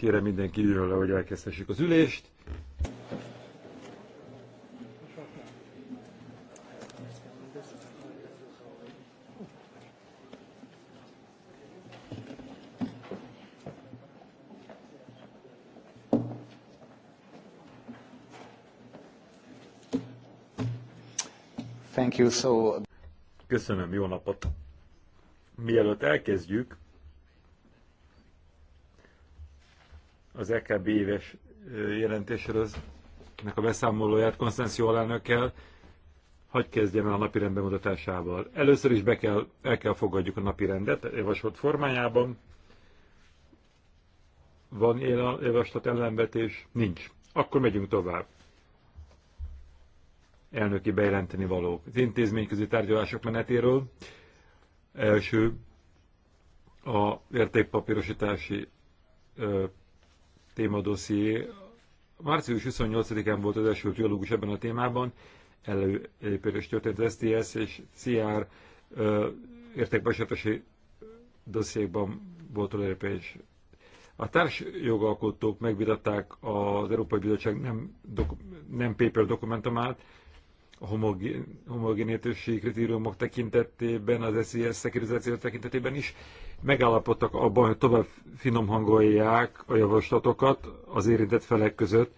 Kérem mindenki üljön le, hogy elkezdhessük az ülést. Thank you so Köszönöm, jó napot! Mielőtt elkezdjük, az EKB éves jelentéséről, ennek a beszámolóját Konstanció alelnökkel, hagy kezdjem el a napirend bemutatásával. Először is be kell, el kell fogadjuk a napirendet javasolt formájában. Van javaslat ellenvetés? Nincs. Akkor megyünk tovább. Elnöki bejelenteni valók. Az intézményközi tárgyalások menetéről. Első a értékpapírosítási témadosszié. Március 28-án volt az első dialógus ebben a témában, előépítés történt az STS és CR értékbesítési dossziékban volt előépítés. A társjogalkotók megvitatták az Európai Bizottság nem, doku, nem paper dokumentumát, a homogén, kritériumok tekintetében, az SZIS szekurizáció tekintetében is, megállapodtak abban, hogy tovább finomhangolják a javaslatokat az érintett felek között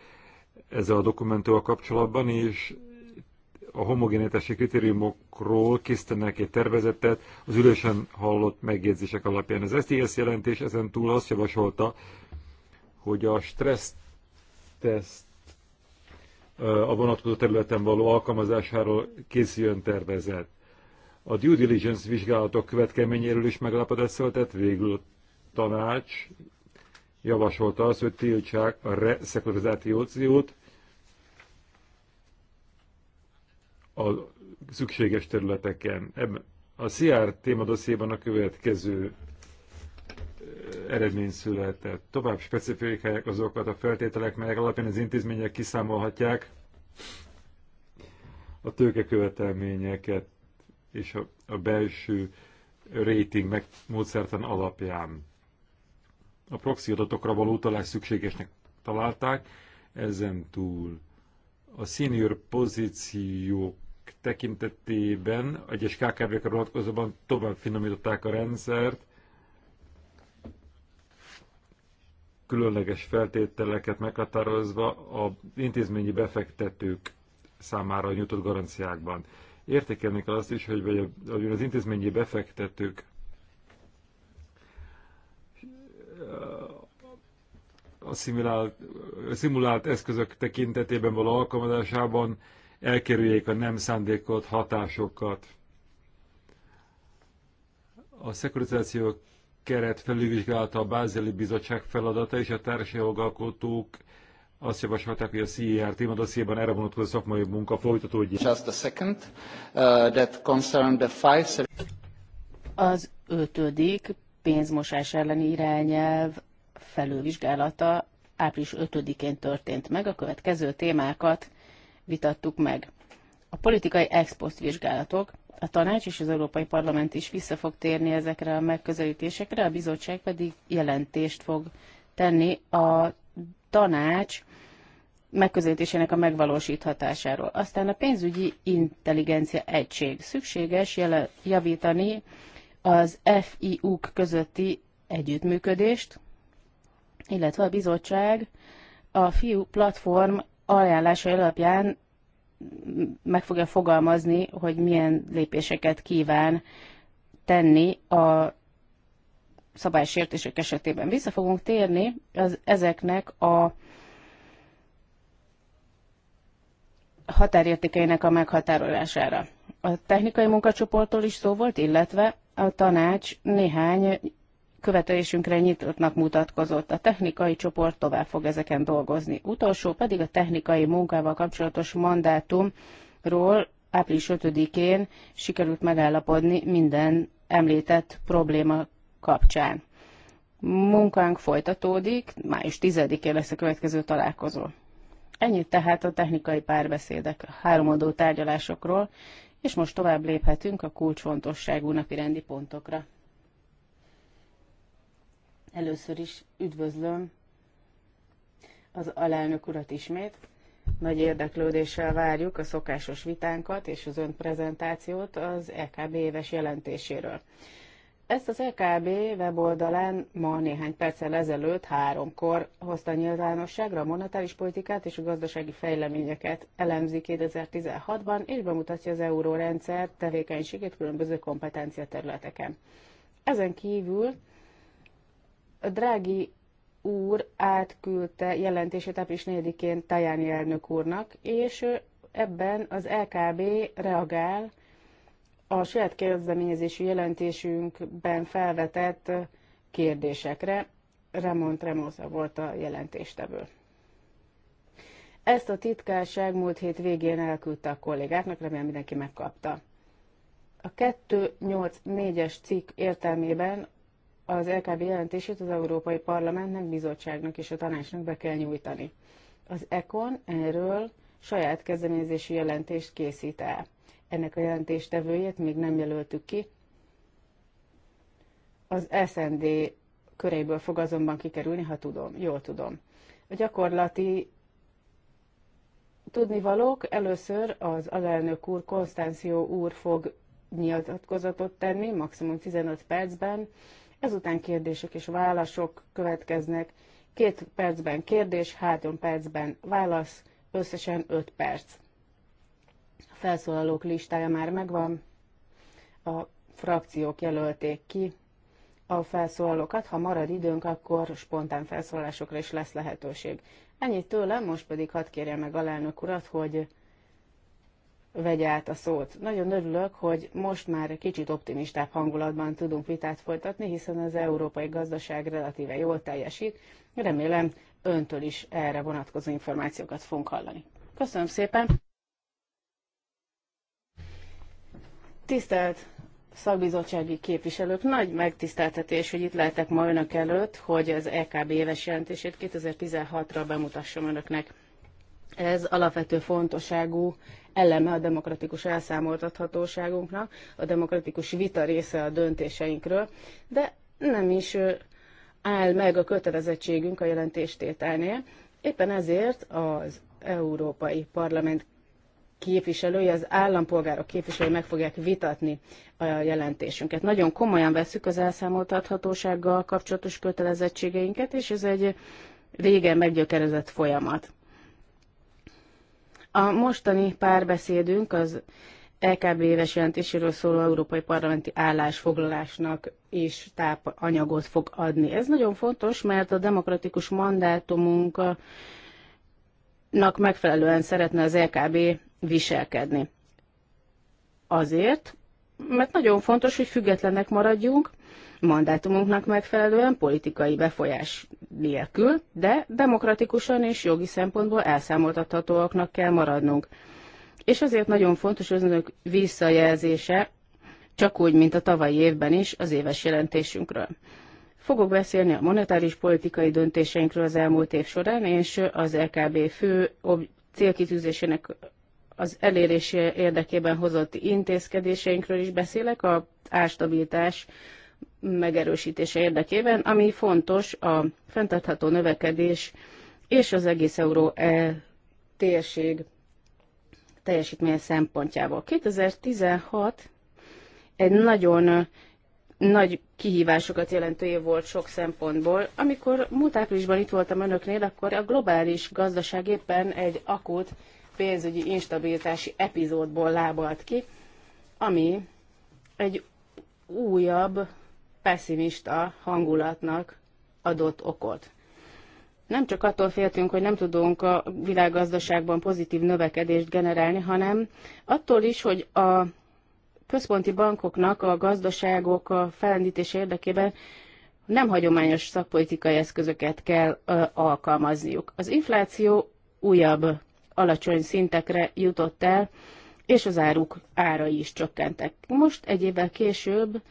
ezzel a dokumentummal kapcsolatban, és a homogénitási kritériumokról készítenek egy tervezetet az ülésen hallott megjegyzések alapján. Az STS jelentés ezen túl azt javasolta, hogy a stressz teszt a vonatkozó területen való alkalmazásáról készüljön tervezet a due diligence vizsgálatok következményéről is meglepetett született, végül tanács javasolta az hogy tiltsák a reszekularizációt a szükséges területeken. Ebben a CR témadosszéban a következő eredmény született. Tovább specifikálják azokat a feltételek, melyek alapján az intézmények kiszámolhatják a tőkekövetelményeket és a, a belső rating meg módszertan alapján. A proxy adatokra való utalás szükségesnek találták, ezen túl a senior pozíciók tekintetében egyes KKV-kra vonatkozóban tovább finomították a rendszert, különleges feltételeket meghatározva az intézményi befektetők számára nyújtott garanciákban értékelni kell azt is, hogy vagy az intézményi befektetők a szimulált, szimulált eszközök tekintetében való alkalmazásában elkerüljék a nem szándékolt hatásokat. A szekurizáció keret felülvizsgálta a Bázeli Bizottság feladata és a társadalmi jogalkotók azt javasolták, hogy a CER témadosszéban erre vonatkozó szakmai munka folytatódjék. Just a second, uh, that concerned the five... Az ötödik pénzmosás elleni irányelv felülvizsgálata április 5-én történt meg, a következő témákat vitattuk meg. A politikai ex vizsgálatok, a tanács és az Európai Parlament is vissza fog térni ezekre a megközelítésekre, a bizottság pedig jelentést fog tenni a tanács megközelítésének a megvalósíthatásáról. Aztán a pénzügyi intelligencia egység. Szükséges jele, javítani az FIU-k közötti együttműködést, illetve a bizottság a FIU platform ajánlása alapján meg fogja fogalmazni, hogy milyen lépéseket kíván tenni a szabálysértések esetében. Vissza fogunk térni az, ezeknek a határértékeinek a meghatárolására. A technikai munkacsoporttól is szó volt, illetve a tanács néhány követelésünkre nyitottnak mutatkozott. A technikai csoport tovább fog ezeken dolgozni. Utolsó pedig a technikai munkával kapcsolatos mandátumról április 5-én sikerült megállapodni minden említett probléma kapcsán. Munkánk folytatódik, május 10-én lesz a következő találkozó. Ennyit tehát a technikai párbeszédek a háromadó tárgyalásokról, és most tovább léphetünk a kulcsfontosságú napirendi pontokra. Először is üdvözlöm az alelnök urat ismét. Nagy érdeklődéssel várjuk a szokásos vitánkat és az ön prezentációt az EKB éves jelentéséről. Ezt az LKB weboldalán ma néhány perccel ezelőtt háromkor hozta nyilvánosságra a monetáris politikát és a gazdasági fejleményeket, elemzi 2016-ban és bemutatja az eurórendszer tevékenységét különböző kompetencia területeken. Ezen kívül a Drági úr átküldte jelentését április 4-én Tajáni elnök úrnak, és ebben az LKB reagál a saját kezdeményezésű jelentésünkben felvetett kérdésekre. Ramon Tremosa volt a jelentéstevő. Ezt a titkárság múlt hét végén elküldte a kollégáknak, remélem mindenki megkapta. A 284-es cikk értelmében az LKB jelentését az Európai Parlamentnek, Bizottságnak és a Tanácsnak be kell nyújtani. Az ECON erről saját kezdeményezési jelentést készít el ennek a jelentéstevőjét még nem jelöltük ki. Az SND köréből fog azonban kikerülni, ha tudom, jól tudom. A gyakorlati tudnivalók először az alelnök úr, Konstanció úr fog nyilatkozatot tenni, maximum 15 percben, ezután kérdések és válaszok következnek, két percben kérdés, három percben válasz, összesen 5 perc felszólalók listája már megvan, a frakciók jelölték ki a felszólalókat, ha marad időnk, akkor spontán felszólalásokra is lesz lehetőség. Ennyit tőlem, most pedig hadd kérjem meg lelnök urat, hogy vegye át a szót. Nagyon örülök, hogy most már kicsit optimistább hangulatban tudunk vitát folytatni, hiszen az európai gazdaság relatíve jól teljesít. Remélem öntől is erre vonatkozó információkat fogunk hallani. Köszönöm szépen! Tisztelt szakbizottsági képviselők, nagy megtiszteltetés, hogy itt lehetek ma önök előtt, hogy az EKB éves jelentését 2016-ra bemutassam önöknek. Ez alapvető fontosságú eleme a demokratikus elszámoltathatóságunknak, a demokratikus vita része a döntéseinkről, de nem is áll meg a kötelezettségünk a jelentéstételnél. Éppen ezért az Európai Parlament képviselői, az állampolgárok képviselői meg fogják vitatni a jelentésünket. Nagyon komolyan veszük az elszámoltathatósággal kapcsolatos kötelezettségeinket, és ez egy régen meggyökerezett folyamat. A mostani párbeszédünk az LKB éves jelentéséről szóló Európai Parlamenti állásfoglalásnak is tápanyagot fog adni. Ez nagyon fontos, mert a demokratikus mandátumunknak megfelelően szeretne az LKB viselkedni. Azért, mert nagyon fontos, hogy függetlenek maradjunk, mandátumunknak megfelelően, politikai befolyás nélkül, de demokratikusan és jogi szempontból elszámoltathatóaknak kell maradnunk. És azért nagyon fontos az önök visszajelzése, csak úgy, mint a tavalyi évben is az éves jelentésünkről. Fogok beszélni a monetáris politikai döntéseinkről az elmúlt év során, és az LKB fő célkitűzésének az elérési érdekében hozott intézkedéseinkről is beszélek, a ástabilitás megerősítése érdekében, ami fontos a fenntartható növekedés és az egész euró -e térség teljesítménye szempontjából. 2016 egy nagyon nagy kihívásokat jelentő év volt sok szempontból. Amikor múlt áprilisban itt voltam önöknél, akkor a globális gazdaság éppen egy akut pénzügyi instabilitási epizódból lábalt ki, ami egy újabb pessimista hangulatnak adott okot. Nem csak attól féltünk, hogy nem tudunk a világgazdaságban pozitív növekedést generálni, hanem attól is, hogy a központi bankoknak a gazdaságok a felendítése érdekében nem hagyományos szakpolitikai eszközöket kell ö, alkalmazniuk. Az infláció újabb alacsony szintekre jutott el, és az áruk árai is csökkentek. Most egy évvel később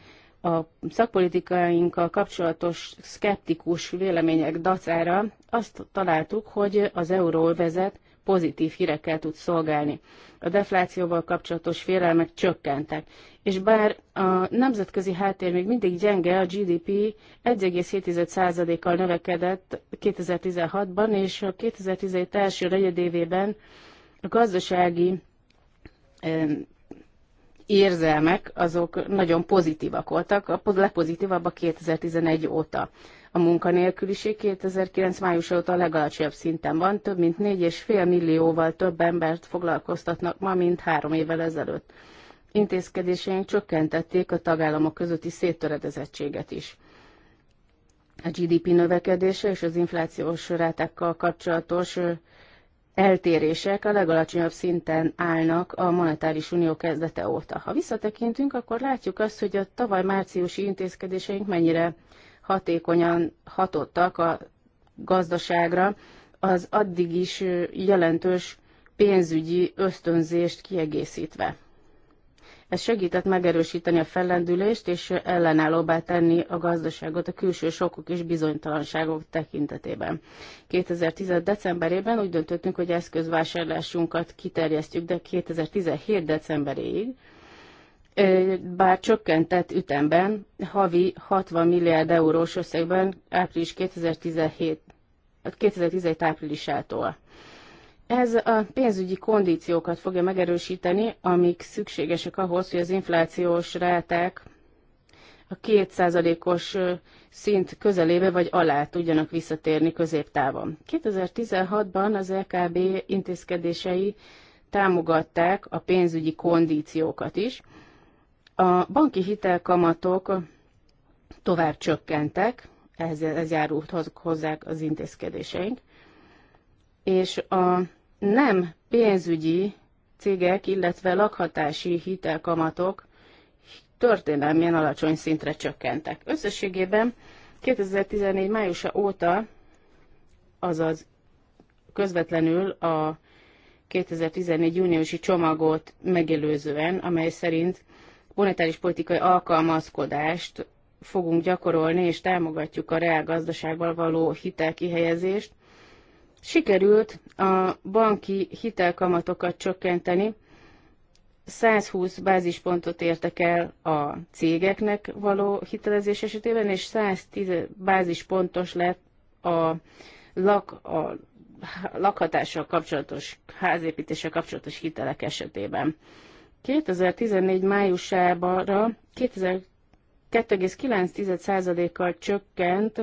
a szakpolitikainkkal kapcsolatos szkeptikus vélemények dacára azt találtuk, hogy az euróvezet pozitív hírekkel tud szolgálni. A deflációval kapcsolatos félelmek csökkentek. És bár a nemzetközi háttér még mindig gyenge, a GDP 1,7%-kal növekedett 2016-ban, és a 2017 első negyedévében a gazdasági érzelmek azok nagyon pozitívak voltak, a legpozitívabb a 2011 óta. A munkanélküliség 2009 május óta a legalacsonyabb szinten van, több mint 4,5 millióval több embert foglalkoztatnak ma, mint három évvel ezelőtt. Intézkedéseink csökkentették a tagállamok közötti széttöredezettséget is. A GDP növekedése és az inflációs rátákkal kapcsolatos eltérések a legalacsonyabb szinten állnak a monetáris unió kezdete óta. Ha visszatekintünk, akkor látjuk azt, hogy a tavaly márciusi intézkedéseink mennyire hatékonyan hatottak a gazdaságra, az addig is jelentős pénzügyi ösztönzést kiegészítve. Ez segített megerősíteni a fellendülést és ellenállóbbá tenni a gazdaságot a külső sokok és bizonytalanságok tekintetében. 2010. decemberében úgy döntöttünk, hogy eszközvásárlásunkat kiterjesztjük, de 2017. decemberéig, bár csökkentett ütemben, havi 60 milliárd eurós összegben április 2017, 2017 áprilisától. Ez a pénzügyi kondíciókat fogja megerősíteni, amik szükségesek ahhoz, hogy az inflációs ráták a kétszázalékos szint közelébe vagy alá tudjanak visszatérni középtávon. 2016-ban az LKB e intézkedései támogatták a pénzügyi kondíciókat is. A banki hitelkamatok tovább csökkentek, ehhez, ez járult hozzá az intézkedéseink, és a nem pénzügyi cégek, illetve lakhatási hitelkamatok történelmien alacsony szintre csökkentek. Összességében 2014 májusa óta, azaz közvetlenül a 2014 júniusi csomagot megelőzően, amely szerint monetáris politikai alkalmazkodást fogunk gyakorolni, és támogatjuk a reálgazdaságban való hitelkihelyezést, Sikerült a banki hitelkamatokat csökkenteni, 120 bázispontot értek el a cégeknek való hitelezés esetében, és 110 bázispontos lett a, lak, a lakhatással kapcsolatos, házépítéssel kapcsolatos hitelek esetében. 2014 májusában 2,9%-kal csökkent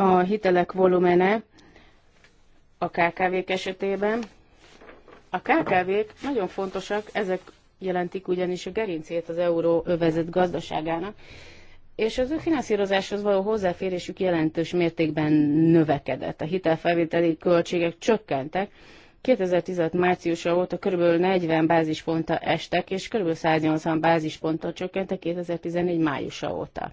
a hitelek volumene a KKV-k esetében. A KKV-k nagyon fontosak, ezek jelentik ugyanis a gerincét az euróövezet gazdaságának, és az ő finanszírozáshoz való hozzáférésük jelentős mértékben növekedett. A hitelfelvételi költségek csökkentek, 2016 márciusa óta kb. 40 bázisponta estek, és kb. 180 bázisponttal csökkentek 2014 májusa óta.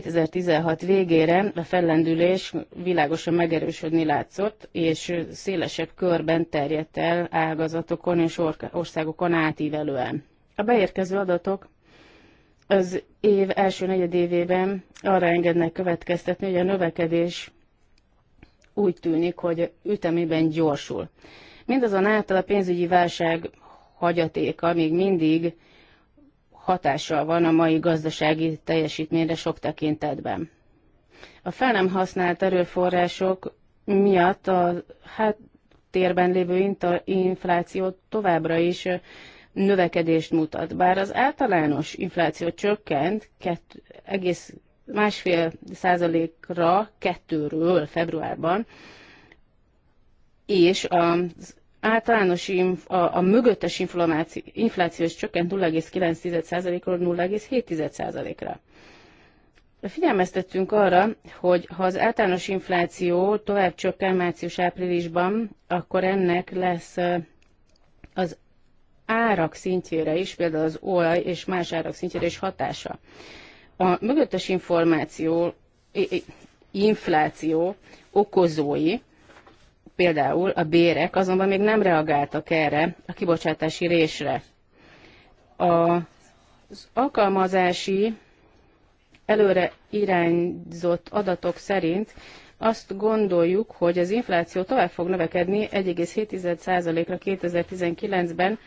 2016 végére a fellendülés világosan megerősödni látszott, és szélesebb körben terjedt el ágazatokon és országokon átívelően. A beérkező adatok az év első negyedévében arra engednek következtetni, hogy a növekedés úgy tűnik, hogy ütemében gyorsul. Mindazonáltal a pénzügyi válság hagyatéka még mindig hatással van a mai gazdasági teljesítményre sok tekintetben. A fel nem használt erőforrások miatt a hát térben lévő infláció továbbra is növekedést mutat. Bár az általános infláció csökkent, kett, egész másfél százalékra kettőről februárban, és az általános inf- a, a mögöttes infláció, is csökkent 0,9%-ról 0,7%-ra. Figyelmeztettünk arra, hogy ha az általános infláció tovább csökken március-áprilisban, akkor ennek lesz az árak szintjére is, például az olaj és más árak szintjére is hatása. A mögöttes információ, infláció okozói például a bérek azonban még nem reagáltak erre a kibocsátási résre. Az alkalmazási előre irányzott adatok szerint azt gondoljuk, hogy az infláció tovább fog növekedni 1,7%-ra 2019-ben,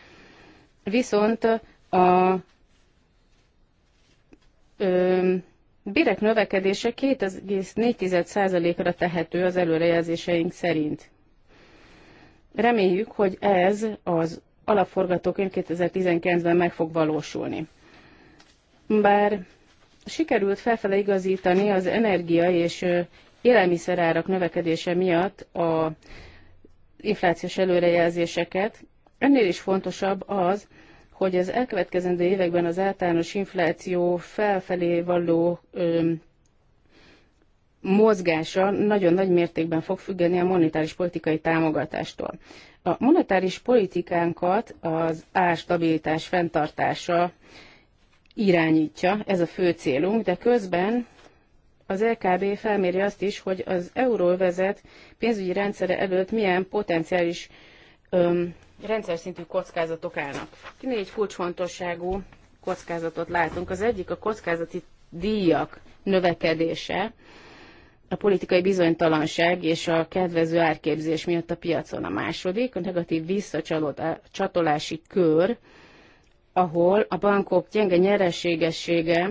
viszont a ö, bérek növekedése 2,4%-ra tehető az előrejelzéseink szerint. Reméljük, hogy ez az alapforgatókönyv 2019-ben meg fog valósulni. Bár sikerült felfele igazítani az energia és élelmiszerárak növekedése miatt a inflációs előrejelzéseket, ennél is fontosabb az, hogy az elkövetkezendő években az általános infláció felfelé való mozgása nagyon nagy mértékben fog függeni a monetáris politikai támogatástól. A monetáris politikánkat az árstabilitás fenntartása irányítja, ez a fő célunk, de közben az LKB felméri azt is, hogy az euróvezet pénzügyi rendszere előtt milyen potenciális öm, rendszer szintű kockázatok állnak. Négy kulcsfontosságú kockázatot látunk. Az egyik a kockázati díjak növekedése, a politikai bizonytalanság és a kedvező árképzés miatt a piacon a második, a negatív visszacsatolási kör, ahol a bankok gyenge nyerességessége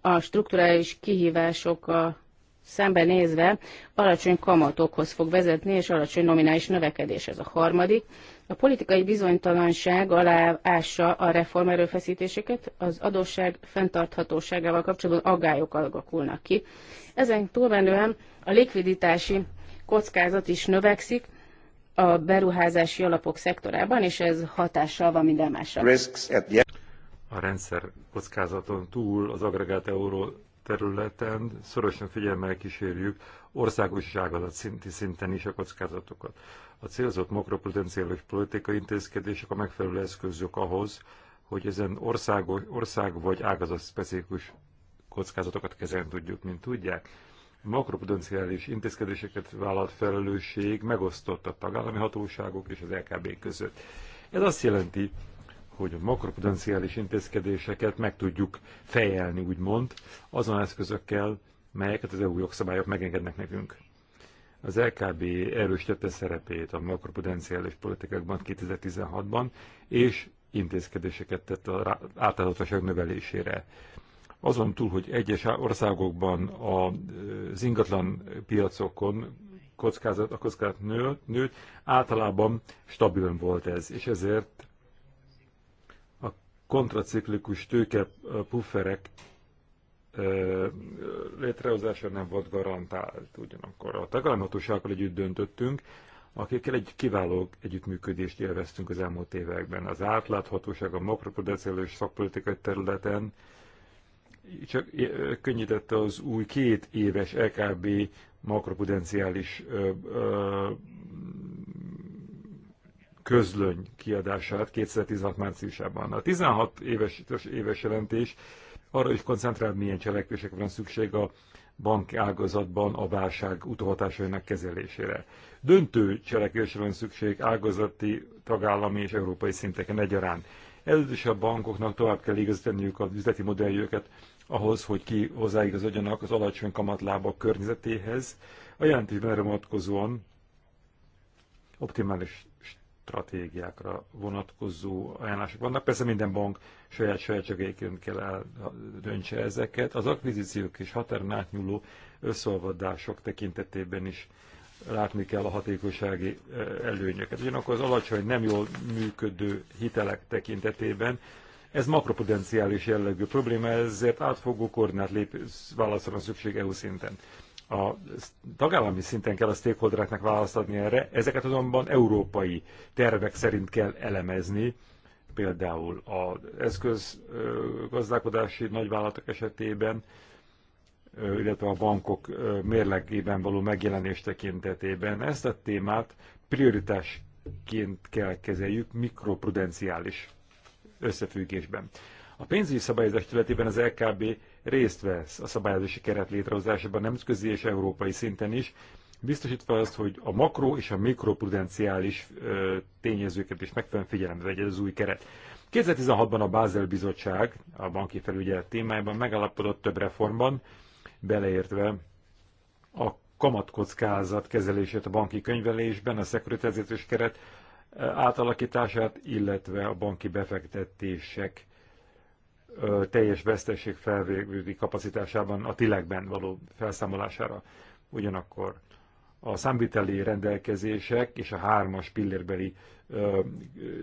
a strukturális kihívásokkal szembe nézve alacsony kamatokhoz fog vezetni, és alacsony nominális növekedés. Ez a harmadik. A politikai bizonytalanság aláássa a reform erőfeszítéseket, az adósság fenntarthatóságával kapcsolatban aggályok alakulnak ki. Ezen túlmenően a likviditási kockázat is növekszik a beruházási alapok szektorában, és ez hatással van minden másra. A rendszer kockázaton túl az agregát euró területen szorosan figyelmel kísérjük országos és szinti szinten is a kockázatokat. A célzott makroprudenciális politikai intézkedések a megfelelő eszközök ahhoz, hogy ezen ország, ország vagy ágazat specifikus kockázatokat kezelni tudjuk, mint tudják. A makroprudenciális intézkedéseket vállalt felelősség megosztott a tagállami hatóságok és az LKB között. Ez azt jelenti, hogy a makroprudenciális intézkedéseket meg tudjuk fejelni, úgymond, azon eszközökkel, melyeket az EU jogszabályok megengednek nekünk. Az LKB erősítette szerepét a makroprudenciális politikákban 2016-ban, és intézkedéseket tett a átláthatóság növelésére. Azon túl, hogy egyes országokban az ingatlan piacokon kockázat, a kockázat nőtt, nőtt, általában stabil volt ez, és ezért a kontraciklikus tőke pufferek létrehozása nem volt garantált. Ugyanakkor a tagállamhatósággal együtt döntöttünk, akikkel egy kiváló együttműködést élveztünk az elmúlt években. Az átláthatóság a és szakpolitikai területen csak könnyítette az új két éves LKB e makropudenciális közlöny kiadását 2016 márciusában. A 16 éves, éves jelentés arra is koncentrálni, milyen cselekvésekre van szükség a bank ágazatban a válság utóhatásainak kezelésére. Döntő cselekvésre van szükség ágazati, tagállami és európai szinteken egyaránt. Előtt is a bankoknak tovább kell igazítaniuk az üzleti modelljüket ahhoz, hogy ki hozzáigazodjanak az alacsony kamatlábak környezetéhez. A jelentésben erre vonatkozóan optimális stratégiákra vonatkozó ajánlások vannak. Persze minden bank saját sajátságéként kell döntse ezeket. Az akvizíciók és határon átnyúló összeolvadások tekintetében is látni kell a hatékonysági e, előnyöket. Ugyanakkor az alacsony, nem jól működő hitelek tekintetében ez makropotenciális jellegű probléma, ezért átfogó koordinát lép, válaszolva szükség EU szinten a tagállami szinten kell a stakeholdereknek választ adni erre, ezeket azonban európai tervek szerint kell elemezni, például az eszközgazdálkodási nagyvállalatok esetében, illetve a bankok mérlegében való megjelenés tekintetében. Ezt a témát prioritásként kell kezeljük mikroprudenciális összefüggésben. A pénzügyi szabályozás területében az LKB részt vesz a szabályozási keret létrehozásában nemzetközi és európai szinten is, biztosítva azt, hogy a makro és a mikroprudenciális tényezőket is megfelelően figyelembe vegye az új keret. 2016-ban a Bázel Bizottság a banki felügyelet témájában megállapodott több reformban, beleértve a kamatkockázat kezelését a banki könyvelésben, a szekuritizációs keret átalakítását, illetve a banki befektetések teljes veszteség felvégzői kapacitásában a tilekben való felszámolására. Ugyanakkor a számviteli rendelkezések és a hármas pillérbeli ö,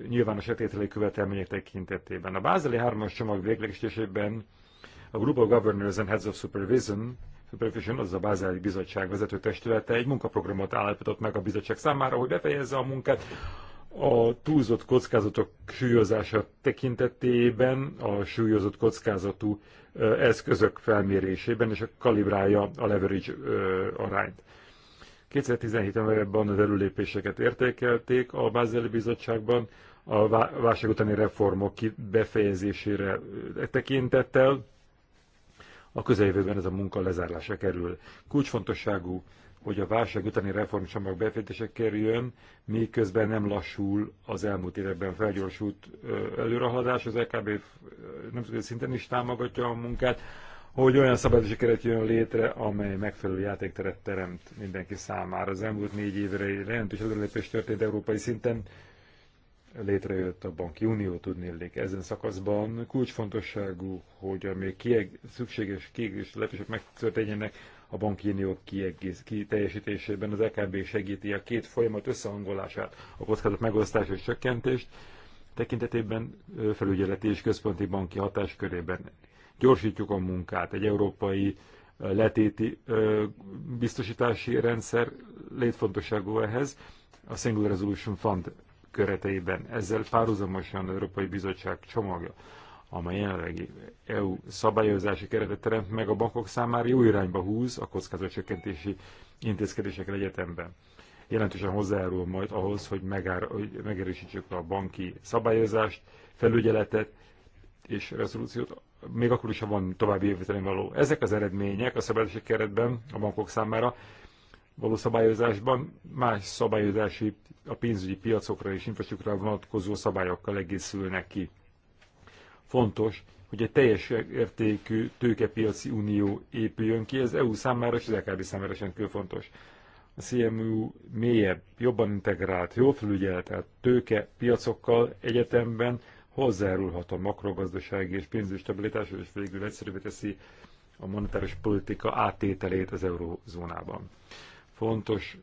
nyilvános etételi követelmények tekintetében. A bázeli hármas csomag véglegesítésében a Global Governors and Heads of Supervision, Supervision az a Bázeli Bizottság vezető testülete egy munkaprogramot állapított meg a bizottság számára, hogy befejezze a munkát a túlzott kockázatok súlyozása tekintetében, a súlyozott kockázatú eszközök felmérésében, és a kalibrálja a leverage arányt. 2017-ben az előlépéseket értékelték a Bázeli Bizottságban, a válság utáni reformok befejezésére tekintettel, a közeljövőben ez a munka lezárlása kerül. Kulcsfontosságú hogy a válság utáni reformcsomag befektetése kerüljön, miközben nem lassul az elmúlt években felgyorsult előrehaladás, az EKB nemzetközi szinten is támogatja a munkát, hogy olyan szabályozási keret jön létre, amely megfelelő játékteret teremt mindenki számára. Az elmúlt négy évre jelentős előrelépés történt európai szinten, létrejött a banki unió, tudnélik. Ezen szakaszban kulcsfontosságú, hogy a még kieg, szükséges kiegészítő lehetőségek megtörténjenek a banki unió kiteljesítésében az EKB segíti a két folyamat összehangolását, a kockázat megosztás és csökkentést tekintetében felügyeleti és központi banki hatás körében. Gyorsítjuk a munkát, egy európai letéti biztosítási rendszer létfontosságú ehhez, a Single Resolution Fund kereteiben. Ezzel párhuzamosan az Európai Bizottság csomagja amely jelenlegi EU szabályozási keretet teremt meg a bankok számára jó irányba húz a kockázatcsökkentési intézkedésekre egyetemben. Jelentősen hozzájárul majd ahhoz, hogy, megár, hogy megerősítsük a banki szabályozást, felügyeletet és rezolúciót, még akkor is, ha van további jövőtelen való. Ezek az eredmények a szabályozási keretben a bankok számára való szabályozásban más szabályozási, a pénzügyi piacokra és infrastruktúrára vonatkozó szabályokkal egészülnek ki Fontos, hogy egy teljes értékű tőkepiaci unió épüljön ki, ez EU számára és az EKB számára sem fontos. A CMU mélyebb, jobban integrált, jól tehát tőke piacokkal egyetemben hozzárulhat a makrogazdasági és pénzügyi stabilitáshoz, és végül egyszerűvé teszi a monetáris politika áttételét az eurózónában. Fontos,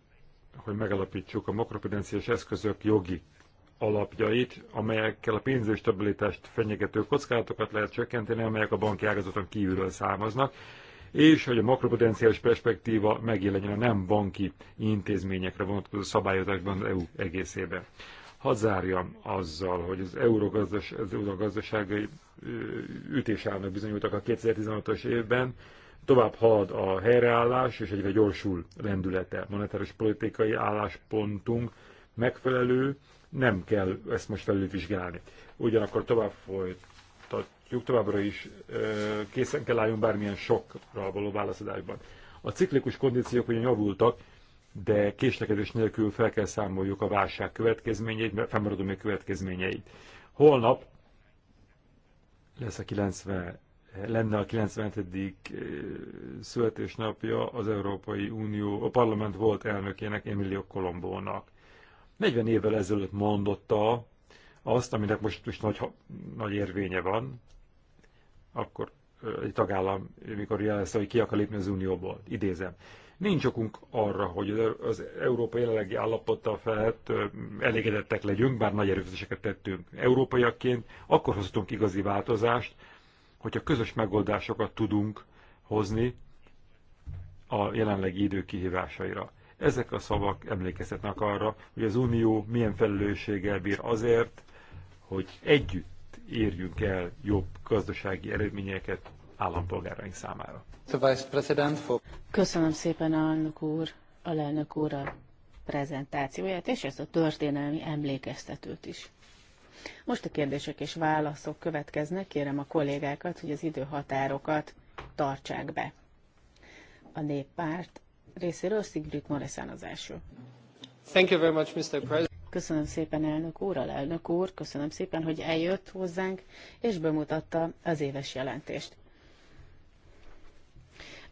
hogy megalapítsuk a makropidenciás eszközök jogi alapjait, amelyekkel a pénzügyi stabilitást fenyegető kockázatokat lehet csökkenteni, amelyek a banki ágazaton kívülről származnak, és hogy a makropotenciális perspektíva megjelenjen a nem banki intézményekre vonatkozó szabályozásban az EU egészében. Hadd zárjam azzal, hogy az eurogazdasági az eurogazdasági ütésállnak bizonyultak a 2016-os évben, tovább halad a helyreállás, és egyre gyorsul lendülete. Monetáris politikai álláspontunk megfelelő, nem kell ezt most felülvizsgálni. Ugyanakkor tovább folytatjuk, továbbra is készen kell álljunk bármilyen sokra való válaszadásban. A ciklikus kondíciók ugye javultak, de késlekedés nélkül fel kell számoljuk a válság következményeit, mert még következményeit. Holnap lesz a 90, lenne a 97. születésnapja az Európai Unió, a parlament volt elnökének, Emilio Kolombónak. 40 évvel ezelőtt mondotta azt, aminek most, most nagy, nagy érvénye van, akkor egy tagállam, mikor jelezte, hogy ki akar lépni az Unióból, idézem. Nincs okunk arra, hogy az Európa jelenlegi állapota felett elégedettek legyünk, bár nagy erőfeszéseket tettünk európaiakként, akkor hozhatunk igazi változást, hogyha közös megoldásokat tudunk hozni a jelenlegi idő kihívásaira. Ezek a szavak emlékeztetnek arra, hogy az Unió milyen felelősséggel bír azért, hogy együtt érjünk el jobb gazdasági eredményeket állampolgáraink számára. Köszönöm szépen a elnök úr, a lelnök úr a prezentációját, és ezt a történelmi emlékeztetőt is. Most a kérdések és válaszok következnek. Kérem a kollégákat, hogy az időhatárokat tartsák be. A néppárt részéről Sigrid Moreszán az első. Thank you very much, Mr. President. Köszönöm szépen, elnök úr, elnök úr, köszönöm szépen, hogy eljött hozzánk, és bemutatta az éves jelentést.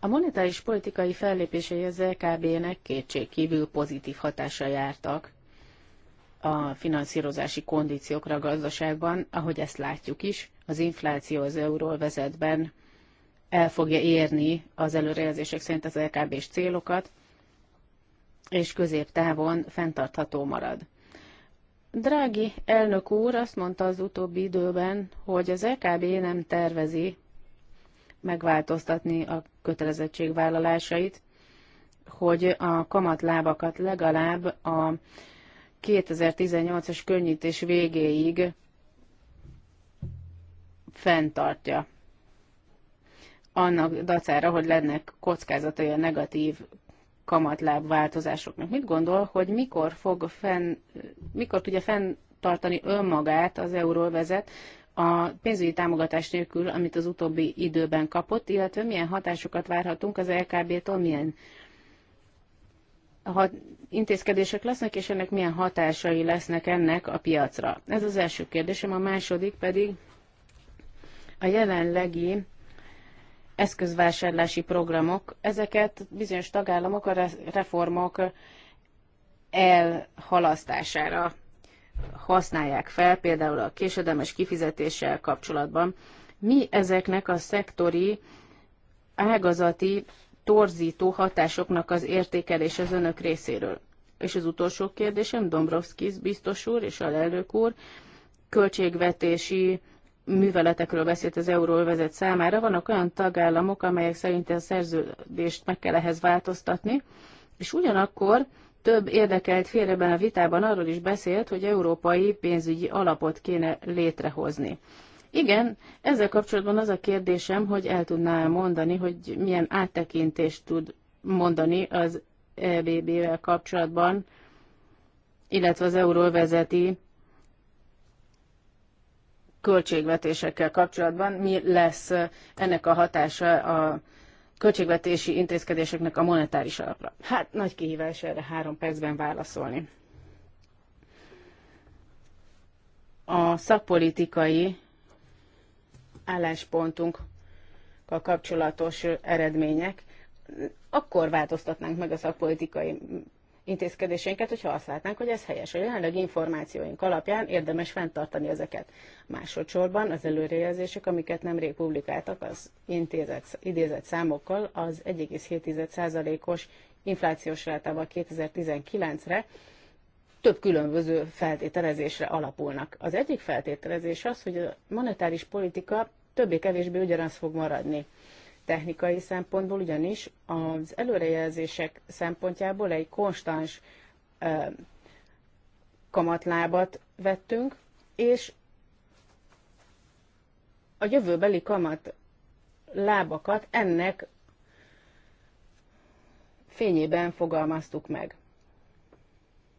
A monetáris politikai fellépései az LKB-nek e kétségkívül pozitív hatása jártak a finanszírozási kondíciókra a gazdaságban, ahogy ezt látjuk is, az infláció az euróvezetben el fogja érni az előrejelzések szerint az LKB-s célokat, és középtávon fenntartható marad. Drági elnök úr azt mondta az utóbbi időben, hogy az LKB nem tervezi megváltoztatni a kötelezettségvállalásait, hogy a kamatlábakat legalább a 2018-as könnyítés végéig fenntartja annak dacára, hogy lennek kockázatai a negatív kamatláb változásoknak. Mit gondol, hogy mikor fog fenn, mikor tudja fenntartani önmagát az euróvezet a pénzügyi támogatás nélkül, amit az utóbbi időben kapott, illetve milyen hatásokat várhatunk az LKB-tól, milyen ha intézkedések lesznek, és ennek milyen hatásai lesznek ennek a piacra. Ez az első kérdésem, a második pedig a jelenlegi eszközvásárlási programok, ezeket bizonyos tagállamok a reformok elhalasztására használják fel, például a késedelmes kifizetéssel kapcsolatban. Mi ezeknek a szektori, ágazati, torzító hatásoknak az értékelés az önök részéről? És az utolsó kérdésem, Dombrovskis biztos úr és a lelők úr, költségvetési műveletekről beszélt az euróvezet számára. Vannak olyan tagállamok, amelyek szerint a szerződést meg kell ehhez változtatni, és ugyanakkor több érdekelt fél ebben a vitában arról is beszélt, hogy európai pénzügyi alapot kéne létrehozni. Igen, ezzel kapcsolatban az a kérdésem, hogy el tudná mondani, hogy milyen áttekintést tud mondani az EBB-vel kapcsolatban, illetve az euróvezeti költségvetésekkel kapcsolatban, mi lesz ennek a hatása a költségvetési intézkedéseknek a monetáris alapra. Hát nagy kihívás erre három percben válaszolni. A szakpolitikai álláspontunkkal kapcsolatos eredmények, akkor változtatnánk meg a szakpolitikai intézkedéseinket, hogyha azt látnánk, hogy ez helyes. A jelenleg információink alapján érdemes fenntartani ezeket. Másodszorban az előrejelzések, amiket nem publikáltak az intézet, idézett számokkal, az 1,7%-os inflációs rátával 2019-re több különböző feltételezésre alapulnak. Az egyik feltételezés az, hogy a monetáris politika többé-kevésbé ugyanaz fog maradni. Technikai szempontból ugyanis az előrejelzések szempontjából egy konstans ö, kamatlábat vettünk, és a jövőbeli kamat lábakat ennek fényében fogalmaztuk meg.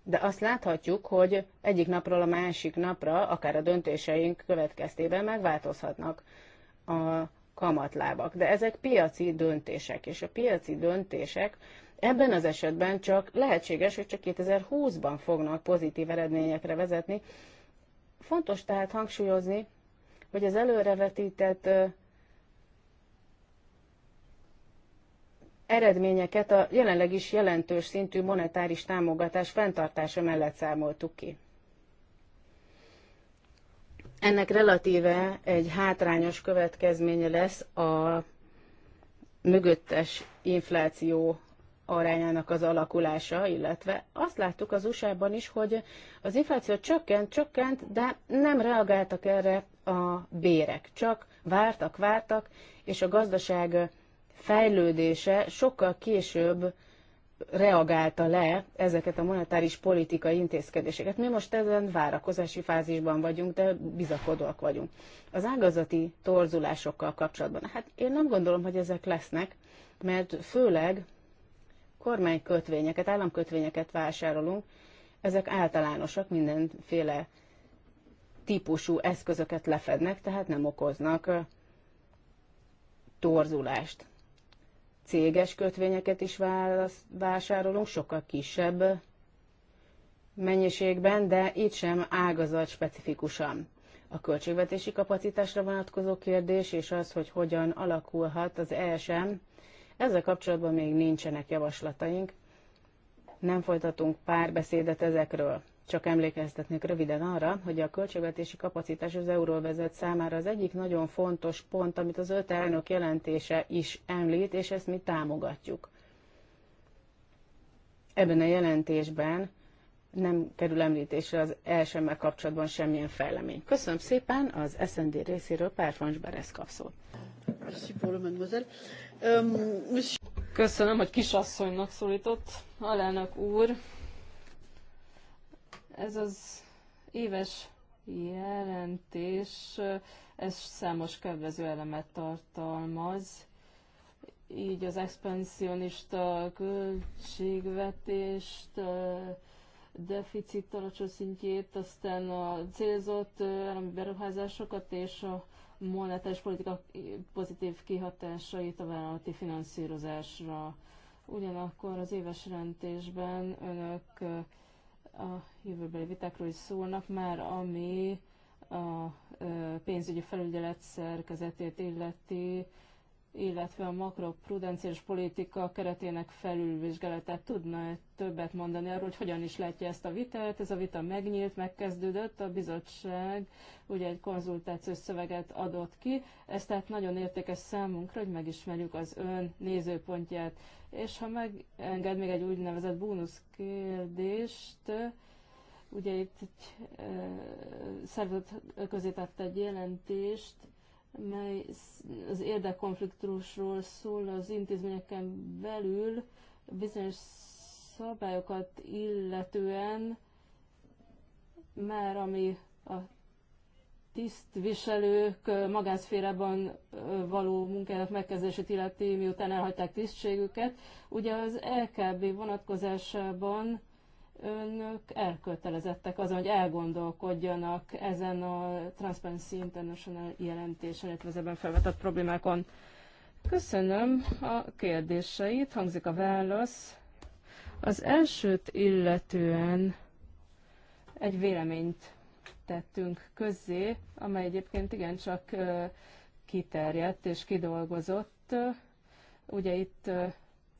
De azt láthatjuk, hogy egyik napról a másik napra, akár a döntéseink következtében megváltozhatnak a kamatlábak. De ezek piaci döntések, és a piaci döntések ebben az esetben csak lehetséges, hogy csak 2020-ban fognak pozitív eredményekre vezetni. Fontos tehát hangsúlyozni, hogy az előrevetített eredményeket a jelenleg is jelentős szintű monetáris támogatás fenntartása mellett számoltuk ki. Ennek relatíve egy hátrányos következménye lesz a mögöttes infláció arányának az alakulása, illetve azt láttuk az USA-ban is, hogy az infláció csökkent, csökkent, de nem reagáltak erre a bérek, csak vártak, vártak, és a gazdaság fejlődése sokkal később reagálta le ezeket a monetáris politikai intézkedéseket. Mi most ezen várakozási fázisban vagyunk, de bizakodóak vagyunk. Az ágazati torzulásokkal kapcsolatban, hát én nem gondolom, hogy ezek lesznek, mert főleg kormánykötvényeket, államkötvényeket vásárolunk, ezek általánosak, mindenféle típusú eszközöket lefednek, tehát nem okoznak torzulást céges kötvényeket is vásárolunk, sokkal kisebb mennyiségben, de itt sem ágazat specifikusan. A költségvetési kapacitásra vonatkozó kérdés és az, hogy hogyan alakulhat az ESM, ezzel kapcsolatban még nincsenek javaslataink, nem folytatunk párbeszédet ezekről. Csak emlékeztetnék röviden arra, hogy a költségvetési kapacitás az euróvezet számára az egyik nagyon fontos pont, amit az öt elnök jelentése is említ, és ezt mi támogatjuk. Ebben a jelentésben nem kerül említésre az elsőmmel kapcsolatban semmilyen fejlemény. Köszönöm szépen az SND részéről Párfons Beresz kapszót. Köszönöm, hogy kisasszonynak szólított alelnök úr. Ez az éves jelentés, ez számos kedvező elemet tartalmaz, így az expansionista költségvetést, deficit alacsony szintjét, aztán a célzott állami beruházásokat és a monetáris politika pozitív kihatásait a vállalati finanszírozásra. Ugyanakkor az éves jelentésben önök a jövőbeli vitákról is szólnak már, ami a pénzügyi felügyelet szerkezetét illeti, illetve a makroprudenciális politika keretének felülvizsgálatát. tudna -e többet mondani arról, hogy hogyan is látja ezt a vitát? Ez a vita megnyílt, megkezdődött, a bizottság ugye egy konzultációs szöveget adott ki, ez tehát nagyon értékes számunkra, hogy megismerjük az ön nézőpontját. És ha megenged még egy úgynevezett bónusz kérdést, ugye itt egy, e, szervezet közé tett egy jelentést, mely az érdekkonfliktusról szól az intézményeken belül bizonyos szabályokat illetően, már ami a tisztviselők magánszférában való munkának megkezdését illeti, miután elhagyták tisztségüket. Ugye az LKB vonatkozásában önök elkötelezettek azon, hogy elgondolkodjanak ezen a Transparency International jelentésen, illetve az ebben felvetett problémákon. Köszönöm a kérdéseit, hangzik a válasz. Az elsőt illetően egy véleményt tettünk közzé, amely egyébként igencsak kiterjedt és kidolgozott. Ugye itt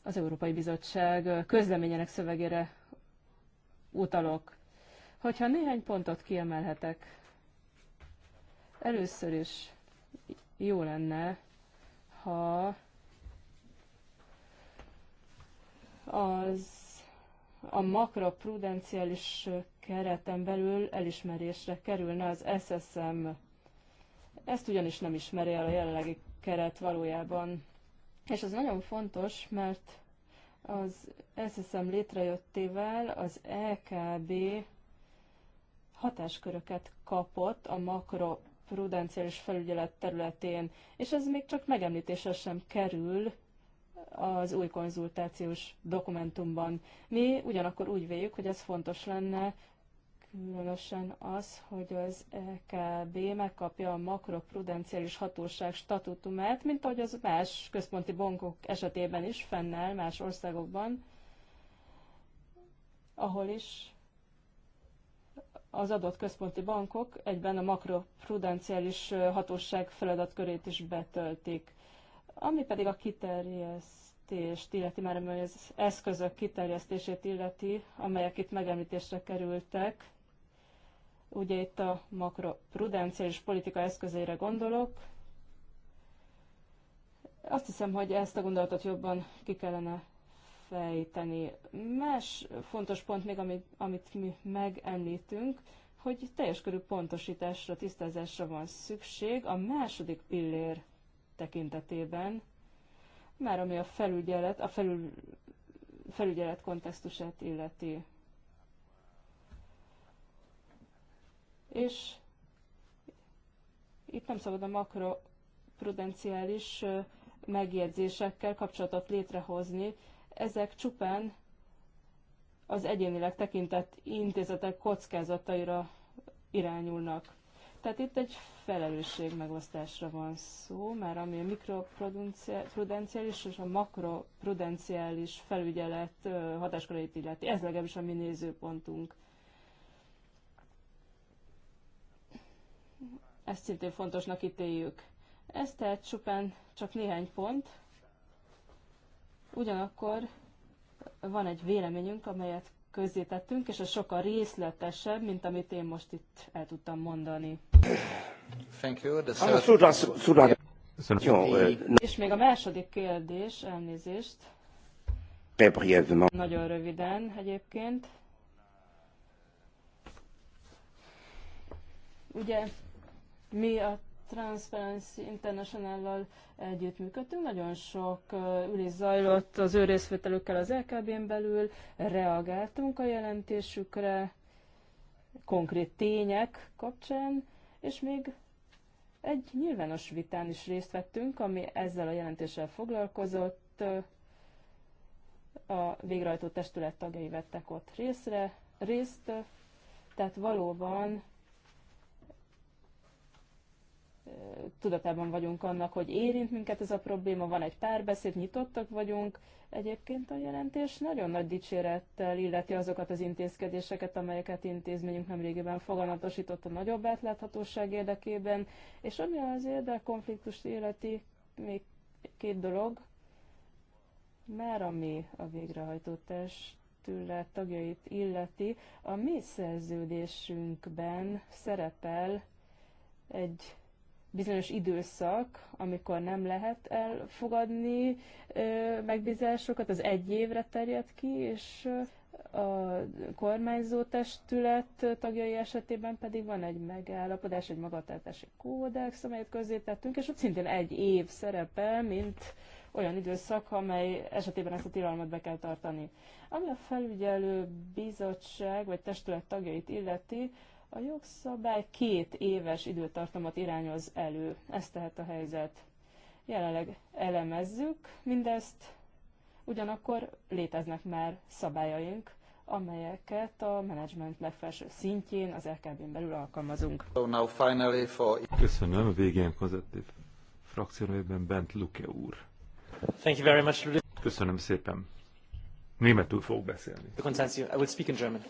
az Európai Bizottság közleményének szövegére utalok. Hogyha néhány pontot kiemelhetek, először is jó lenne, ha az a makroprudenciális kereten belül elismerésre kerülne az SSM. Ezt ugyanis nem ismeri el a jelenlegi keret valójában. És ez nagyon fontos, mert az SSM létrejöttével az EKB hatásköröket kapott a makro prudenciális felügyelet területén, és ez még csak megemlítésre sem kerül az új konzultációs dokumentumban. Mi ugyanakkor úgy véljük, hogy ez fontos lenne különösen az, hogy az EKB megkapja a makroprudenciális hatóság statutumát, mint ahogy az más központi bankok esetében is fennáll más országokban, ahol is az adott központi bankok egyben a makroprudenciális hatóság feladatkörét is betöltik. Ami pedig a kiterjesztést illeti, már az eszközök kiterjesztését illeti, amelyek itt megemlítésre kerültek, Ugye itt a makroprudenciális politika eszközeire gondolok. Azt hiszem, hogy ezt a gondolatot jobban ki kellene fejteni. Más fontos pont még, amit, amit mi megemlítünk, hogy teljes körű pontosításra, tisztázásra van szükség a második pillér tekintetében, már ami a felügyelet, a felül, felügyelet kontextusát illeti. és itt nem szabad a makroprudenciális megjegyzésekkel kapcsolatot létrehozni. Ezek csupán az egyénileg tekintett intézetek kockázataira irányulnak. Tehát itt egy felelősség megosztásra van szó, mert ami a mikroprudenciális és a makroprudenciális felügyelet hatásköreit illeti. Ez legalábbis a mi nézőpontunk. ezt szintén fontosnak ítéljük. Ez tehát csupán csak néhány pont. Ugyanakkor van egy véleményünk, amelyet közzétettünk, és ez sokkal részletesebb, mint amit én most itt el tudtam mondani. Thank you. The third... Jó, és még a második kérdés, elnézést. Nagyon röviden egyébként. Ugye mi a Transparency International-lal együttműködtünk, nagyon sok ülés zajlott az ő részvételükkel az LKB-n belül, reagáltunk a jelentésükre, konkrét tények kapcsán, és még egy nyilvános vitán is részt vettünk, ami ezzel a jelentéssel foglalkozott. A végrehajtó testület tagjai vettek ott részre, részt, tehát valóban tudatában vagyunk annak, hogy érint minket ez a probléma, van egy párbeszéd, nyitottak vagyunk. Egyébként a jelentés nagyon nagy dicsérettel illeti azokat az intézkedéseket, amelyeket intézményünk nemrégiben fogalmatosított a nagyobb átláthatóság érdekében, és ami az érdekkonfliktust életi, még két dolog, már ami a végrehajtó testület tagjait illeti, a mi szerződésünkben szerepel egy bizonyos időszak, amikor nem lehet elfogadni megbízásokat, az egy évre terjed ki, és a kormányzó testület tagjai esetében pedig van egy megállapodás, egy magatartási kódex, amelyet tettünk, és ott szintén egy év szerepel, mint olyan időszak, amely esetében ezt a tilalmat be kell tartani. Ami a felügyelő bizottság vagy testület tagjait illeti, a jogszabály két éves időtartamot irányoz elő. Ez tehát a helyzet. Jelenleg elemezzük mindezt, ugyanakkor léteznek már szabályaink, amelyeket a menedzsment legfelső szintjén, az LKB-n belül alkalmazunk. Köszönöm, végén konzervatív frakciónőben Bent Luke úr. Thank you very much. Köszönöm szépen. Németül fog beszélni. I will speak in German.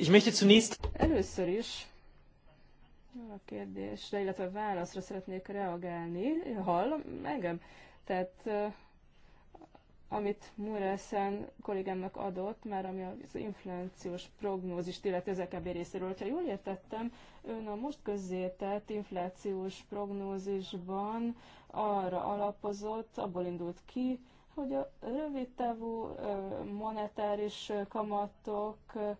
Ich möchte zunächst... Először is a kérdésre, illetve a válaszra szeretnék reagálni. Hallom, engem? Tehát eh, amit Mureszen kollégámnak adott, már ami az inflációs prognózist illeti az EKB részéről. Ha jól értettem, ön a most közzétett inflációs prognózisban arra alapozott, abból indult ki, hogy a rövidtávú eh, monetáris kamatok eh,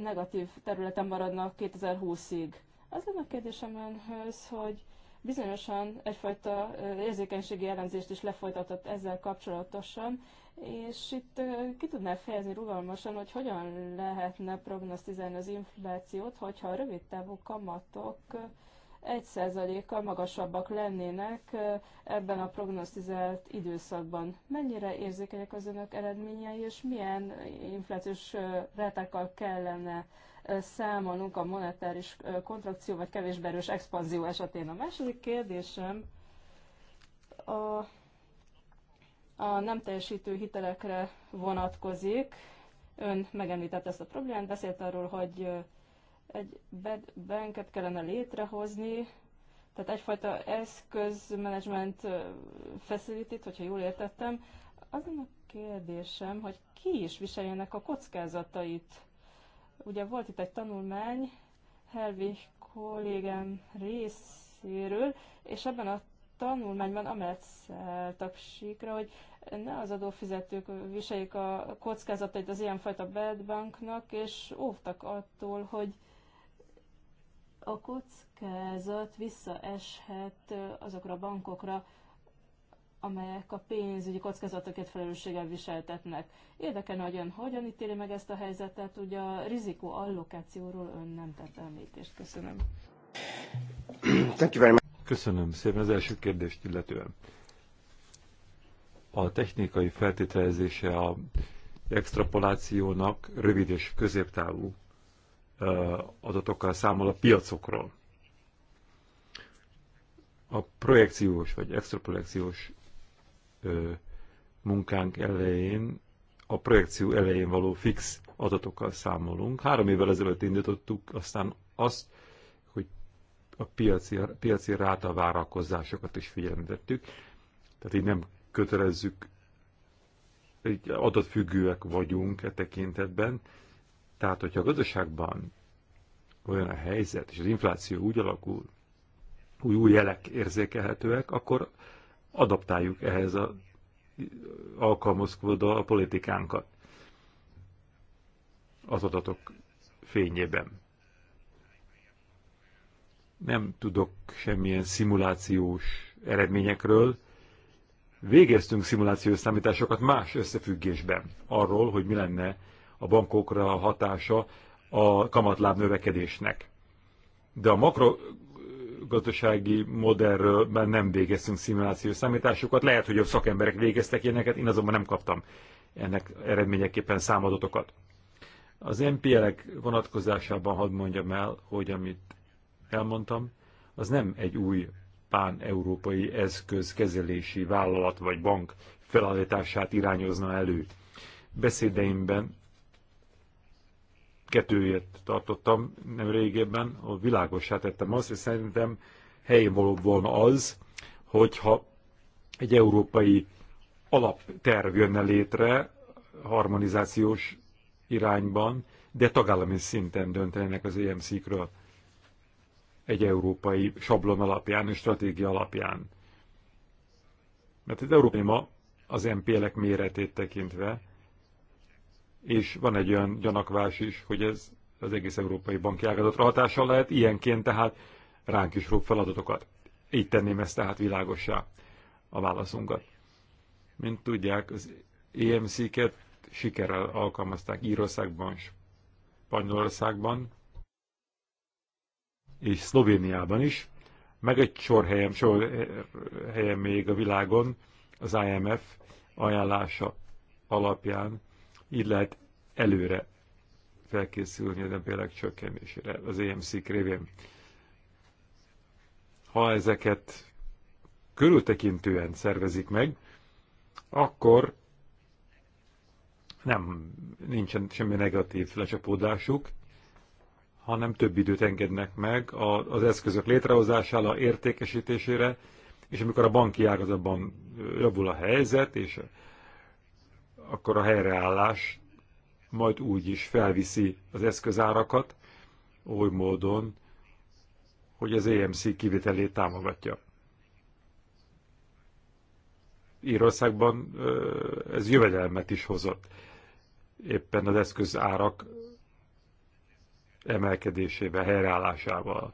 negatív területen maradnak 2020-ig. Az lenne a kérdésem önhöz, hogy bizonyosan egyfajta érzékenységi elemzést is lefolytatott ezzel kapcsolatosan, és itt ki tudná fejezni rugalmasan, hogy hogyan lehetne prognosztizálni az inflációt, hogyha a rövid távú kamatok 1%-kal magasabbak lennének ebben a prognosztizált időszakban. Mennyire érzékenyek az önök eredményei, és milyen inflációs rátákkal kellene számolnunk a monetáris kontrakció vagy kevésbé erős expanzió esetén? A második kérdésem a, a nem teljesítő hitelekre vonatkozik. Ön megemlítette ezt a problémát, beszélt arról, hogy egy bed banket kellene létrehozni, tehát egyfajta eszközmenedzsment facility hogyha jól értettem. Az a kérdésem, hogy ki is viseljenek a kockázatait. Ugye volt itt egy tanulmány, Helvig kollégám részéről, és ebben a tanulmányban amellett szálltak síkra, hogy ne az adófizetők viseljék a kockázatait az ilyenfajta bad banknak, és óvtak attól, hogy a kockázat visszaeshet azokra a bankokra, amelyek a pénzügyi kockázatokat felelősséggel viseltetnek. Érdekelne, hogy ön hogyan ítéli meg ezt a helyzetet, ugye a rizikó allokációról ön nem tett említést. Köszönöm. Köszönöm szépen az első kérdést illetően. A technikai feltételezése a extrapolációnak rövid és középtávú adatokkal számol a piacokról. A projekciós vagy extraprojekciós munkánk elején, a projekció elején való fix adatokkal számolunk. Három évvel ezelőtt indítottuk, aztán azt, hogy a piaci, piaci ráta várakozásokat is figyelmetettük. Tehát így nem kötelezzük, így adatfüggőek vagyunk e tekintetben, tehát, hogyha a gazdaságban olyan a helyzet, és az infláció úgy alakul, új, új jelek érzékelhetőek, akkor adaptáljuk ehhez a alkalmazkodó a politikánkat az adatok fényében. Nem tudok semmilyen szimulációs eredményekről. Végeztünk szimulációs számításokat más összefüggésben arról, hogy mi lenne a bankokra a hatása a kamatláb növekedésnek. De a makrogazdasági modellről már nem végeztünk szimulációs számításokat, lehet, hogy a szakemberek végeztek ilyeneket, én azonban nem kaptam ennek eredményeképpen számadatokat. Az NPL-ek vonatkozásában hadd mondjam el, hogy amit elmondtam, az nem egy új pán-európai eszköz kezelési vállalat vagy bank felállítását irányozna elő. Beszédeimben kettőért tartottam nem régebben, a világossá tettem azt, hogy szerintem helyén való volna az, hogyha egy európai alapterv jönne létre harmonizációs irányban, de tagállami szinten döntenének az EMC-kről egy európai sablon alapján és stratégia alapján. Mert az európai ma az MPL-ek méretét tekintve és van egy olyan gyanakvás is, hogy ez az egész európai banki ágazatra hatással lehet, ilyenként tehát ránk is rúg feladatokat. Így tenném ezt tehát világossá a válaszunkat. Mint tudják, az EMC-ket sikerrel alkalmazták Írországban, Spanyolországban és Szlovéniában is, meg egy sor helyen, sor helyen még a világon az IMF ajánlása alapján így lehet előre felkészülni ezen példák csökkenésére az EMC révén. Ha ezeket körültekintően szervezik meg, akkor nem, nincsen semmi negatív lecsapódásuk, hanem több időt engednek meg az eszközök létrehozására, értékesítésére, és amikor a banki ágazatban javul a helyzet, és akkor a helyreállás majd úgy is felviszi az eszközárakat, oly módon, hogy az EMC kivitelét támogatja. Írországban ez jövedelmet is hozott. Éppen az eszközárak emelkedésével, helyreállásával.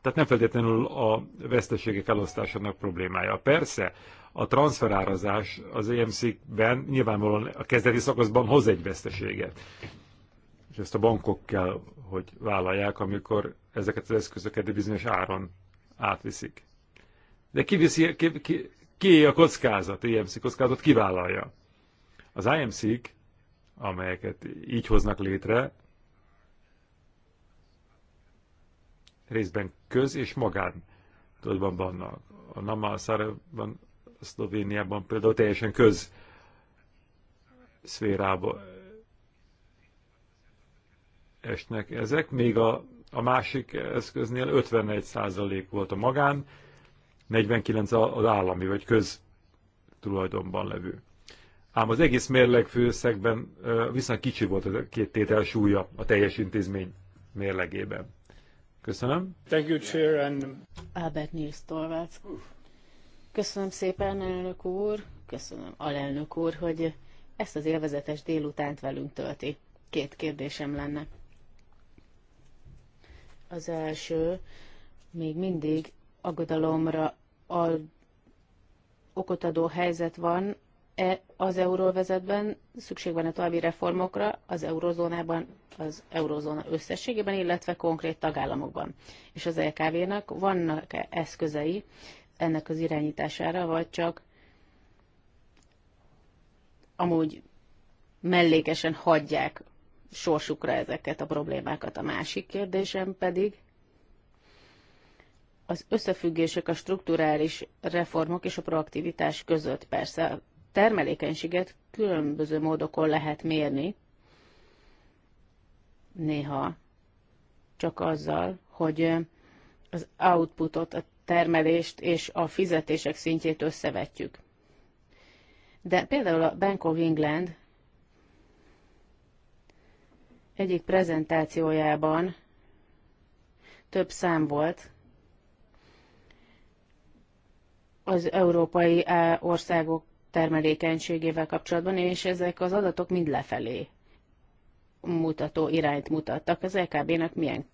Tehát nem feltétlenül a veszteségek elosztásának problémája. Persze, a transferárazás az EMC-ben nyilvánvalóan a kezdeti szakaszban hoz egy veszteséget. És ezt a bankok kell, hogy vállalják, amikor ezeket az eszközöket bizonyos áron átviszik. De ki viszi, ki, ki, ki a kockázat, EMC kockázatot kivállalja. Az IMC-k, amelyeket így hoznak létre, részben köz- és magán tudatban vannak. A Namal Szárban Szlovéniában például teljesen köz szférába esnek ezek, még a, a másik eszköznél 51% volt a magán, 49 az állami vagy köz tulajdonban levő. Ám az egész mérleg főszegben viszont kicsi volt a két tétel súlya a teljes intézmény mérlegében. Köszönöm. Thank you, Chair. And... Albert Nils Torvalds Köszönöm szépen, elnök úr, köszönöm alelnök úr, hogy ezt az élvezetes délutánt velünk tölti. Két kérdésem lenne. Az első, még mindig aggodalomra al okot adó helyzet van e az euróvezetben, szükség van a további reformokra az eurozónában, az eurozóna összességében, illetve konkrét tagállamokban. És az LKV-nak vannak -e eszközei ennek az irányítására, vagy csak amúgy mellékesen hagyják sorsukra ezeket a problémákat. A másik kérdésem pedig az összefüggések a strukturális reformok és a proaktivitás között. Persze a termelékenységet különböző módokon lehet mérni, néha csak azzal, hogy az outputot, a termelést és a fizetések szintjét összevetjük. De például a Bank of England egyik prezentációjában több szám volt az európai e, országok termelékenységével kapcsolatban, és ezek az adatok mind lefelé mutató irányt mutattak. Az LKB-nak e milyen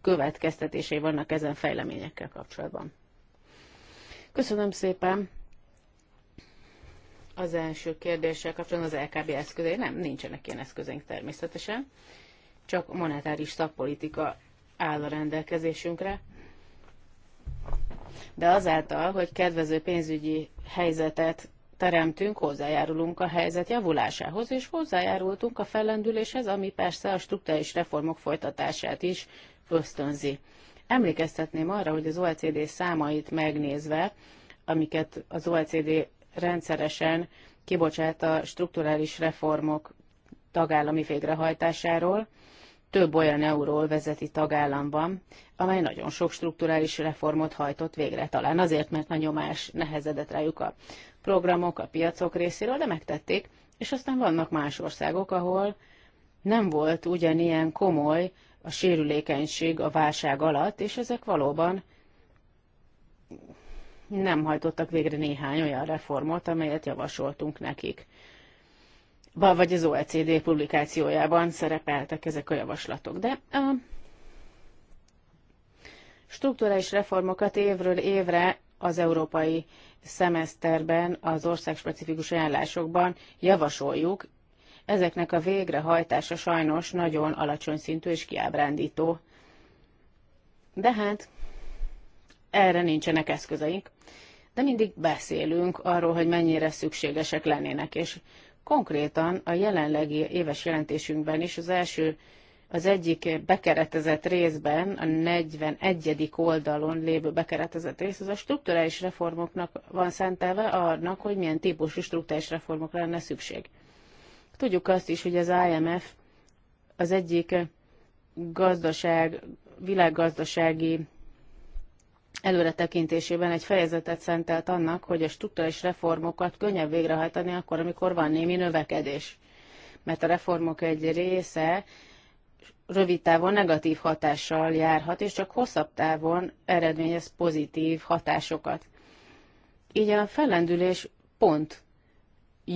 következtetései vannak ezen fejleményekkel kapcsolatban. Köszönöm szépen! Az első kérdéssel kapcsolatban az LKB eszközei, nem, nincsenek ilyen eszközénk természetesen, csak monetáris szakpolitika áll a rendelkezésünkre, de azáltal, hogy kedvező pénzügyi helyzetet teremtünk, hozzájárulunk a helyzet javulásához, és hozzájárultunk a fellendüléshez, ami persze a struktúrális reformok folytatását is ösztönzi. Emlékeztetném arra, hogy az OECD számait megnézve, amiket az OECD rendszeresen kibocsát a strukturális reformok tagállami végrehajtásáról, több olyan euról vezeti tagállam van, amely nagyon sok strukturális reformot hajtott végre, talán azért, mert a nyomás nehezedett rájuk a programok, a piacok részéről, de megtették, és aztán vannak más országok, ahol nem volt ugyanilyen komoly a sérülékenység a válság alatt, és ezek valóban nem hajtottak végre néhány olyan reformot, amelyet javasoltunk nekik. Vagy az OECD publikációjában szerepeltek ezek a javaslatok. De a strukturális reformokat évről évre az európai szemeszterben, az országspecifikus ajánlásokban javasoljuk, ezeknek a végrehajtása sajnos nagyon alacsony szintű és kiábrándító. De hát erre nincsenek eszközeink. De mindig beszélünk arról, hogy mennyire szükségesek lennének, és konkrétan a jelenlegi éves jelentésünkben is az első, az egyik bekeretezett részben, a 41. oldalon lévő bekeretezett rész, az a strukturális reformoknak van szentelve annak, hogy milyen típusú struktúrális reformokra lenne szükség. Tudjuk azt is, hogy az IMF az egyik gazdaság, világgazdasági előretekintésében egy fejezetet szentelt annak, hogy a struktúrális reformokat könnyebb végrehajtani akkor, amikor van némi növekedés. Mert a reformok egy része rövid távon negatív hatással járhat, és csak hosszabb távon eredményez pozitív hatásokat. Így a fellendülés pont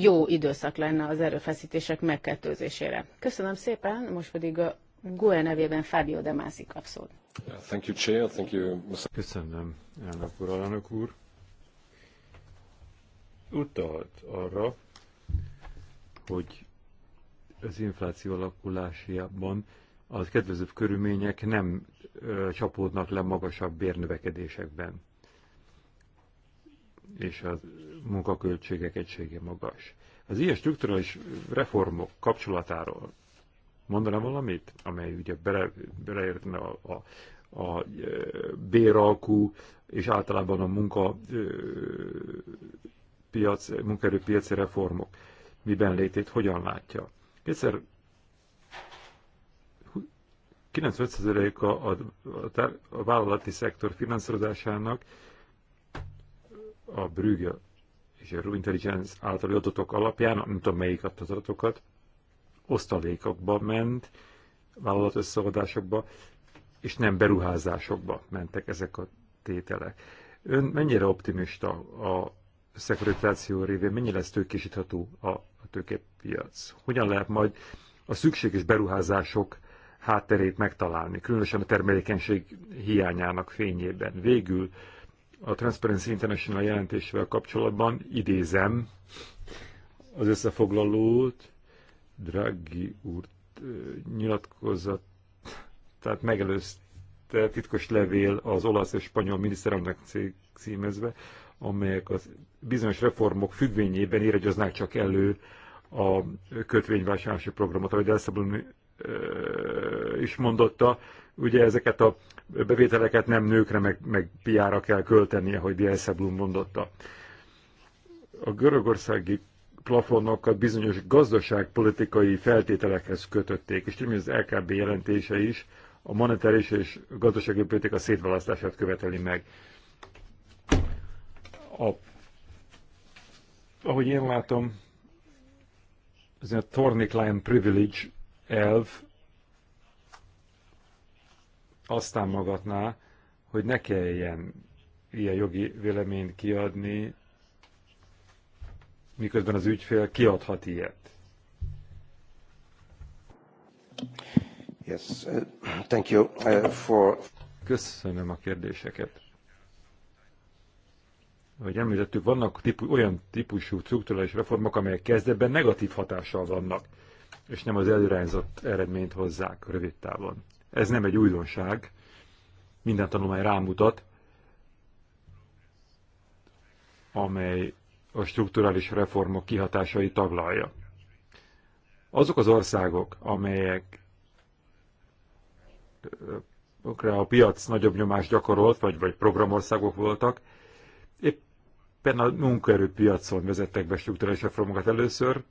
jó időszak lenne az erőfeszítések megkettőzésére. Köszönöm szépen, most pedig a GUE nevében Fábio De Mászi kap szót. Thank you, Chair. Thank you, Köszönöm, elnök úr, alelnök úr. Utalt arra, hogy az infláció alakulásában az kedvezőbb körülmények nem ö, csapódnak le magasabb bérnövekedésekben és a munkaköltségek egysége magas. Az ilyen strukturális reformok kapcsolatáról mondaná valamit, amely ugye bele, beleértne a, a, a e, béralkú és általában a munka e, piac, munkaerőpiaci reformok miben létét hogyan látja. Egyszer 95%-a a, a, a vállalati szektor finanszírozásának a Brügge és a Rue Intelligence általi adatok alapján, nem tudom melyik adta az adatokat, osztalékokba ment, vállalatösszeadásokba, és nem beruházásokba mentek ezek a tételek. Ön mennyire optimista a szekuritáció révén, mennyire lesz tőkésítható a, a tőkepiac? Hogyan lehet majd a szükséges beruházások hátterét megtalálni, különösen a termelékenység hiányának fényében. Végül a Transparency International jelentésével kapcsolatban idézem az összefoglalót, Draghi úr nyilatkozat, tehát megelőzte titkos levél az olasz és spanyol miniszterelnök címezve, amelyek az bizonyos reformok függvényében éregyeznák csak elő a kötvényvásárlási programot, ahogy Elszabon is mondotta, ugye ezeket a bevételeket nem nőkre, meg, meg piára kell költenie, hogy Blum mondotta. A görögországi plafonokat bizonyos gazdaságpolitikai feltételekhez kötötték, és tudom, az LKB jelentése is a monetáris és gazdasági politika szétválasztását követeli meg. A, ahogy én látom, ez a Tornic Line Privilege elv azt támogatná, hogy ne kelljen ilyen jogi véleményt kiadni, miközben az ügyfél kiadhat ilyet. Yes, uh, thank you uh, for... Köszönöm a kérdéseket. Ahogy említettük, vannak típu, olyan típusú struktúrális reformok, amelyek kezdetben negatív hatással vannak, és nem az előrányzott eredményt hozzák rövid távon. Ez nem egy újdonság, minden tanulmány rámutat, amely a strukturális reformok kihatásai taglalja. Azok az országok, amelyek a piac nagyobb nyomást gyakorolt, vagy, vagy programországok voltak, éppen a munkaerőpiacon vezettek be strukturális reformokat először,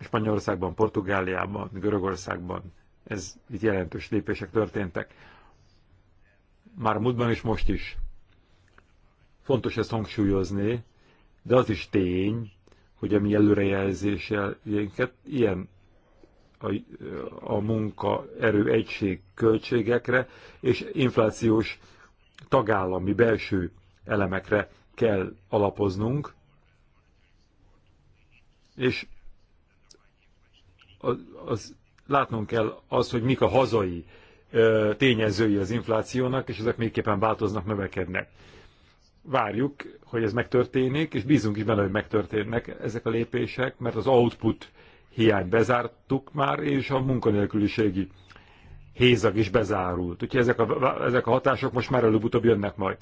Spanyolországban, Portugáliában, Görögországban, ez itt jelentős lépések történtek. Már múltban és most is. Fontos ezt hangsúlyozni, de az is tény, hogy a mi előrejelzéssel ilyen a, a munkaerő egység költségekre és inflációs tagállami belső elemekre kell alapoznunk, és az, az látnunk kell azt, hogy mik a hazai tényezői az inflációnak, és ezek mégképpen változnak, növekednek. Várjuk, hogy ez megtörténik, és bízunk is benne, hogy megtörténnek ezek a lépések, mert az output hiány bezártuk már, és a munkanélküliségi hézag is bezárult. Úgyhogy ezek a, ezek a hatások most már előbb-utóbb jönnek majd.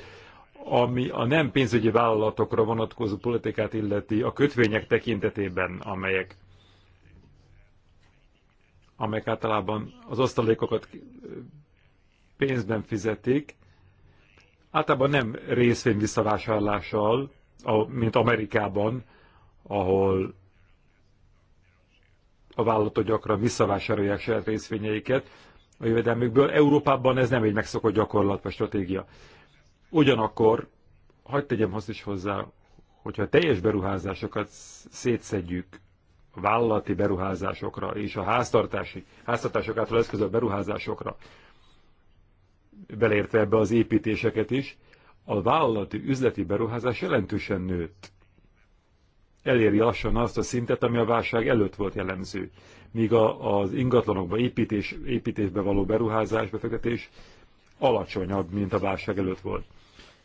Ami a nem pénzügyi vállalatokra vonatkozó politikát illeti a kötvények tekintetében, amelyek amelyek általában az osztalékokat pénzben fizetik, általában nem részvény visszavásárlással, mint Amerikában, ahol a vállalatok gyakran visszavásárolják saját részvényeiket a jövedelmükből. Európában ez nem egy megszokott gyakorlat vagy stratégia. Ugyanakkor, hagyd tegyem azt is hozzá, hogyha teljes beruházásokat szétszedjük vállalati beruházásokra és a háztartási, háztartások által eszközölt beruházásokra, belértve ebbe az építéseket is, a vállalati üzleti beruházás jelentősen nőtt. Eléri lassan azt a szintet, ami a válság előtt volt jellemző, míg a, az ingatlanokba építés, építésbe való beruházás, befektetés alacsonyabb, mint a válság előtt volt.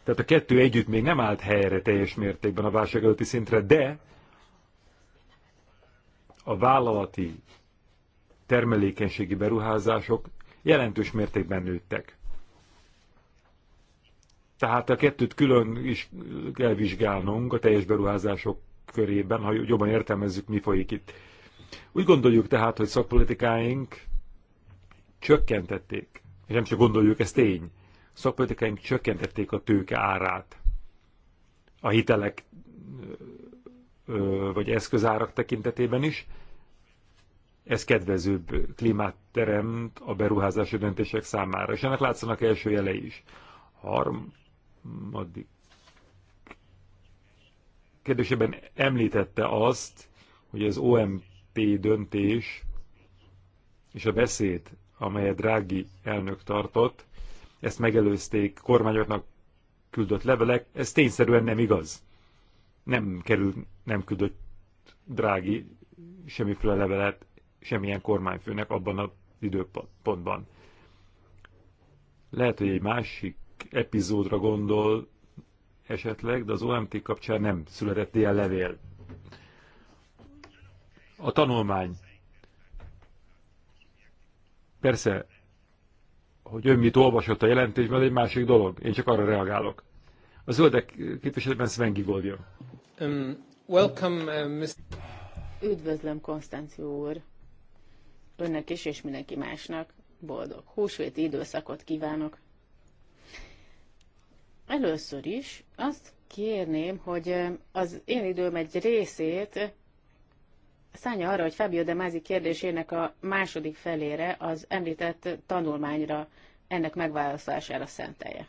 Tehát a kettő együtt még nem állt helyre teljes mértékben a válság előtti szintre, de a vállalati termelékenységi beruházások jelentős mértékben nőttek. Tehát a kettőt külön is kell vizsgálnunk a teljes beruházások körében, ha jobban értelmezzük, mi folyik itt. Úgy gondoljuk tehát, hogy szakpolitikáink csökkentették, és nem csak gondoljuk, ez tény, szakpolitikáink csökkentették a tőke árát a hitelek vagy eszközárak tekintetében is. Ez kedvezőbb klímát teremt a beruházási döntések számára, és ennek látszanak első jele is. Harmadik kérdésében említette azt, hogy az OMP döntés és a beszéd, amelyet Drági elnök tartott, ezt megelőzték kormányoknak küldött levelek, ez tényszerűen nem igaz nem, kerül, nem küldött drági semmiféle levelet semmilyen kormányfőnek abban az időpontban. Lehet, hogy egy másik epizódra gondol esetleg, de az OMT kapcsán nem született ilyen levél. A tanulmány. Persze, hogy ön mit olvasott a jelentésben, egy másik dolog. Én csak arra reagálok. A zöldek képviseletben Sven Gigold jön. Um, uh, Üdvözlöm, Konstanció úr! Önnek is és mindenki másnak boldog húsvéti időszakot kívánok! Először is azt kérném, hogy uh, az én időm egy részét szállja arra, hogy Fabio de Mázi kérdésének a második felére az említett tanulmányra, ennek megválaszolására szentelje.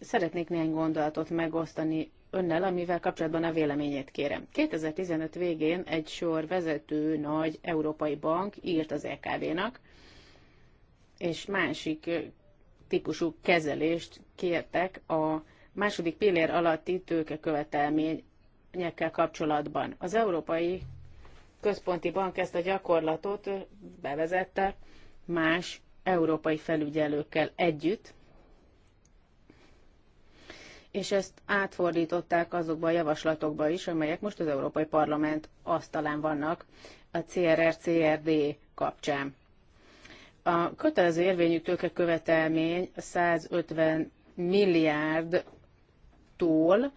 Szeretnék néhány gondolatot megosztani önnel, amivel kapcsolatban a véleményét kérem. 2015 végén egy sor vezető nagy európai bank írt az lkv e nak és másik típusú kezelést kértek a második pillér alatti tőke követelményekkel kapcsolatban. Az Európai Központi Bank ezt a gyakorlatot bevezette más európai felügyelőkkel együtt, és ezt átfordították azokba a javaslatokba is, amelyek most az Európai Parlament asztalán vannak a CRR-CRD kapcsán. A kötelező érvényű tőkekövetelmény 150 milliárdtól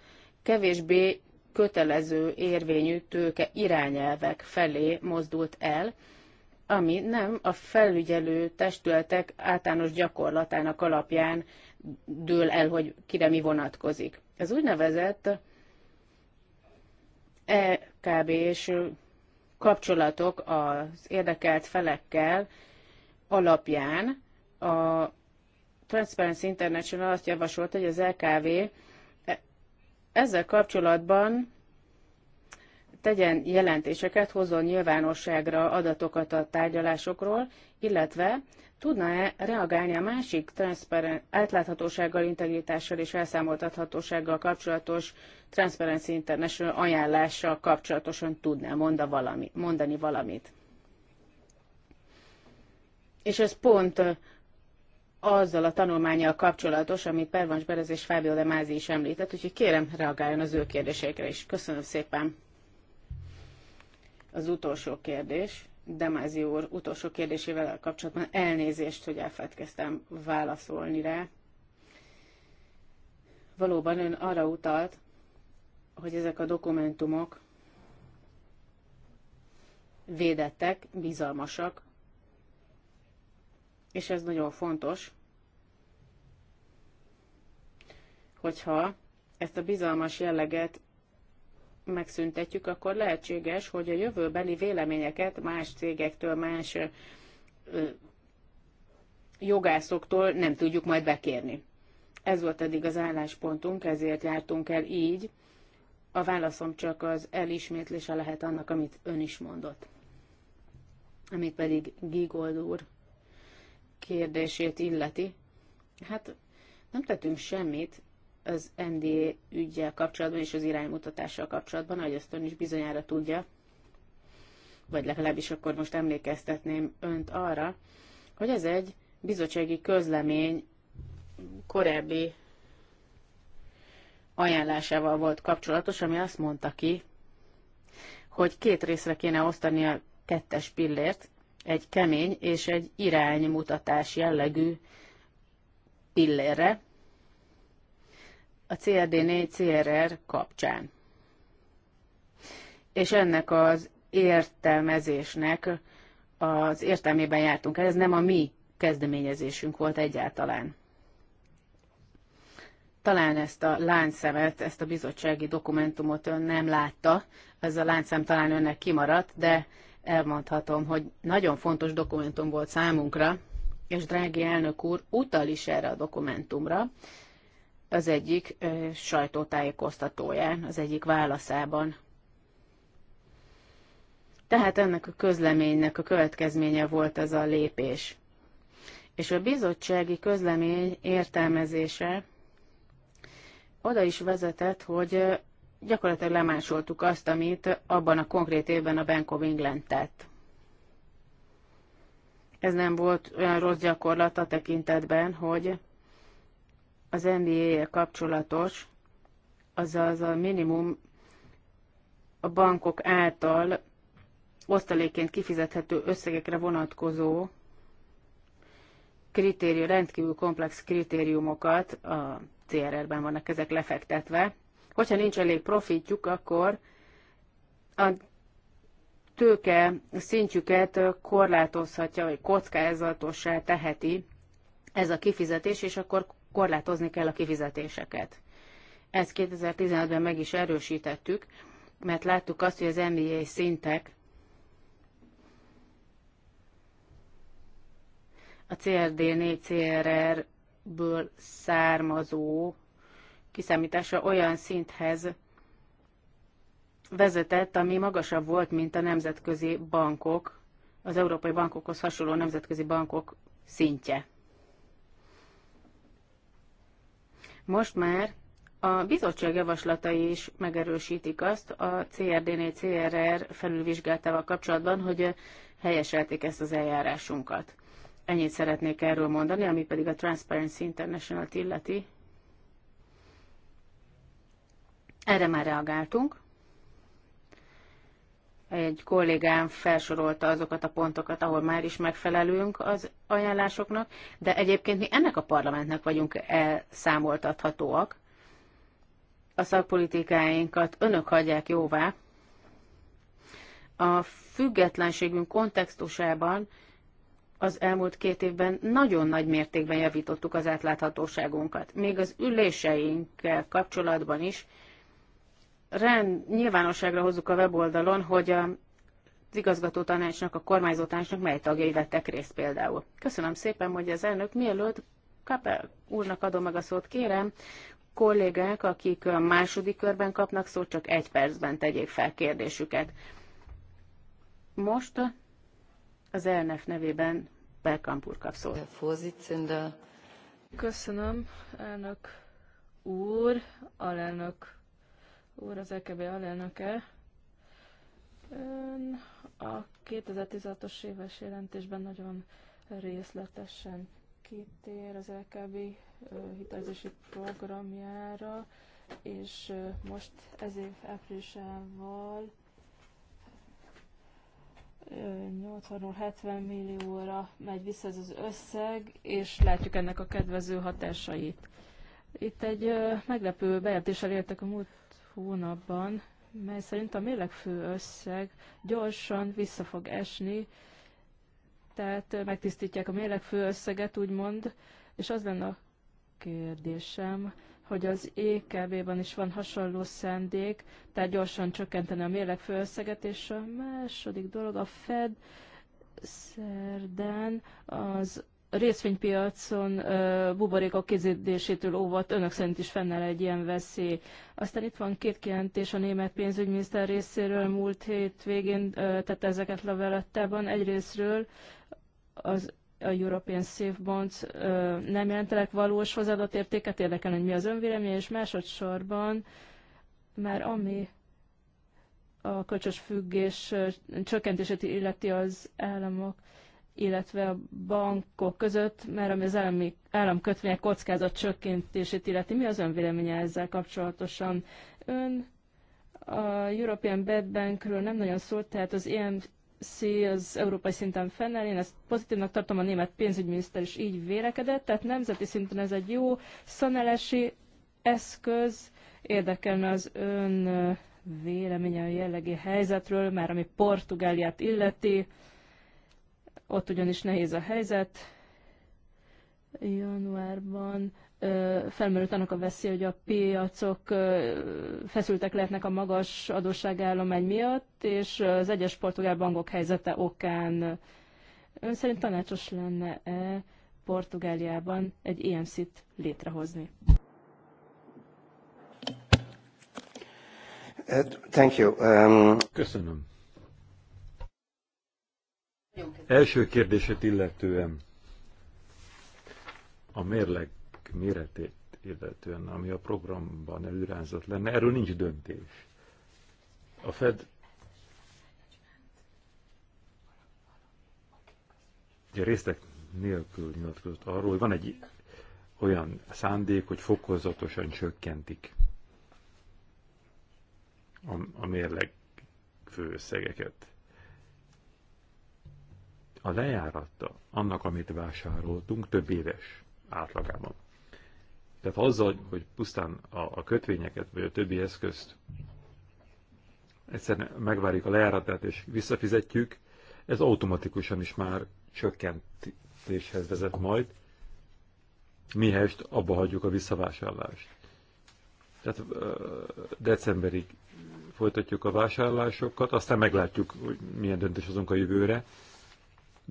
kevésbé kötelező érvényű tőke irányelvek felé mozdult el, ami nem a felügyelő testületek általános gyakorlatának alapján dől el, hogy kire mi vonatkozik. Ez úgynevezett EKB-s kapcsolatok az érdekelt felekkel alapján a Transparency International azt javasolt, hogy az LKV e ezzel kapcsolatban tegyen jelentéseket, hozzon nyilvánosságra adatokat a tárgyalásokról, illetve Tudna-e reagálni a másik transzparen- átláthatósággal, integritással és elszámoltathatósággal kapcsolatos Transparency International ajánlással kapcsolatosan tudná monda valami, mondani valamit? És ez pont azzal a tanulmányjal kapcsolatos, amit Pervans Berez és Fábio de Mázi is említett, úgyhogy kérem, reagáljon az ő kérdésekre is. Köszönöm szépen. Az utolsó kérdés Demázi úr utolsó kérdésével kapcsolatban elnézést, hogy elfedkeztem válaszolni rá. Valóban ön arra utalt, hogy ezek a dokumentumok védettek, bizalmasak, és ez nagyon fontos, hogyha ezt a bizalmas jelleget megszüntetjük, akkor lehetséges, hogy a jövőbeli véleményeket más cégektől, más jogászoktól nem tudjuk majd bekérni. Ez volt eddig az álláspontunk, ezért jártunk el így. A válaszom csak az elismétlése lehet annak, amit ön is mondott. Amit pedig Gigold úr kérdését illeti. Hát nem tettünk semmit, az NDA ügyel kapcsolatban és az iránymutatással kapcsolatban, ahogy azt ön is bizonyára tudja, vagy legalábbis akkor most emlékeztetném önt arra, hogy ez egy bizottsági közlemény korábbi ajánlásával volt kapcsolatos, ami azt mondta ki, hogy két részre kéne osztani a kettes pillért, egy kemény és egy iránymutatás jellegű pillérre, a CRD4 CRR kapcsán. És ennek az értelmezésnek az értelmében jártunk el, ez nem a mi kezdeményezésünk volt egyáltalán. Talán ezt a láncszemet, ezt a bizottsági dokumentumot ön nem látta, ez a láncszem talán önnek kimaradt, de elmondhatom, hogy nagyon fontos dokumentum volt számunkra, és drági elnök úr utal is erre a dokumentumra, az egyik sajtótájékoztatóján, az egyik válaszában. Tehát ennek a közleménynek a következménye volt ez a lépés. És a bizottsági közlemény értelmezése oda is vezetett, hogy gyakorlatilag lemásoltuk azt, amit abban a konkrét évben a Bank of England tett. Ez nem volt olyan rossz gyakorlat a tekintetben, hogy az NBA-je kapcsolatos, azaz a minimum a bankok által osztaléként kifizethető összegekre vonatkozó kritérium, rendkívül komplex kritériumokat, a CRR-ben vannak ezek lefektetve. Hogyha nincs elég profitjuk, akkor a tőke szintjüket korlátozhatja, vagy kockázatossá teheti ez a kifizetés, és akkor korlátozni kell a kifizetéseket. Ezt 2015-ben meg is erősítettük, mert láttuk azt, hogy az NBA szintek a CRD 4 CRR-ből származó kiszámítása olyan szinthez vezetett, ami magasabb volt, mint a nemzetközi bankok, az európai bankokhoz hasonló nemzetközi bankok szintje. Most már a bizottság javaslatai is megerősítik azt a CRD-nél CRR felülvizsgáltával kapcsolatban, hogy helyeselték ezt az eljárásunkat. Ennyit szeretnék erről mondani, ami pedig a Transparency International-t illeti. Erre már reagáltunk. Egy kollégám felsorolta azokat a pontokat, ahol már is megfelelünk az ajánlásoknak, de egyébként mi ennek a parlamentnek vagyunk elszámoltathatóak. A szakpolitikáinkat önök hagyják jóvá. A függetlenségünk kontextusában az elmúlt két évben nagyon nagy mértékben javítottuk az átláthatóságunkat. Még az üléseinkkel kapcsolatban is rend, nyilvánosságra hozzuk a weboldalon, hogy a, az igazgató tanácsnak, a kormányzó tanácsnak mely tagjai vettek részt például. Köszönöm szépen, hogy az elnök mielőtt Kapel úrnak adom meg a szót, kérem, kollégák, akik a második körben kapnak szót, csak egy percben tegyék fel kérdésüket. Most az elnök nevében Belkamp úr kap szót. Köszönöm, elnök úr, alelnök úr, az EKB alelnöke. Ön a 2016-os éves jelentésben nagyon részletesen kitér az LKB e hitelzési programjára, és most ez év áprilisával 80 70 millióra megy vissza ez az összeg, és látjuk ennek a kedvező hatásait. Itt egy meglepő bejelentéssel értek a múlt hónapban, mely szerint a mérlegfő összeg gyorsan vissza fog esni, tehát megtisztítják a mérlegfő összeget, úgymond, és az lenne a kérdésem, hogy az EKB-ban is van hasonló szándék, tehát gyorsan csökkenteni a mérleg összeget és a második dolog a Fed szerdán az részvénypiacon buborékok kizidésétől óvat, önök szerint is fennáll egy ilyen veszély. Aztán itt van két kijelentés a német pénzügyminiszter részéről múlt hét végén tette ezeket leveletában. Egyrésztről az a European Safe Bonds nem jelentelek valós hozzáadott értéket, érdekel, hogy mi az önvélemény, és másodszorban már ami a kölcsös függés csökkentését illeti az államok illetve a bankok között, mert ami az állami, államkötvények kockázat csökkentését illeti. Mi az ön véleménye ezzel kapcsolatosan? Ön a European Bad Bankről nem nagyon szólt, tehát az EMC az európai szinten fennáll, én ezt pozitívnak tartom, a német pénzügyminiszter is így vérekedett, tehát nemzeti szinten ez egy jó szanelesi eszköz, érdekelne az ön véleménye a jellegi helyzetről, már ami Portugáliát illeti, ott ugyanis nehéz a helyzet. Januárban felmerült annak a veszély, hogy a piacok feszültek lehetnek a magas adósságállomány miatt, és az egyes portugál bankok helyzete okán ön szerint tanácsos lenne-e Portugáliában egy EMC-t létrehozni? Uh, thank you. Um... Köszönöm. Első kérdését illetően a mérleg méretét illetően, ami a programban előrázott lenne, erről nincs döntés. A Fed ugye résztek nélkül nyilatkozott arról, hogy van egy olyan szándék, hogy fokozatosan csökkentik a, a mérleg főösszegeket a lejárata annak, amit vásároltunk, több éves átlagában. Tehát azzal, hogy pusztán a, a kötvényeket, vagy a többi eszközt egyszerűen megvárjuk a lejáratát és visszafizetjük, ez automatikusan is már csökkentéshez vezet majd, mihelyest abba hagyjuk a visszavásárlást. Tehát decemberig folytatjuk a vásárlásokat, aztán meglátjuk, hogy milyen döntés hozunk a jövőre,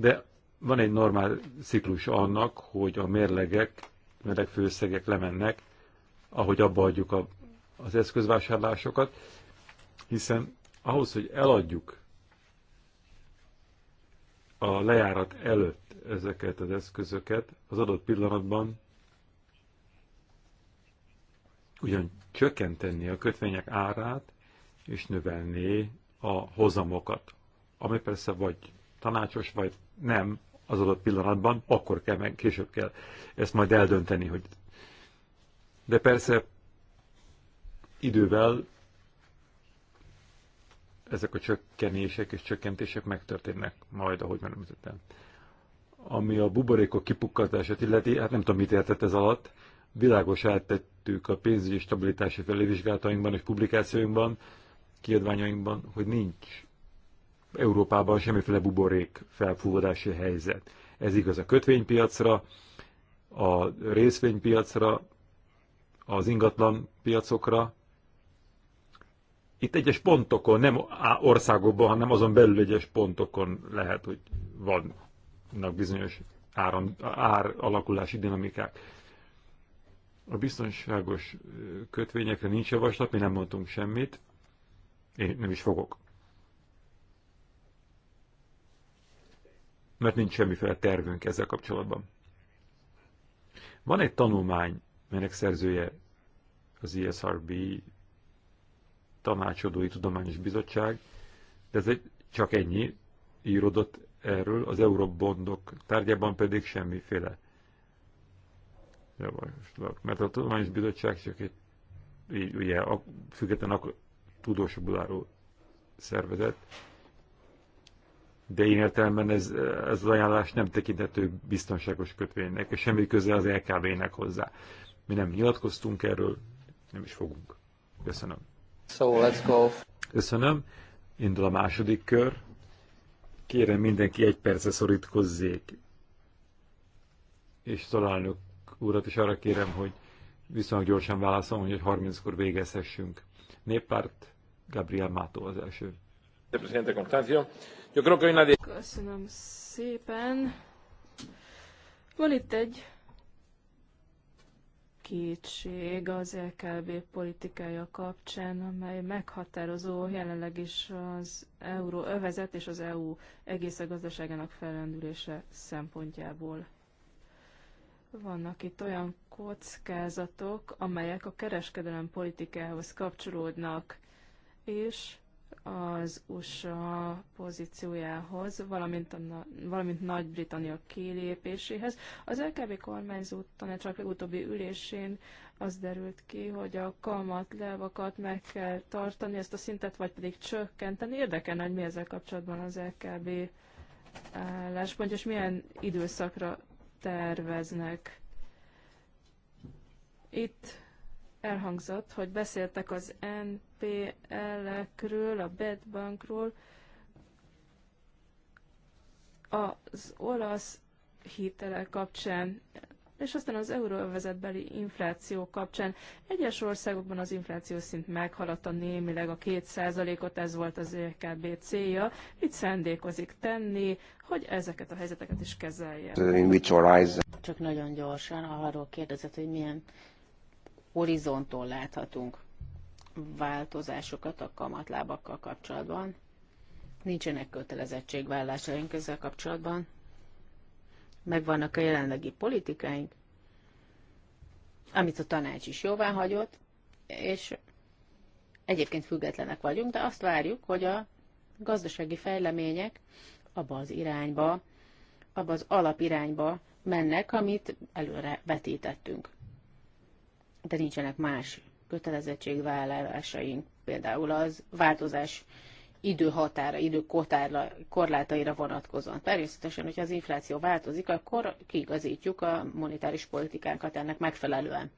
de van egy normál ciklus annak, hogy a mérlegek, mérlegfőszegek lemennek, ahogy abba adjuk a, az eszközvásárlásokat, hiszen ahhoz, hogy eladjuk a lejárat előtt ezeket az eszközöket, az adott pillanatban ugyan csökkenteni a kötvények árát, és növelni a hozamokat, ami persze vagy tanácsos, vagy nem az adott pillanatban, akkor kell, meg később kell ezt majd eldönteni, hogy... De persze idővel ezek a csökkenések és csökkentések megtörténnek majd, ahogy már említettem. Ami a buborékok kipukkantását illeti, hát nem tudom, mit értett ez alatt, világos áttettük a pénzügyi stabilitási felévizsgálatainkban és publikációinkban, kiadványainkban, hogy nincs Európában semmiféle buborék felfúvódási helyzet. Ez igaz a kötvénypiacra, a részvénypiacra, az ingatlan piacokra. Itt egyes pontokon, nem országokban, hanem azon belül egyes pontokon lehet, hogy vannak bizonyos áram, ár alakulási dinamikák. A biztonságos kötvényekre nincs javaslat, mi nem mondtunk semmit, én nem is fogok. mert nincs semmiféle tervünk ezzel kapcsolatban. Van egy tanulmány, melynek szerzője az ISRB e tanácsadói tudományos bizottság, de ez egy, csak ennyi írodott erről, az eurobondok tárgyában pedig semmiféle javaslak. Mert a tudományos bizottság csak egy, ugye, a, független a tudósokból szervezet, de én értelemben ez, ez az ajánlás nem tekinthető biztonságos kötvénynek, és semmi köze az LKB-nek hozzá. Mi nem nyilatkoztunk erről, nem is fogunk. Köszönöm. So, let's go. Köszönöm. Indul a második kör. Kérem mindenki egy perce szorítkozzék. És találnok úrat is arra kérem, hogy viszonylag gyorsan válaszolom, hogy 30-kor végezhessünk. Néppárt, Gabriel Mátó az első. Presidente Constancio creo que hoy nadie... Köszönöm szépen. Van itt egy kétség az LKB politikája kapcsán, amely meghatározó jelenleg is az euró övezet és az EU egész gazdaságának felrendülése szempontjából. Vannak itt olyan kockázatok, amelyek a kereskedelem politikához kapcsolódnak, és az USA pozíciójához, valamint, a, valamint Nagy-Britannia kilépéséhez. Az LKB kormányzó tanácsak legutóbbi ülésén az derült ki, hogy a kamat levakat meg kell tartani, ezt a szintet vagy pedig csökkenteni. Érdekelne, hogy mi ezzel kapcsolatban az LKB álláspontja, és milyen időszakra terveznek. Itt elhangzott, hogy beszéltek az N NPL-ekről, a Bankról, az olasz hitele kapcsán, és aztán az euróövezetbeli infláció kapcsán. Egyes országokban az infláció szint meghaladta némileg a 2 százalékot, ez volt az EKB célja. Mit szándékozik tenni, hogy ezeket a helyzeteket is kezelje? Csak nagyon gyorsan arról kérdezett, hogy milyen horizonton láthatunk változásokat a kamatlábakkal kapcsolatban. Nincsenek kötelezettségvállásaink ezzel kapcsolatban. Megvannak a jelenlegi politikáink, amit a tanács is jóvá hagyott, és egyébként függetlenek vagyunk, de azt várjuk, hogy a gazdasági fejlemények abba az irányba, abba az alapirányba mennek, amit előre vetítettünk. De nincsenek más kötelezettségvállalásaink, például az változás időhatára, időkorlátaira vonatkozóan. Természetesen, hogyha az infláció változik, akkor kiigazítjuk a monetáris politikánkat ennek megfelelően.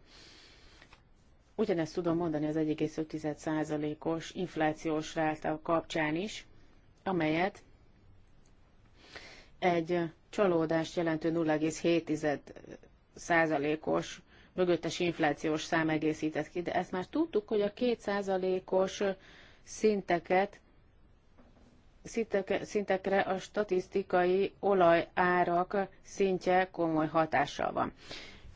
Ugyanezt tudom mondani az 1,5%-os inflációs ráta kapcsán is, amelyet egy csalódást jelentő 0,7%-os mögöttes inflációs szám egészített ki, de ezt már tudtuk, hogy a kétszázalékos szinteket szintek, szintekre a statisztikai olajárak szintje komoly hatással van.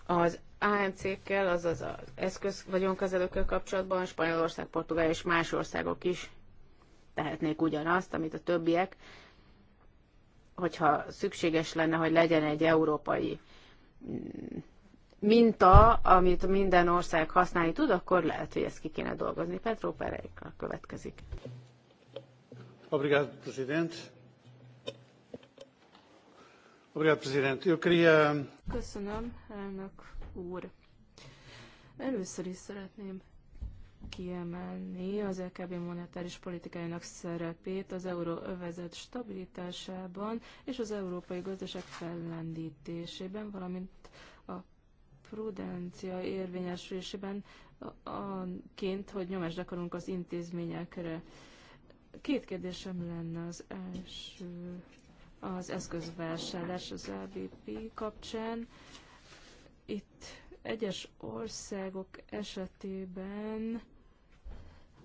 Az AMC-kkel, azaz az eszköz vagyonkezelőkkel kapcsolatban Spanyolország, Portugália és más országok is tehetnék ugyanazt, amit a többiek, hogyha szükséges lenne, hogy legyen egy európai mm, minta, amit minden ország használni tud, akkor lehet, hogy ezt ki kéne dolgozni. Petró Pereika következik. Obrigado, Presidente. Obrigado, Presidente. Eu queria... Köszönöm, elnök úr. Először is szeretném kiemelni az LKB e monetáris politikájának szerepét az euróövezet stabilitásában és az európai gazdaság fellendítésében, valamint a prudencia érvényesülésében ként, hogy nyomást akarunk az intézményekre. Két kérdésem lenne az első az eszközvásárlás az ABP kapcsán. Itt egyes országok esetében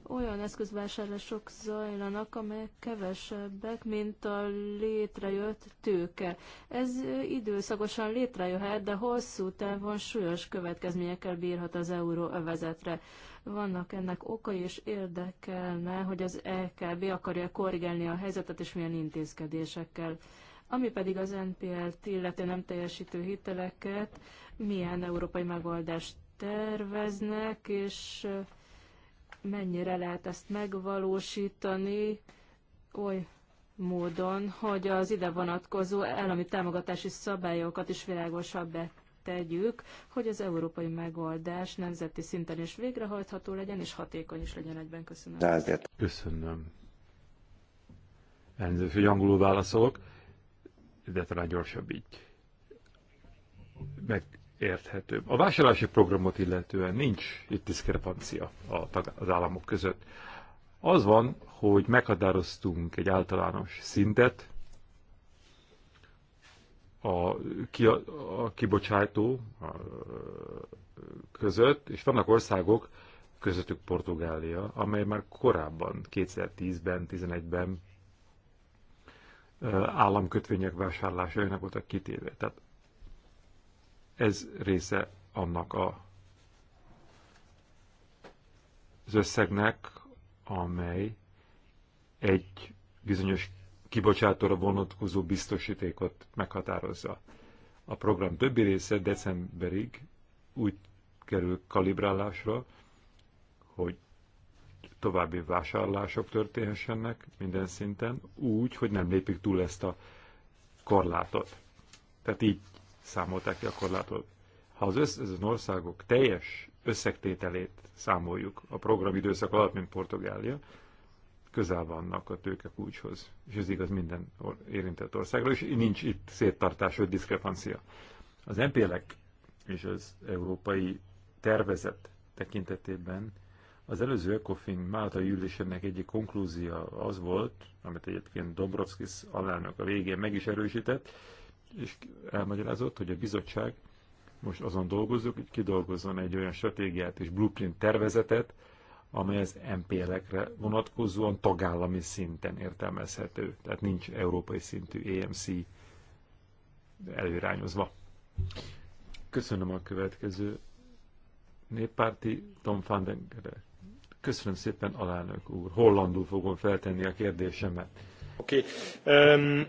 olyan eszközvásárlások zajlanak, amelyek kevesebbek, mint a létrejött tőke. Ez időszakosan létrejöhet, de hosszú távon súlyos következményekkel bírhat az euróövezetre. Vannak ennek okai, és érdekelne, hogy az EKB akarja korrigálni a helyzetet, és milyen intézkedésekkel. Ami pedig az NPL-t illeti nem teljesítő hiteleket, milyen európai megoldást terveznek, és mennyire lehet ezt megvalósítani oly módon, hogy az ide vonatkozó állami támogatási szabályokat is világosabbá tegyük, hogy az európai megoldás nemzeti szinten is végrehajtható legyen, és hatékony is legyen egyben. Köszönöm. Rázért. Köszönöm. Elnézést, hogy angolul válaszolok, de talán gyorsabb így. Meg érthetőbb. A vásárlási programot illetően nincs itt diszkrepancia az államok között. Az van, hogy meghatároztunk egy általános szintet, a, ki, a kibocsátó között, és vannak országok, közöttük Portugália, amely már korábban, 2010-ben, 2011 ben államkötvények vásárlásainak voltak kitéve. Tehát ez része annak a, az összegnek, amely egy bizonyos kibocsátóra vonatkozó biztosítékot meghatározza. A program többi része decemberig úgy kerül kalibrálásra, hogy további vásárlások történhessenek minden szinten, úgy, hogy nem lépik túl ezt a korlátot. Tehát így számolták ki a korlátot. Ha az ezen országok teljes összegtételét számoljuk a időszak alatt, mint Portugália, közel vannak a tőke kulcshoz. És ez igaz minden érintett országra, és nincs itt széttartás vagy diszkrepancia. Az MPL-ek és az európai tervezet tekintetében az előző ECOFIN Málta ülésének egyik konklúzia az volt, amit egyébként Dombrovskis alelnök a végén meg is erősített, és elmagyarázott, hogy a bizottság most azon dolgozók hogy kidolgozzon egy olyan stratégiát és blueprint tervezetet, amely az MPL-ekre vonatkozóan tagállami szinten értelmezhető. Tehát nincs európai szintű EMC előirányozva. Köszönöm a következő néppárti Tom van den Köszönöm szépen, alelnök úr. Hollandul fogom feltenni a kérdésemet. Oké. Okay. Um,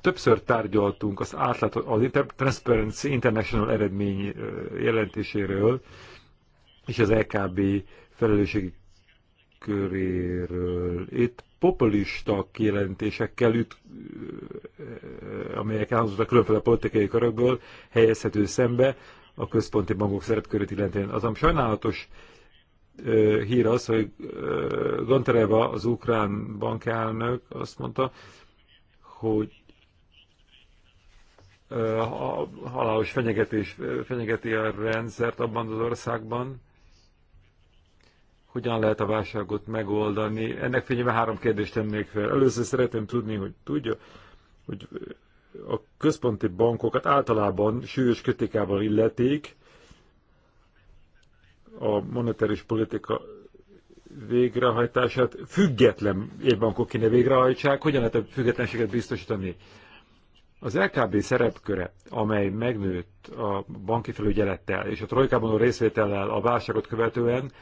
Többször tárgyaltunk az átlátható, az Transparency International eredmény jelentéséről és az EKB felelősségi köréről. Itt populista kijelentésekkel üt, amelyek elhangzottak különféle politikai körökből, helyezhető szembe a központi bankok szerepkörét illetően. Azon sajnálatos hír az, hogy Gantereva, az ukrán bankelnök azt mondta, hogy a halálos fenyegetés fenyegeti a rendszert abban az országban. Hogyan lehet a válságot megoldani? Ennek fényében három kérdést tennék fel. Először szeretném tudni, hogy tudja, hogy a központi bankokat általában súlyos kritikával illetik, a monetáris politika végrehajtását független évbankok kéne végrehajtsák, hogyan lehet a függetlenséget biztosítani az LKB szerepköre, amely megnőtt a banki felügyelettel és a trojkában a részvétellel a válságot követően,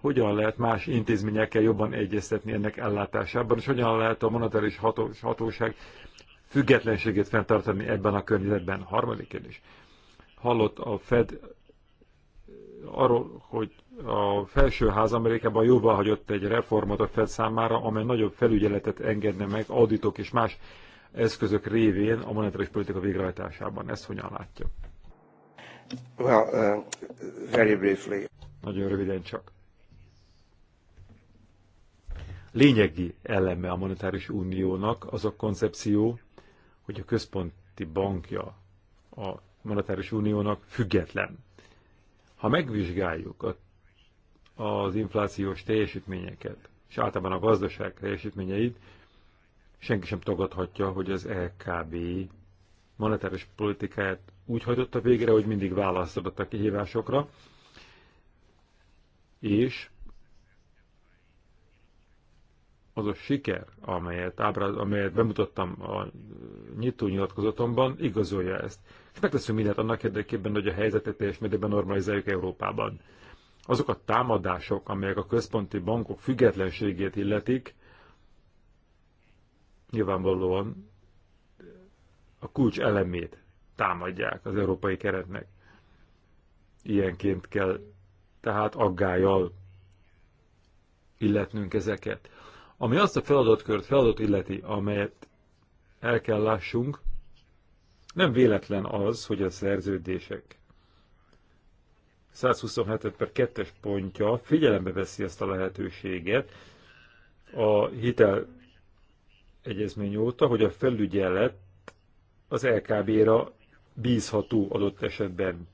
hogyan lehet más intézményekkel jobban egyeztetni ennek ellátásában, és hogyan lehet a monetáris hatós, hatóság függetlenségét fenntartani ebben a környezetben. Harmadik kérdés. Hallott a Fed eh, arról, hogy a felsőház Amerikában jóval hagyott egy reformot a Fed számára, amely nagyobb felügyeletet engedne meg auditok és más eszközök révén a monetáris politika végrehajtásában. Ezt hogyan látja? Well, uh, very briefly. Nagyon röviden csak. Lényegi eleme a monetáris uniónak az a koncepció, hogy a központi bankja a monetáris uniónak független. Ha megvizsgáljuk a, az inflációs teljesítményeket, és általában a gazdaság teljesítményeit, senki sem tagadhatja, hogy az LKB e monetáris politikáját úgy hajtotta végre, hogy mindig választ adott a kihívásokra, és az a siker, amelyet, ábráz, amelyet bemutattam a nyitó nyilatkozatomban, igazolja ezt. És megteszünk mindent annak érdekében, hogy a helyzetet teljes mértékben normalizáljuk Európában. Azok a támadások, amelyek a központi bankok függetlenségét illetik, nyilvánvalóan a kulcs elemét támadják az európai keretnek. Ilyenként kell tehát aggájjal illetnünk ezeket. Ami azt a feladatkört, feladat illeti, amelyet el kell lássunk, nem véletlen az, hogy a szerződések 127 per 2-es pontja figyelembe veszi ezt a lehetőséget a hitel egyezmény óta, hogy a felügyelet az LKB-ra bízható adott esetben.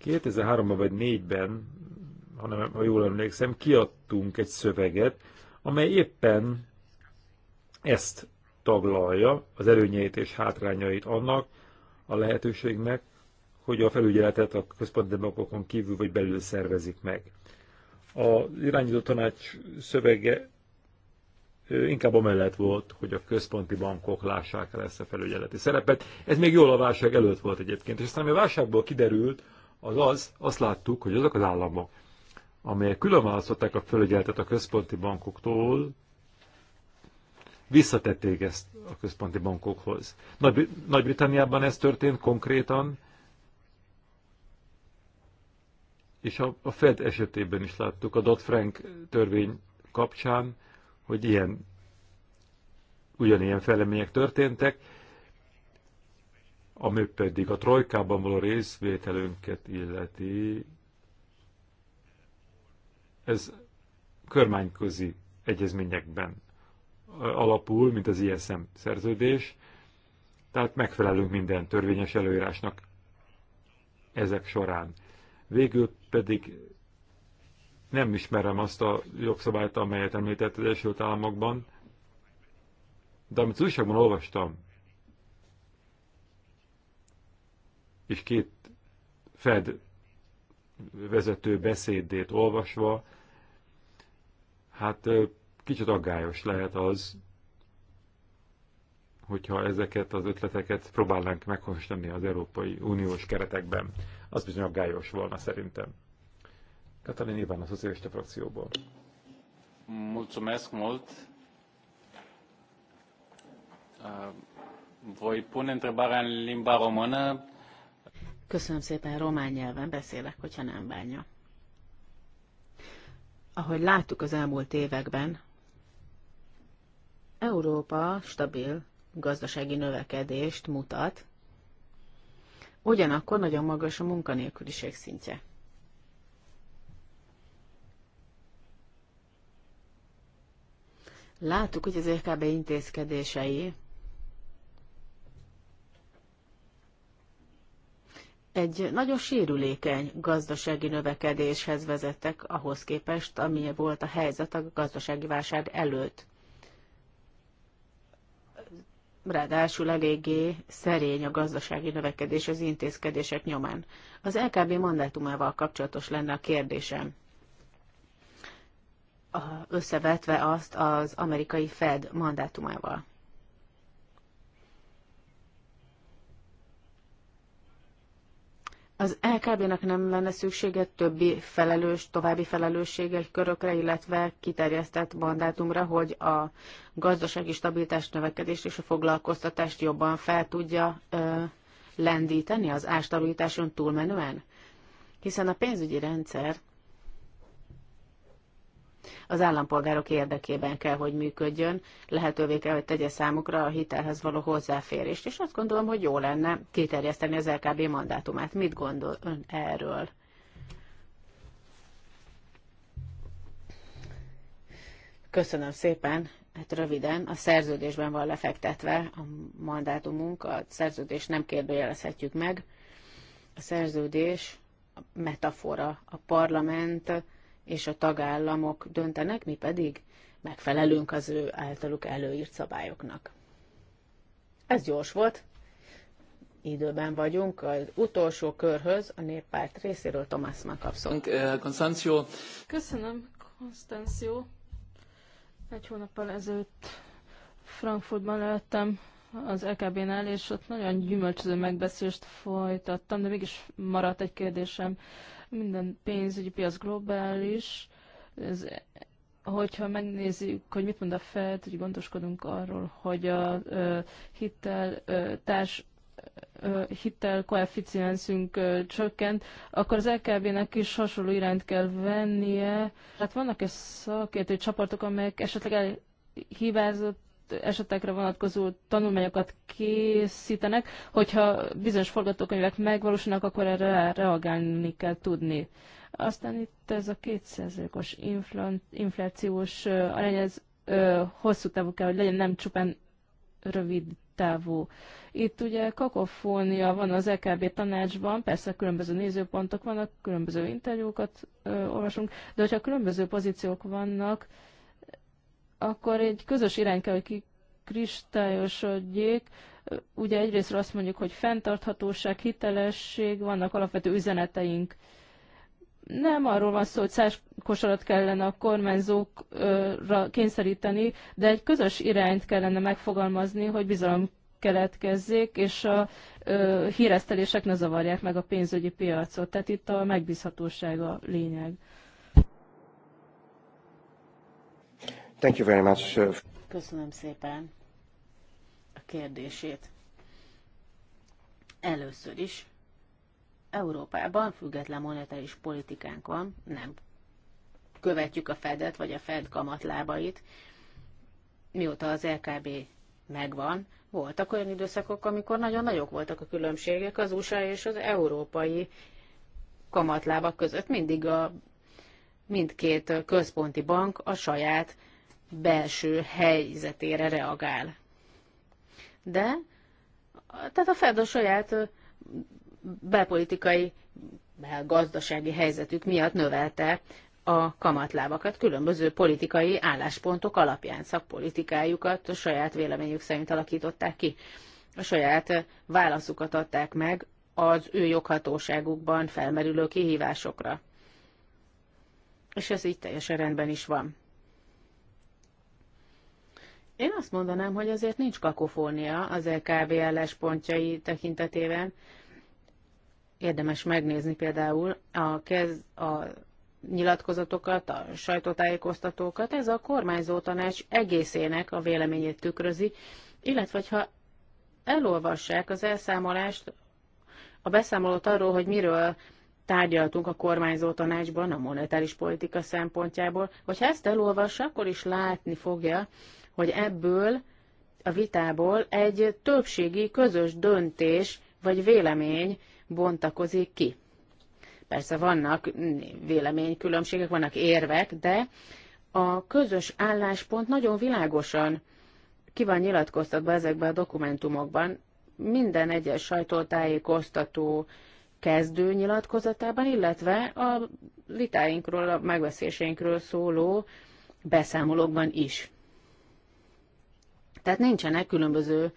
2003-ban vagy 2004 ben hanem ha jól emlékszem, kiadtunk egy szöveget, amely éppen ezt taglalja, az előnyeit és hátrányait annak a lehetőségnek, hogy a felügyeletet a központi bankokon kívül vagy belül szervezik meg. A irányító tanács szövege inkább amellett volt, hogy a központi bankok lássák el ezt a felügyeleti szerepet. Ez még jól a válság előtt volt egyébként, és aztán a válságból kiderült, az az, azt láttuk, hogy azok az államok, amelyek különválasztották a felügyeletet a központi bankoktól, visszatették ezt a központi bankokhoz. Nagy- Nagy-Britanniában ez történt konkrétan, és a, a Fed esetében is láttuk a Dodd-Frank törvény kapcsán, hogy ilyen ugyanilyen felemények történtek, ami pedig a trojkában való részvételünket illeti, ez körmányközi egyezményekben alapul, mint az ISM szerződés, tehát megfelelünk minden törvényes előírásnak ezek során. Végül pedig nem ismerem azt a jogszabályt, amelyet említett az első államokban, de amit az újságban olvastam, és két Fed vezető beszédét olvasva, hát kicsit aggályos lehet az, hogyha ezeket az ötleteket próbálnánk meghozni az Európai Uniós keretekben. Az bizony aggályos volna szerintem. Katalin Iván, a szocialista frakcióból. Mulțumesc mult. Uh, voi pune întrebarea în limba română. Köszönöm szépen, román nyelven beszélek, hogyha nem bánja. Ahogy láttuk az elmúlt években, Európa stabil gazdasági növekedést mutat, ugyanakkor nagyon magas a munkanélküliség szintje. Láttuk, hogy az EKB intézkedései egy nagyon sérülékeny gazdasági növekedéshez vezettek ahhoz képest, ami volt a helyzet a gazdasági válság előtt. Ráadásul eléggé szerény a gazdasági növekedés az intézkedések nyomán. Az LKB mandátumával kapcsolatos lenne a kérdésem összevetve azt az amerikai Fed mandátumával. Az LKB-nak nem lenne szüksége többi felelős, további felelősségek körökre, illetve kiterjesztett mandátumra, hogy a gazdasági stabilitás növekedést és a foglalkoztatást jobban fel tudja ö, lendíteni az ástabilitáson túlmenően? Hiszen a pénzügyi rendszer az állampolgárok érdekében kell, hogy működjön, lehetővé kell, hogy tegye számukra a hitelhez való hozzáférést, és azt gondolom, hogy jó lenne kiterjeszteni az LKB mandátumát. Mit gondol ön erről? Köszönöm szépen, hát röviden, a szerződésben van lefektetve a mandátumunk, a szerződést nem kérdőjelezhetjük meg. A szerződés a metafora, a parlament és a tagállamok döntenek, mi pedig megfelelünk az ő általuk előírt szabályoknak. Ez gyors volt. Időben vagyunk az utolsó körhöz, a néppárt részéről Tomás már kapszol. Uh, Köszönöm, Konstanció. Egy hónappal ezelőtt Frankfurtban lehettem az EKB-nál, és ott nagyon gyümölcsöző megbeszélést folytattam, de mégis maradt egy kérdésem. Minden pénzügyi piac globális, ez, hogyha megnézzük, hogy mit mond a Fed, hogy gondoskodunk arról, hogy a ö, hitel ö, társ hitel koeficienszünk csökkent, akkor az LKB-nek is hasonló irányt kell vennie. Hát vannak-e szakértői csapatok, amelyek esetleg elhibázott esetekre vonatkozó tanulmányokat készítenek, hogyha bizonyos forgatókönyvek megvalósulnak, akkor erre reagálni kell tudni. Aztán itt ez a kétszerzőkos inflációs arány, ez ö, hosszú távú kell, hogy legyen, nem csupán rövid távú. Itt ugye kakofónia van az EKB tanácsban, persze különböző nézőpontok vannak, különböző interjúkat ö, olvasunk, de hogyha különböző pozíciók vannak, akkor egy közös irány kell, hogy kikristályosodjék. Ugye egyrészt azt mondjuk, hogy fenntarthatóság, hitelesség, vannak alapvető üzeneteink. Nem arról van szó, hogy száz kosarat kellene a kormányzókra kényszeríteni, de egy közös irányt kellene megfogalmazni, hogy bizalom keletkezzék, és a ö, híresztelések ne zavarják meg a pénzügyi piacot. Tehát itt a megbízhatóság a lényeg. Thank you very much. Sir. Köszönöm szépen a kérdését. Először is Európában független monetáris politikánk van, nem követjük a Fedet vagy a Fed kamatlábait. Mióta az LKB megvan, voltak olyan időszakok, amikor nagyon nagyok voltak a különbségek az USA és az európai kamatlábak között. Mindig a mindkét központi bank a saját belső helyzetére reagál. De tehát a Fed a saját belpolitikai, belgazdasági helyzetük miatt növelte a kamatlábakat különböző politikai álláspontok alapján szakpolitikájukat a saját véleményük szerint alakították ki. A saját válaszukat adták meg az ő joghatóságukban felmerülő kihívásokra. És ez így teljesen rendben is van. Én azt mondanám, hogy azért nincs kakofónia az e LKB álláspontjai tekintetében. Érdemes megnézni például a, kez, a nyilatkozatokat, a sajtótájékoztatókat. Ez a kormányzó tanács egészének a véleményét tükrözi, illetve ha elolvassák az elszámolást, a beszámolót arról, hogy miről tárgyaltunk a kormányzó tanácsban a monetáris politika szempontjából, hogyha ezt elolvassa, akkor is látni fogja, hogy ebből a vitából egy többségi közös döntés vagy vélemény bontakozik ki. Persze vannak véleménykülönbségek, vannak érvek, de a közös álláspont nagyon világosan ki van nyilatkoztatva ezekben a dokumentumokban. Minden egyes sajtótájékoztató kezdő nyilatkozatában, illetve a vitáinkról, a megveszéseinkről szóló beszámolókban is. Tehát nincsenek különböző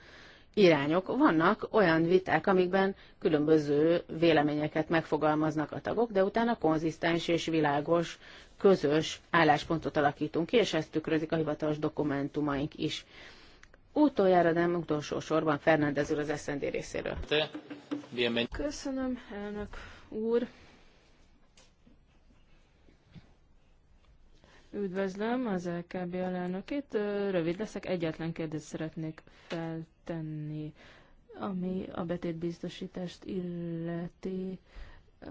irányok. Vannak olyan viták, amikben különböző véleményeket megfogalmaznak a tagok, de utána konzisztens és világos, közös álláspontot alakítunk ki, és ezt tükrözik a hivatalos dokumentumaink is. Utoljára, nem utolsó sorban Fernández úr az SZND részéről. Köszönöm, elnök úr. Üdvözlöm az LKB alelnökét. Rövid leszek, egyetlen kérdést szeretnék feltenni, ami a betétbiztosítást illeti a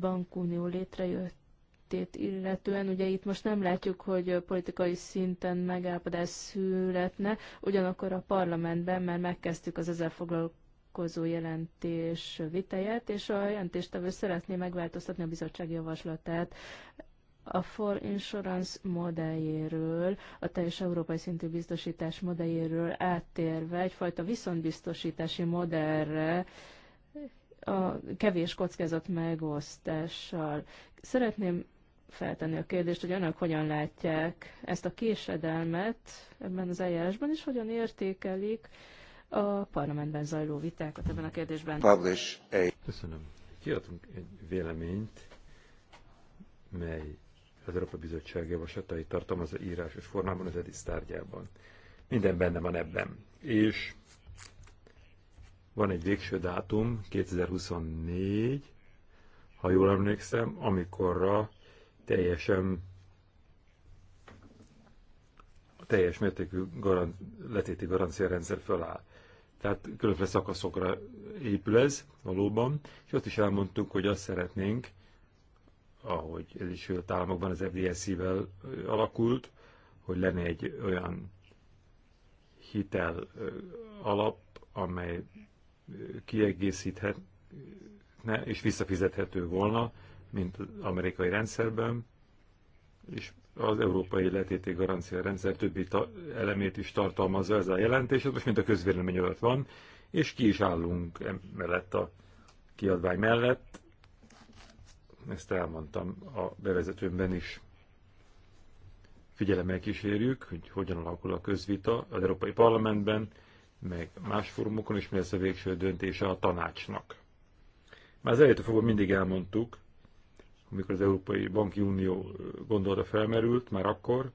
bankunió létrejöttét illetően. Ugye itt most nem látjuk, hogy politikai szinten megállapodás születne, ugyanakkor a parlamentben már megkezdtük az ezzel foglalkozó jelentés vitáját, és a jelentéstevő szeretné megváltoztatni a bizottság javaslatát a For Insurance modelljéről, a teljes európai szintű biztosítás modelljéről áttérve egyfajta viszontbiztosítási modellre, a kevés kockázat megosztással. Szeretném feltenni a kérdést, hogy önök hogyan látják ezt a késedelmet ebben az eljárásban, és hogyan értékelik a parlamentben zajló vitákat ebben a kérdésben. Publish a... Köszönöm. Kiadunk egy véleményt, mely az Európa Bizottság javaslatai az írásos formában az EDIS tárgyában. Minden benne van ebben. És van egy végső dátum, 2024, ha jól emlékszem, amikorra teljesen a teljes mértékű garan, letéti garanciarendszer feláll. Tehát különféle szakaszokra épül ez valóban, és azt is elmondtuk, hogy azt szeretnénk, ahogy az Egyesült Államokban az FDSZ-vel alakult, hogy lenne egy olyan hitel alap, amely kiegészíthetne és visszafizethető volna, mint az amerikai rendszerben, és az európai letéti garancia rendszer többi elemét is tartalmazza ez a jelentés, most mind a közvélemény alatt van, és ki is állunk mellett a kiadvány mellett, ezt elmondtam a bevezetőmben is. Figyelemmel kísérjük, hogy hogyan alakul a közvita az Európai Parlamentben, meg más fórumokon is mi lesz a végső döntése a tanácsnak. Már az elejétől fogva mindig elmondtuk, amikor az Európai Banki Unió gondolata felmerült, már akkor,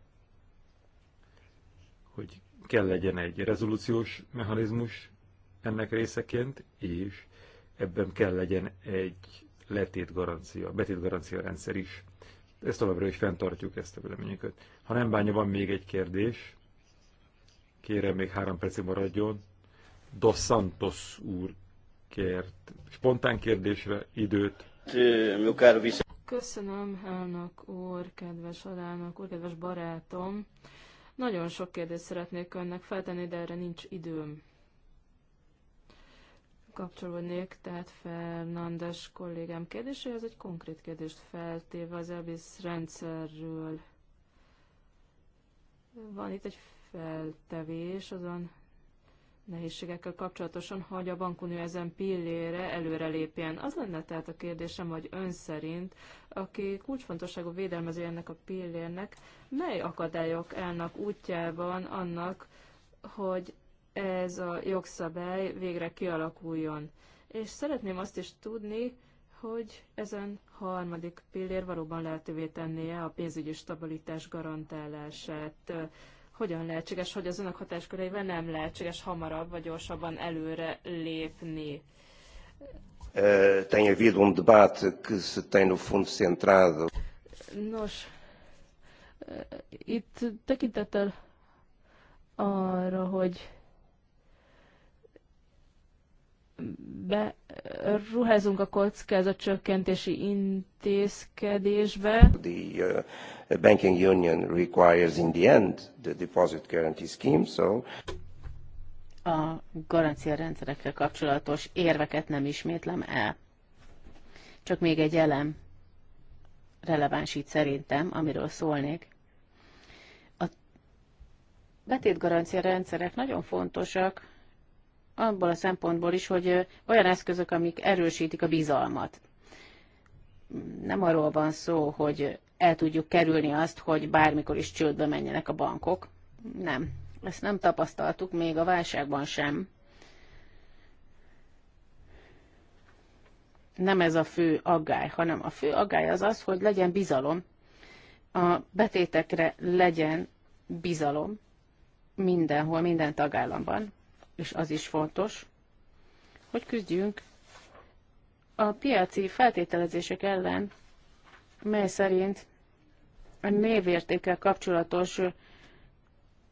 hogy kell legyen egy rezolúciós mechanizmus ennek részeként, és ebben kell legyen egy letét garancia, betét garancia rendszer is. Ezt továbbra is fenntartjuk ezt a véleményünket. Ha nem bánja, van még egy kérdés. Kérem, még három percig maradjon. Dos Santos úr kért spontán kérdésre időt. Köszönöm, elnök úr, kedves alelnök úr, kedves barátom. Nagyon sok kérdést szeretnék önnek feltenni, de erre nincs időm kapcsolódnék, tehát Fernandes kollégám kérdéséhez egy konkrét kérdést feltéve az EBIS rendszerről. Van itt egy feltevés azon nehézségekkel kapcsolatosan, hogy a bankunió ezen pillére előrelépjen. Az lenne tehát a kérdésem, hogy ön szerint, aki kulcsfontosságú védelmező ennek a pillérnek, mely akadályok állnak útjában annak, hogy ez a jogszabály végre kialakuljon. És szeretném azt is tudni, hogy ezen harmadik pillér valóban lehetővé tennie a pénzügyi stabilitás garantálását. Hogyan lehetséges, hogy az önök hatásköreivel nem lehetséges hamarabb vagy gyorsabban előre lépni? Uh, eh, tem havido um debate que se tem no fundo centrado. Nos, eh, itt tekintettel arra, hogy beruházunk a csökkentési intézkedésbe. The uh, banking union requires in the end the deposit guarantee scheme, so a garancia rendszerekre kapcsolatos érveket nem ismétlem el. Csak még egy elem releváns szerintem, amiről szólnék. A betétgarancia rendszerek nagyon fontosak, abból a szempontból is, hogy olyan eszközök, amik erősítik a bizalmat. Nem arról van szó, hogy el tudjuk kerülni azt, hogy bármikor is csődbe menjenek a bankok. Nem. Ezt nem tapasztaltuk még a válságban sem. Nem ez a fő aggály, hanem a fő aggály az az, hogy legyen bizalom. A betétekre legyen bizalom mindenhol, minden tagállamban és az is fontos, hogy küzdjünk a piaci feltételezések ellen, mely szerint a névértékkel kapcsolatos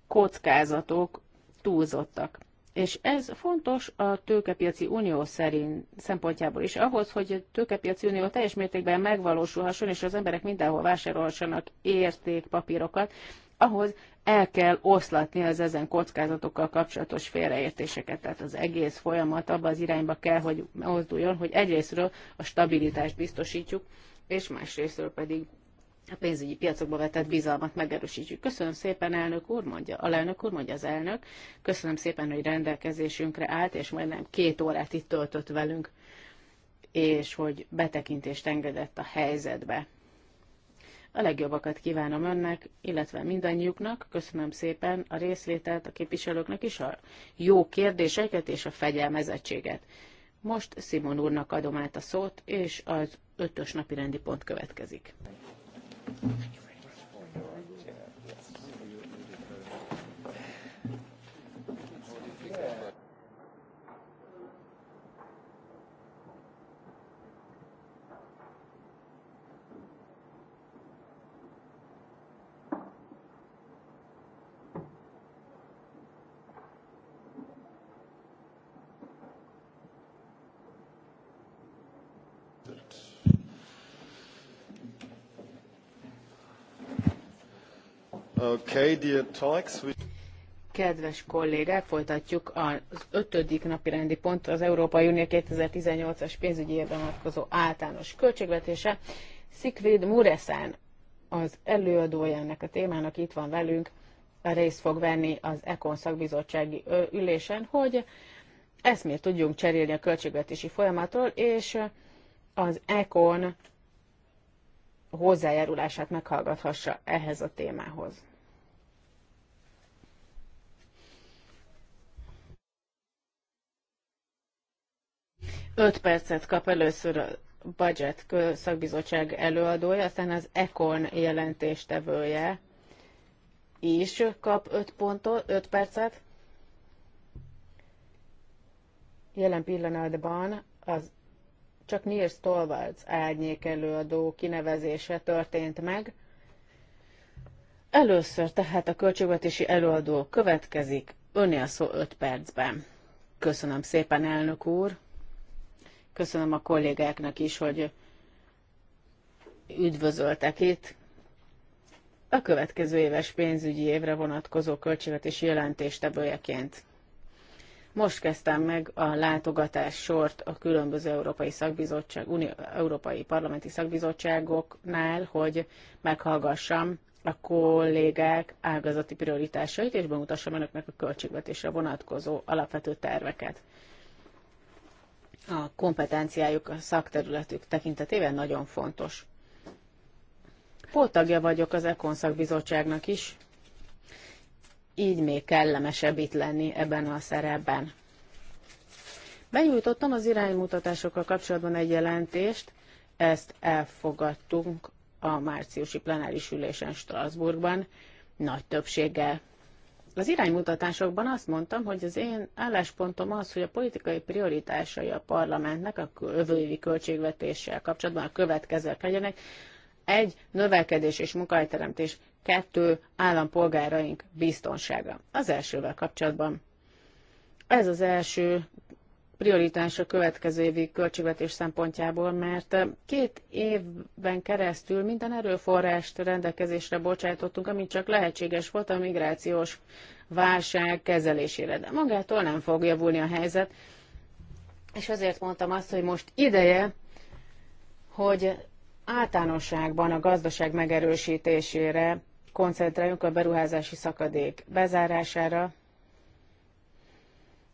kockázatok túlzottak. És ez fontos a tőkepiaci unió szerint szempontjából is. Ahhoz, hogy a tőkepiaci unió teljes mértékben megvalósulhasson, és az emberek mindenhol vásárolhassanak értékpapírokat, ahhoz el kell oszlatni az ezen kockázatokkal kapcsolatos félreértéseket. Tehát az egész folyamat abba az irányba kell, hogy mozduljon, hogy egyrésztről a stabilitást biztosítjuk, és másrésztről pedig a pénzügyi piacokba vetett bizalmat megerősítjük. Köszönöm szépen, elnök úr, mondja, alelnök úr, mondja az elnök. Köszönöm szépen, hogy rendelkezésünkre állt, és majdnem két órát itt töltött velünk, és hogy betekintést engedett a helyzetbe. A legjobbakat kívánom önnek, illetve mindannyiuknak. Köszönöm szépen a részvételt a képviselőknek is, a jó kérdéseket és a fegyelmezettséget. Most Simon úrnak adom át a szót, és az ötös napi rendi pont következik. Okay, dear talks. Kedves kollégák, folytatjuk az ötödik napi rendi pont az Európai Unió 2018-as pénzügyi évben vonatkozó általános költségvetése. Szikvid Muresan az előadója ennek a témának itt van velünk, részt fog venni az ECON szakbizottsági ülésen, hogy miért tudjunk cserélni a költségvetési folyamatról, és az ECON hozzájárulását meghallgathassa ehhez a témához. 5 percet kap először a budget szakbizottság előadója, aztán az Econ jelentéstevője is kap 5 pontot, 5 percet. Jelen pillanatban az csak Nils Tolvalds árnyék előadó kinevezése történt meg. Először tehát a költségvetési előadó következik, önél szó 5 percben. Köszönöm szépen, elnök úr! Köszönöm a kollégáknak is, hogy üdvözöltek itt. A következő éves pénzügyi évre vonatkozó költségvetési jelentést ebőjeként. Most kezdtem meg a látogatás sort a különböző európai szakbizottság, unió, európai parlamenti szakbizottságoknál, hogy meghallgassam a kollégák ágazati prioritásait, és bemutassam önöknek a költségvetésre vonatkozó alapvető terveket a kompetenciájuk, a szakterületük tekintetében nagyon fontos. Póltagja vagyok az Ekon szakbizottságnak is, így még kellemesebb itt lenni ebben a szerepben. Benyújtottam az iránymutatásokkal kapcsolatban egy jelentést, ezt elfogadtunk a márciusi plenáris ülésen Strasbourgban, nagy többséggel az iránymutatásokban azt mondtam, hogy az én álláspontom az, hogy a politikai prioritásai a parlamentnek a övői költségvetéssel kapcsolatban a következők legyenek. Egy, növekedés és munkahelyteremtés, kettő, állampolgáraink biztonsága. Az elsővel kapcsolatban. Ez az első prioritás a következő évi költségvetés szempontjából, mert két évben keresztül minden erőforrást rendelkezésre bocsátottunk, amit csak lehetséges volt a migrációs válság kezelésére. De magától nem fog javulni a helyzet, és azért mondtam azt, hogy most ideje, hogy általánosságban a gazdaság megerősítésére koncentráljunk a beruházási szakadék bezárására,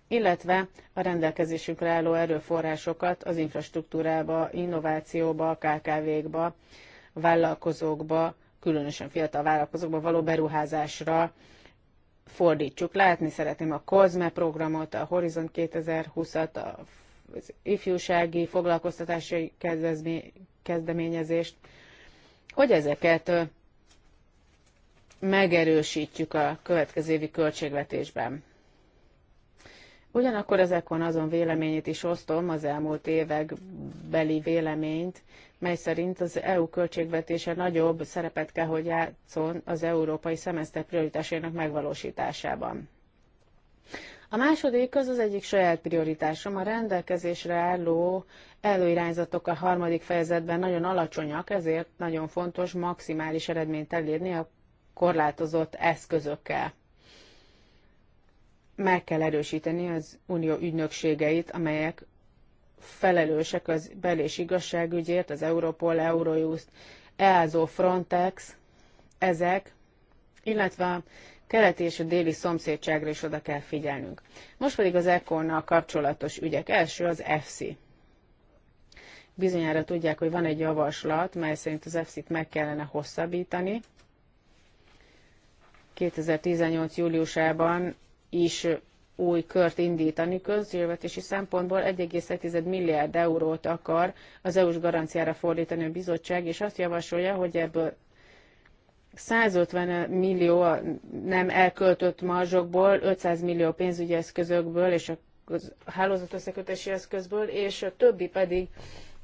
illetve a rendelkezésünkre álló erőforrásokat az infrastruktúrába, innovációba, KKV-kba, vállalkozókba, különösen fiatal vállalkozókba való beruházásra fordítsuk. Látni szeretném a COSME programot, a Horizon 2020-at, az ifjúsági foglalkoztatási kezdeményezést, hogy ezeket megerősítjük a következő évi költségvetésben. Ugyanakkor ezekon azon véleményét is osztom, az elmúlt beli véleményt, mely szerint az EU költségvetése nagyobb szerepet kell, hogy játszon az európai szemeszter prioritásainak megvalósításában. A második az az egyik saját prioritásom, a rendelkezésre álló előirányzatok a harmadik fejezetben nagyon alacsonyak, ezért nagyon fontos maximális eredményt elérni a korlátozott eszközökkel meg kell erősíteni az unió ügynökségeit, amelyek felelősek az bel- és igazságügyért, az Europol, Eurojust, EASO, Frontex, ezek, illetve a keleti és a déli szomszédságra is oda kell figyelnünk. Most pedig az ECON-nal kapcsolatos ügyek. Első az FC. Bizonyára tudják, hogy van egy javaslat, mely szerint az FC-t meg kellene hosszabbítani. 2018. júliusában is új kört indítani közjövetési szempontból 1,1 milliárd eurót akar az EU-s garanciára fordítani a bizottság, és azt javasolja, hogy ebből 150 millió nem elköltött marzsokból, 500 millió pénzügyi eszközökből és a hálózatösszekötési eszközből, és a többi pedig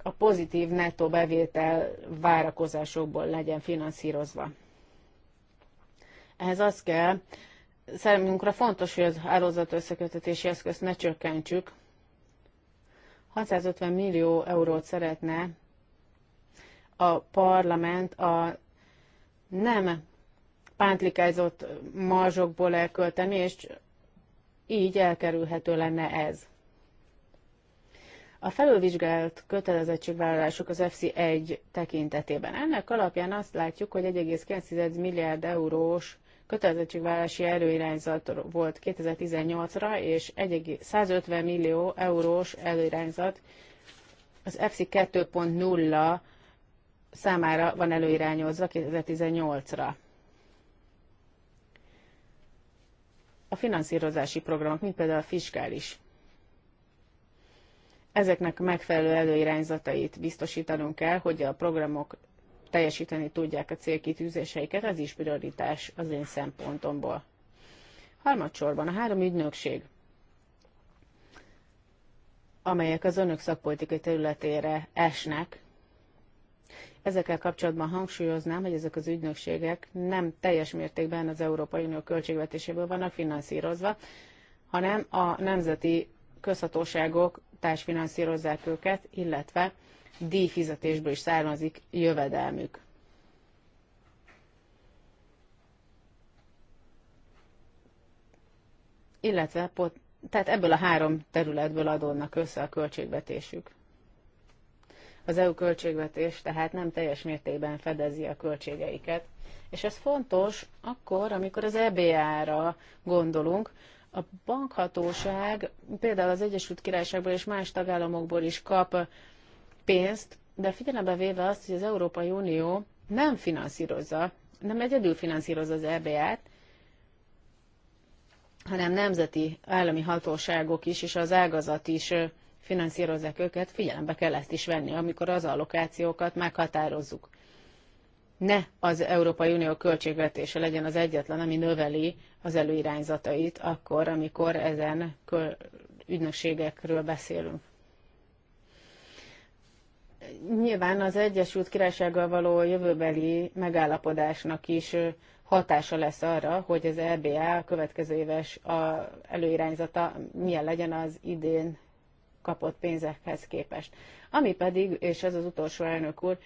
a pozitív nettó bevétel várakozásokból legyen finanszírozva. Ehhez az kell, számunkra fontos, hogy az hálózat összekötetési eszközt ne csökkentsük. 650 millió eurót szeretne a parlament a nem pántlikázott marzsokból elkölteni, és így elkerülhető lenne ez. A felülvizsgált kötelezettségvállalások az FC1 tekintetében. Ennek alapján azt látjuk, hogy 1,9 milliárd eurós kötelezettségvállási előirányzat volt 2018-ra, és 150 millió eurós előirányzat az EFSI 2.0 számára van előirányozva 2018-ra. A finanszírozási programok, mint például a fiskális, ezeknek megfelelő előirányzatait biztosítanunk kell, hogy a programok teljesíteni tudják a célkitűzéseiket, ez is prioritás az én szempontomból. Harmadsorban a három ügynökség, amelyek az önök szakpolitikai területére esnek, Ezekkel kapcsolatban hangsúlyoznám, hogy ezek az ügynökségek nem teljes mértékben az Európai Unió költségvetéséből vannak finanszírozva, hanem a nemzeti közhatóságok társfinanszírozzák őket, illetve díjfizetésből is származik jövedelmük. Illetve, tehát ebből a három területből adódnak össze a költségvetésük. Az EU költségvetés tehát nem teljes mértékben fedezi a költségeiket, és ez fontos akkor, amikor az EBA-ra gondolunk. A bankhatóság például az Egyesült Királyságból és más tagállamokból is kap pénzt, de figyelembe véve azt, hogy az Európai Unió nem finanszírozza, nem egyedül finanszírozza az EBA-t, hanem nemzeti állami hatóságok is, és az ágazat is finanszírozzák őket, figyelembe kell ezt is venni, amikor az allokációkat meghatározzuk. Ne az Európai Unió költségvetése legyen az egyetlen, ami növeli az előirányzatait akkor, amikor ezen ügynökségekről beszélünk nyilván az Egyesült Királysággal való jövőbeli megállapodásnak is hatása lesz arra, hogy az EBA a következő éves a előirányzata milyen legyen az idén kapott pénzekhez képest. Ami pedig, és ez az utolsó elnök úr,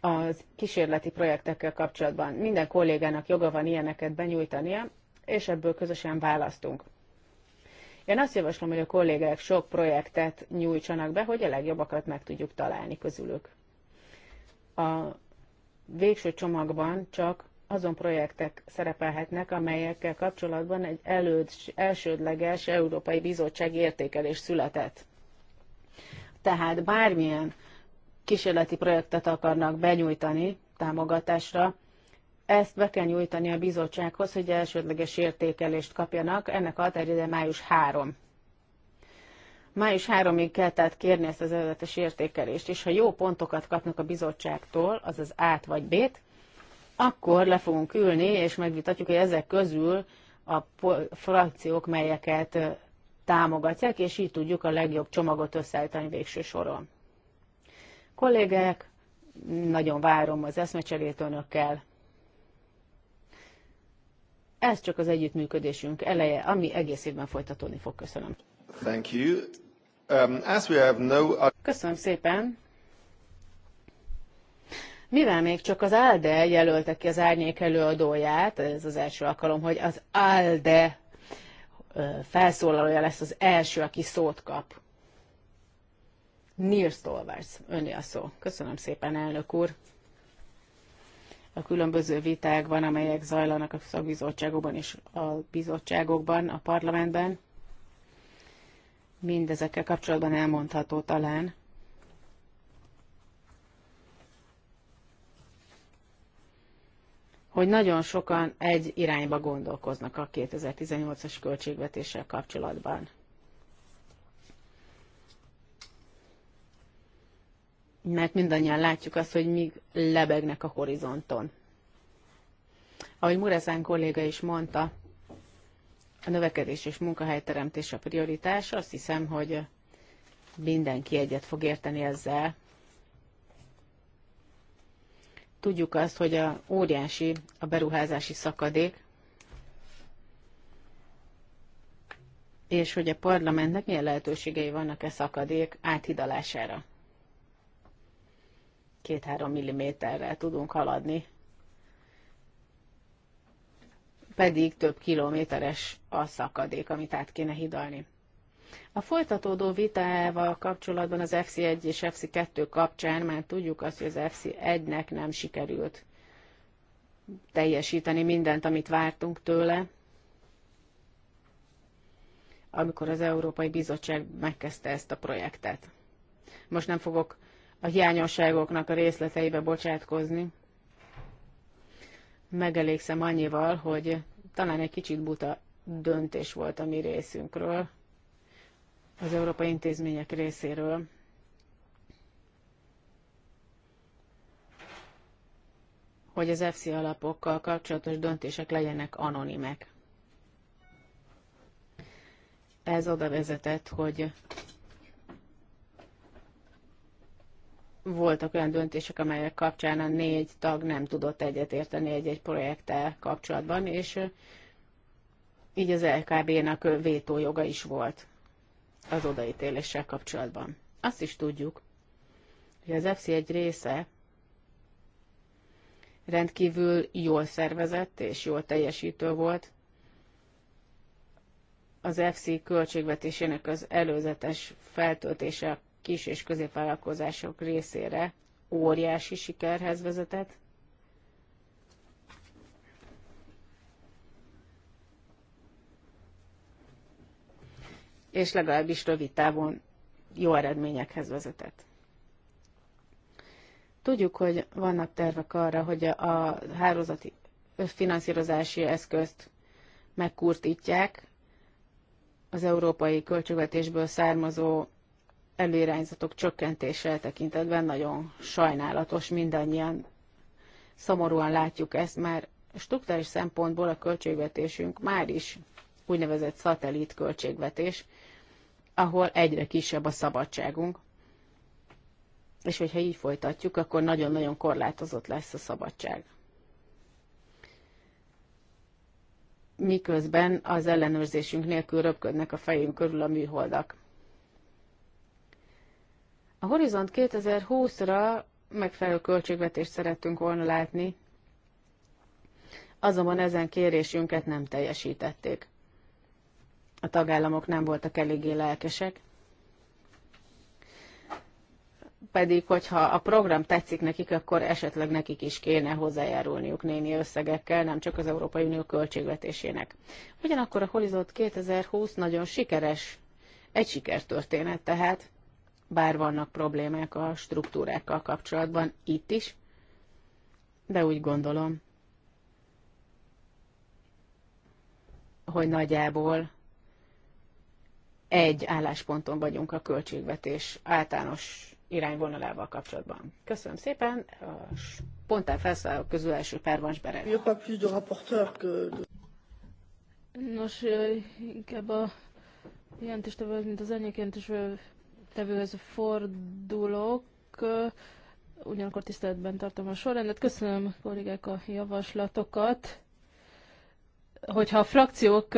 az kísérleti projektekkel kapcsolatban minden kollégának joga van ilyeneket benyújtania, és ebből közösen választunk. Én azt javaslom, hogy a kollégák sok projektet nyújtsanak be, hogy a legjobbakat meg tudjuk találni közülük. A végső csomagban csak azon projektek szerepelhetnek, amelyekkel kapcsolatban egy előd, elsődleges Európai Bizottság értékelés született. Tehát bármilyen kísérleti projektet akarnak benyújtani támogatásra, ezt be kell nyújtani a bizottsághoz, hogy elsődleges értékelést kapjanak. Ennek a határideje május 3. Május 3-ig kell tehát kérni ezt az előzetes értékelést, és ha jó pontokat kapnak a bizottságtól, azaz át vagy bét, akkor le fogunk ülni, és megvitatjuk, hogy ezek közül a frakciók melyeket támogatják, és így tudjuk a legjobb csomagot összeállítani végső soron. Kollégák, nagyon várom az eszmecserét önökkel, ez csak az együttműködésünk eleje, ami egész évben folytatódni fog. Köszönöm. Thank you. Um, as we have no... Köszönöm szépen. Mivel még csak az ALDE jelölte ki az árnyék előadóját, ez az első alkalom, hogy az ALDE felszólalója lesz az első, aki szót kap. Nils Tolvársz, öné a szó. Köszönöm szépen, elnök úr a különböző vitákban, amelyek zajlanak a szakbizottságokban és a bizottságokban, a parlamentben. Mindezekkel kapcsolatban elmondható talán, hogy nagyon sokan egy irányba gondolkoznak a 2018-as költségvetéssel kapcsolatban. mert mindannyian látjuk azt, hogy míg lebegnek a horizonton. Ahogy Murezán kolléga is mondta, a növekedés és munkahelyteremtés a prioritás. Azt hiszem, hogy mindenki egyet fog érteni ezzel. Tudjuk azt, hogy a óriási a beruházási szakadék, és hogy a parlamentnek milyen lehetőségei vannak e szakadék áthidalására két-három milliméterrel tudunk haladni, pedig több kilométeres a szakadék, amit át kéne hidalni. A folytatódó vitával kapcsolatban az FC1 és FC2 kapcsán már tudjuk azt, hogy az FC1-nek nem sikerült teljesíteni mindent, amit vártunk tőle, amikor az Európai Bizottság megkezdte ezt a projektet. Most nem fogok a hiányosságoknak a részleteibe bocsátkozni. Megelégszem annyival, hogy talán egy kicsit buta döntés volt a mi részünkről, az európai intézmények részéről. hogy az FC alapokkal kapcsolatos döntések legyenek anonimek. Ez oda vezetett, hogy voltak olyan döntések, amelyek kapcsán a négy tag nem tudott egyetérteni egy-egy projekttel kapcsolatban, és így az LKB-nak vétójoga is volt az odaítéléssel kapcsolatban. Azt is tudjuk, hogy az FC egy része rendkívül jól szervezett és jól teljesítő volt. Az FC költségvetésének az előzetes feltöltése kis és középvállalkozások részére óriási sikerhez vezetett. És legalábbis rövid távon jó eredményekhez vezetett. Tudjuk, hogy vannak tervek arra, hogy a hálózati finanszírozási eszközt megkurtítják, az európai költségvetésből származó előirányzatok csökkentése tekintetben nagyon sajnálatos, mindannyian szomorúan látjuk ezt, mert struktúrális szempontból a költségvetésünk már is úgynevezett szatellit költségvetés, ahol egyre kisebb a szabadságunk, és hogyha így folytatjuk, akkor nagyon-nagyon korlátozott lesz a szabadság. Miközben az ellenőrzésünk nélkül röpködnek a fejünk körül a műholdak. A Horizont 2020-ra megfelelő költségvetést szerettünk volna látni, azonban ezen kérésünket nem teljesítették. A tagállamok nem voltak eléggé lelkesek, pedig, hogyha a program tetszik nekik, akkor esetleg nekik is kéne hozzájárulniuk némi összegekkel, nem csak az Európai Unió költségvetésének. Ugyanakkor a Horizont 2020 nagyon sikeres, egy sikertörténet tehát, bár vannak problémák a struktúrákkal kapcsolatban itt is, de úgy gondolom, hogy nagyjából egy állásponton vagyunk a költségvetés általános irányvonalával kapcsolatban. Köszönöm szépen, a spontán felszállók közül első Pervans Berek. Nos, inkább a jelentéstevő, mint az enyék jelentéstevő jelentéstevőhöz fordulok, ugyanakkor tiszteletben tartom a sorrendet. Köszönöm kollégák a javaslatokat. Hogyha a frakciók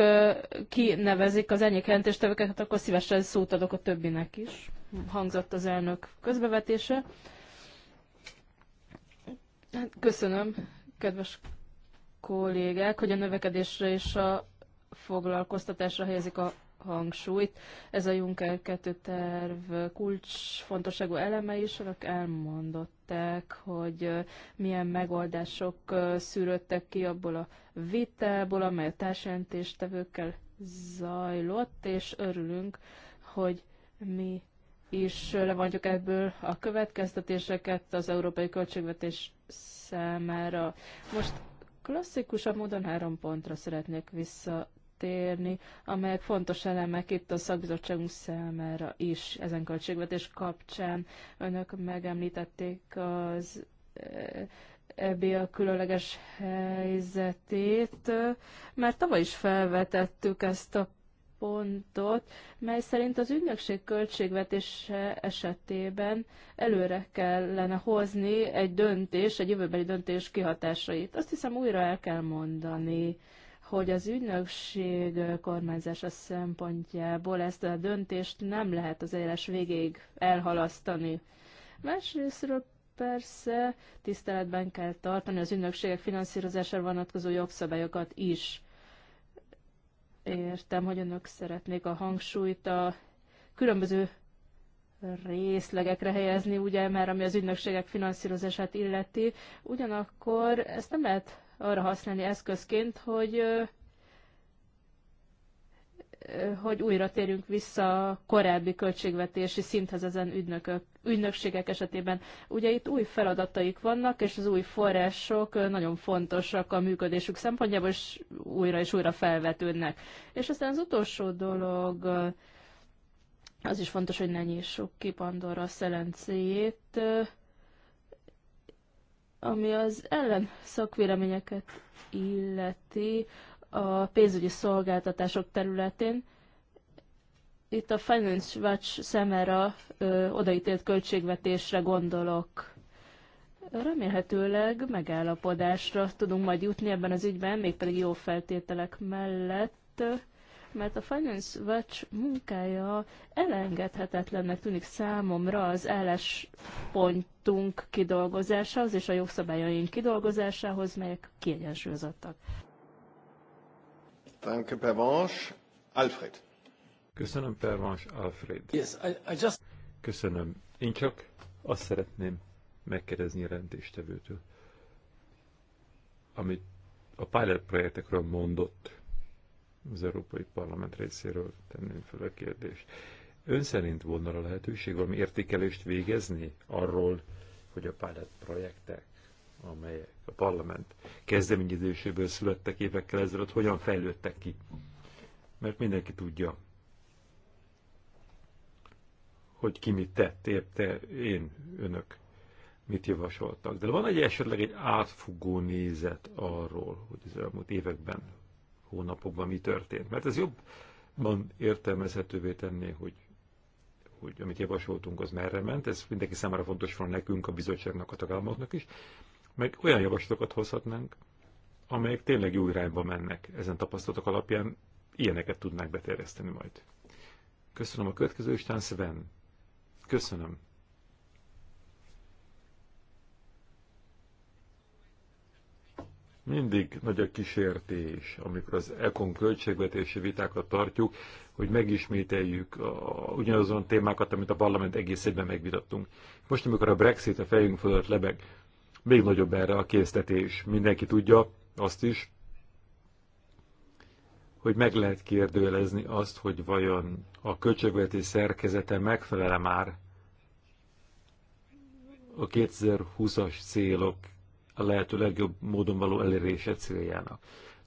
kinevezik az ennyi jelentéstevőket, hát akkor szívesen szót adok a többinek is. Hangzott az elnök közbevetése. Hát köszönöm, kedves kollégák, hogy a növekedésre és a foglalkoztatásra helyezik a hangsúlyt. Ez a Juncker 2 terv kulcsfontosságú eleme is, önök elmondották, hogy milyen megoldások szűrődtek ki abból a vitából, amely a társjelentéstevőkkel zajlott, és örülünk, hogy mi is levontjuk ebből a következtetéseket az európai költségvetés számára. Most klasszikusabb módon három pontra szeretnék vissza kitérni, amelyek fontos elemek itt a szakbizottságunk számára is ezen költségvetés kapcsán. Önök megemlítették az eh, a különleges helyzetét, mert tavaly is felvetettük ezt a pontot, mely szerint az ügynökség költségvetése esetében előre kellene hozni egy döntés, egy jövőbeli döntés kihatásait. Azt hiszem újra el kell mondani, hogy az ügynökség kormányzása szempontjából ezt a döntést nem lehet az éles végéig elhalasztani. Másrésztről persze tiszteletben kell tartani az ügynökségek finanszírozására vonatkozó jogszabályokat is. Értem, hogy önök szeretnék a hangsúlyt a különböző részlegekre helyezni, ugye, mert ami az ügynökségek finanszírozását illeti, ugyanakkor ezt nem lehet arra használni eszközként, hogy hogy újra térjünk vissza a korábbi költségvetési szinthez ezen ügynökök, ügynökségek esetében. Ugye itt új feladataik vannak, és az új források nagyon fontosak a működésük szempontjából, és újra és újra felvetődnek. És aztán az utolsó dolog, az is fontos, hogy ne nyissuk ki Pandora szelencéjét, ami az ellen szakvéleményeket illeti a pénzügyi szolgáltatások területén, itt a Finance Watch szemére ö, odaítélt költségvetésre gondolok. Remélhetőleg megállapodásra tudunk majd jutni ebben az ügyben, mégpedig jó feltételek mellett mert a Finance Watch munkája elengedhetetlennek tűnik számomra az álláspontunk kidolgozásához és a jogszabályaink kidolgozásához, melyek kiegyensúlyozottak. Danke, Alfred. Köszönöm, Pervans Alfred. Yes, I, I just... Köszönöm. Én csak azt szeretném megkérdezni a rendéstevőtől, amit a pilot projektekről mondott az Európai Parlament részéről tenném fel a kérdést. Ön szerint volna a lehetőség valami értékelést végezni arról, hogy a pilot projektek, amelyek a parlament kezdeményezéséből születtek évekkel ezelőtt, hogyan fejlődtek ki? Mert mindenki tudja, hogy ki mit tett, érte én, önök mit javasoltak. De van egy esetleg egy átfogó nézet arról, hogy az elmúlt években hónapokban mi történt. Mert ez jobban értelmezhetővé tenné, hogy, hogy amit javasoltunk, az merre ment. Ez mindenki számára fontos van nekünk, a bizottságnak, a tagállamoknak is. Meg olyan javaslatokat hozhatnánk, amelyek tényleg jó irányba mennek. Ezen tapasztalatok alapján ilyeneket tudnák beterjeszteni majd. Köszönöm a következő Istán Sven. Köszönöm. Mindig nagy a kísértés, amikor az ekon költségvetési vitákat tartjuk, hogy megismételjük a, ugyanazon témákat, amit a parlament egész évben megvitattunk. Most, amikor a Brexit a fejünk fölött lebeg, még nagyobb erre a késztetés. Mindenki tudja azt is, hogy meg lehet kérdőjelezni azt, hogy vajon a költségvetés szerkezete megfelele már a 2020-as célok a lehető legjobb módon való elérése céljának.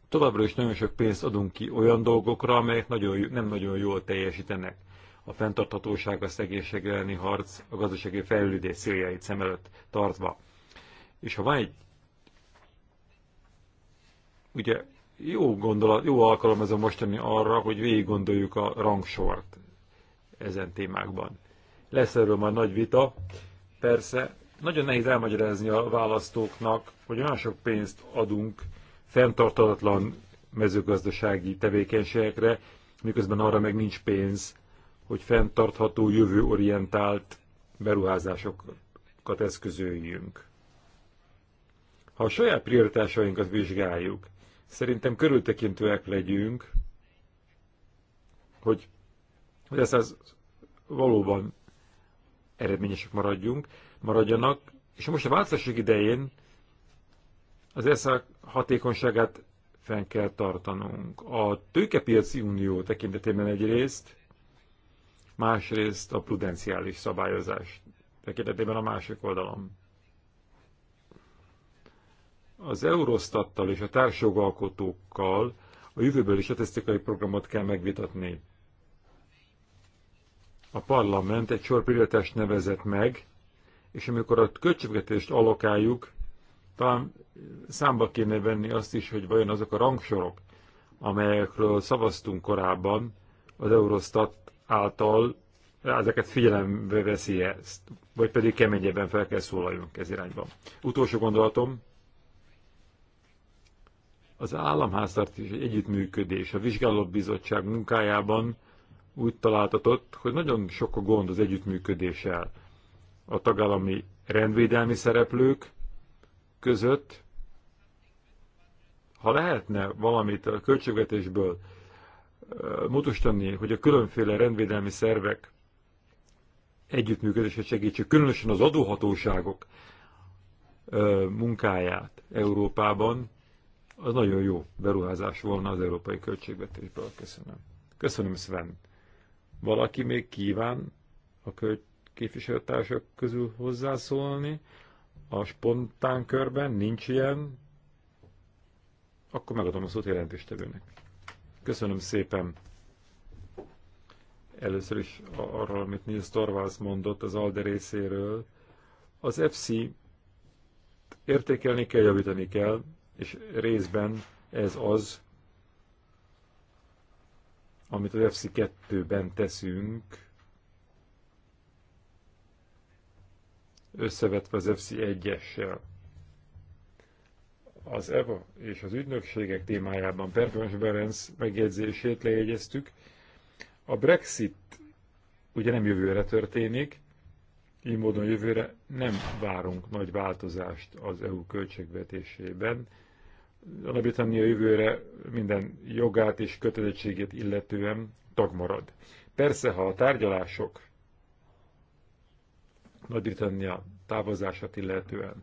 Továbbra is nagyon sok pénzt adunk ki olyan dolgokra, amelyek nagyon, nem nagyon jól teljesítenek a fenntarthatóság, a szegénység elleni harc, a gazdasági fejlődés céljait szem előtt tartva. És ha van egy ugye jó gondolat, jó alkalom ez a mostani arra, hogy végig gondoljuk a rangsort ezen témákban. Lesz erről már nagy vita, persze, nagyon nehéz elmagyarázni a választóknak, hogy olyan sok pénzt adunk fenntartatlan mezőgazdasági tevékenységekre, miközben arra meg nincs pénz, hogy fenntartható, jövőorientált beruházásokat eszközöljünk. Ha a saját prioritásainkat vizsgáljuk, szerintem körültekintőek legyünk, hogy, hogy ezt az valóban eredményesek maradjunk, maradjanak, és most a változások idején az ESZA hatékonyságát fenn kell tartanunk. A tőkepiaci unió tekintetében egyrészt, másrészt a prudenciális szabályozás tekintetében a másik oldalon. Az Eurostattal és a társjogalkotókkal a jövőbeli statisztikai programot kell megvitatni. A parlament egy sor prioritást nevezett meg, és amikor a költségvetést alokáljuk, talán számba kéne venni azt is, hogy vajon azok a rangsorok, amelyekről szavaztunk korábban, az Eurostat által ezeket figyelembe veszi ezt, vagy pedig keményebben fel kell szólaljunk ez irányban. Utolsó gondolatom, az és együttműködés a vizsgálóbizottság munkájában úgy találtatott, hogy nagyon sok a gond az együttműködéssel a tagállami rendvédelmi szereplők között, ha lehetne valamit a költségvetésből mutatni, hogy a különféle rendvédelmi szervek együttműködését segítsük, különösen az adóhatóságok munkáját Európában, az nagyon jó beruházás volna az európai költségvetésből. Köszönöm. Köszönöm, Sven. Valaki még kíván a költségvetésből? képviselőtársak közül hozzászólni. A spontán körben nincs ilyen, akkor megadom a szót jelentéstevőnek. Köszönöm szépen. Először is arról, amit Nils Torvalds mondott az ALDE részéről. Az FC értékelni kell, javítani kell, és részben ez az, amit az FC2-ben teszünk, összevetve az FC1-essel. Az EVA és az ügynökségek témájában Performance Berens megjegyzését lejegyeztük. A Brexit ugye nem jövőre történik, így módon jövőre nem várunk nagy változást az EU költségvetésében. A Nagy-Britannia jövőre minden jogát és kötelezettségét illetően tagmarad. Persze, ha a tárgyalások nagy-Britannia távozását illetően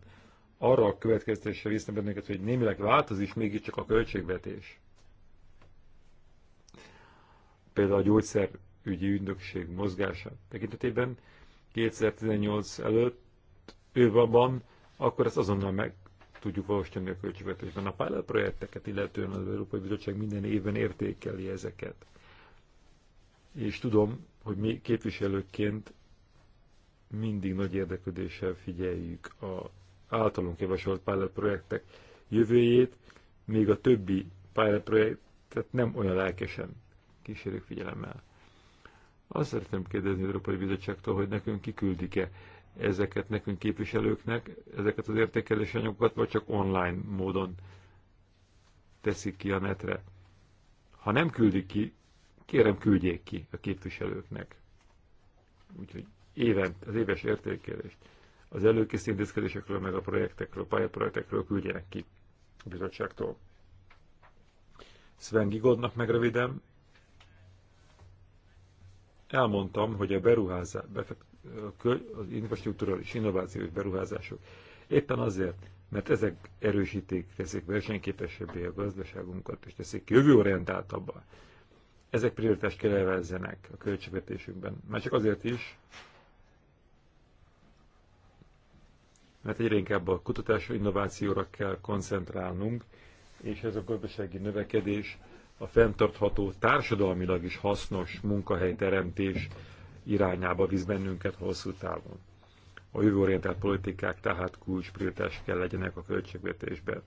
arra a következtetésre visznek bennünket, hogy némileg változik mégiscsak a költségvetés. Például a gyógyszerügyi ügynökség mozgása tekintetében 2018 előtt ő van, akkor ezt azonnal meg tudjuk valósítani a költségvetésben. A pilot projekteket illetően az Európai Bizottság minden évben értékeli ezeket. És tudom, hogy mi képviselőként mindig nagy érdeklődéssel figyeljük a általunk javasolt pilot projektek jövőjét, még a többi pilot projektet nem olyan lelkesen kísérjük figyelemmel. Azt szeretném kérdezni az Európai Bizottságtól, hogy nekünk kiküldik-e ezeket nekünk képviselőknek, ezeket az értékelési anyagokat, vagy csak online módon teszik ki a netre. Ha nem küldik ki, kérem küldjék ki a képviselőknek. Úgyhogy évent, az éves értékelést az előkészítő intézkedésekről, meg a projektekről, pályaprojektekről küldjenek ki a bizottságtól. Sven Gigodnak meg röviden. Elmondtam, hogy a beruházás, az infrastruktúrális innovációs beruházások éppen azért, mert ezek erősítik, teszik versenyképesebbé a gazdaságunkat, és teszik jövőorientáltabbá. Ezek prioritást kell elvezzenek a költségvetésünkben. Már csak azért is, mert egyre inkább a kutatásra, innovációra kell koncentrálnunk, és ez a gazdasági növekedés a fenntartható, társadalmilag is hasznos munkahelyteremtés irányába visz bennünket hosszú távon. A jövőorientált politikák tehát kulcsprioritás kell legyenek a költségvetésben,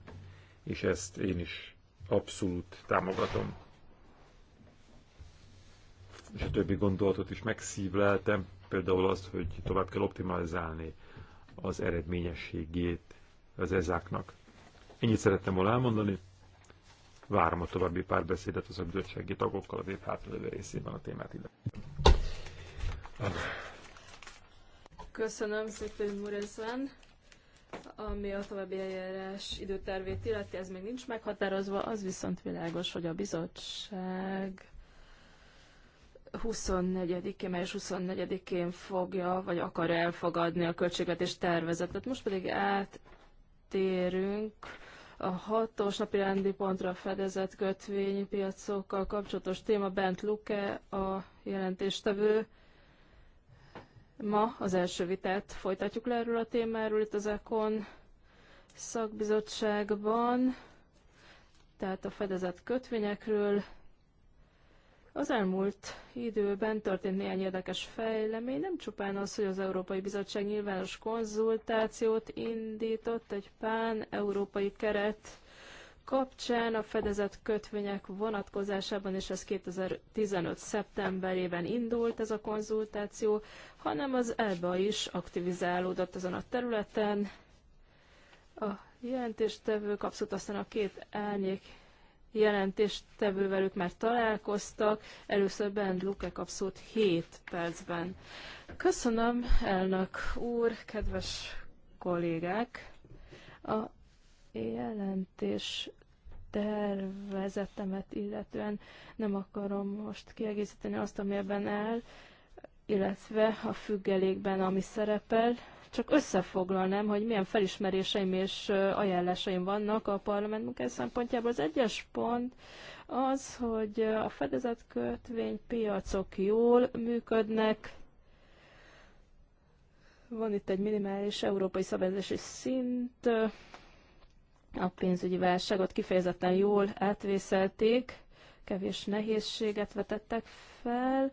és ezt én is abszolút támogatom. És a többi gondolatot is megszívleltem, például azt, hogy tovább kell optimalizálni az eredményességét az ezáknak. Ennyit szerettem volna elmondani. Várom a további párbeszédet az bizottsági tagokkal a vép hátralévő részében a témát ide. Köszönöm szépen, Murezen. Ami a további eljárás időtervét illeti, ez még nincs meghatározva, az viszont világos, hogy a bizottság 24 e május 24-én fogja, vagy akar elfogadni a költségvetés tervezetet. Most pedig áttérünk a hatos napi rendi pontra fedezett kötvénypiacokkal kapcsolatos téma. Bent Luke, a jelentéstevő. Ma az első vitát folytatjuk le erről a témáról itt az EKON szakbizottságban, tehát a fedezett kötvényekről. Az elmúlt időben történt néhány érdekes fejlemény, nem csupán az, hogy az Európai Bizottság nyilvános konzultációt indított egy pán-európai keret kapcsán a fedezett kötvények vonatkozásában, és ez 2015. szeptemberében indult ez a konzultáció, hanem az EBA is aktivizálódott ezen a területen. A jelentéstevők abszolút aztán a két elnyék jelentéstevővel ők már találkoztak. Először Ben Luke kap szót 7 percben. Köszönöm, elnök úr, kedves kollégák! A jelentés tervezetemet illetően nem akarom most kiegészíteni azt, ami ebben áll, illetve a függelékben, ami szerepel, csak összefoglalnám, hogy milyen felismeréseim és ajánlásaim vannak a parlament munkás szempontjából. Az egyes pont az, hogy a fedezett kötvénypiacok jól működnek, van itt egy minimális európai szabályozási szint, a pénzügyi válságot kifejezetten jól átvészelték, kevés nehézséget vetettek fel,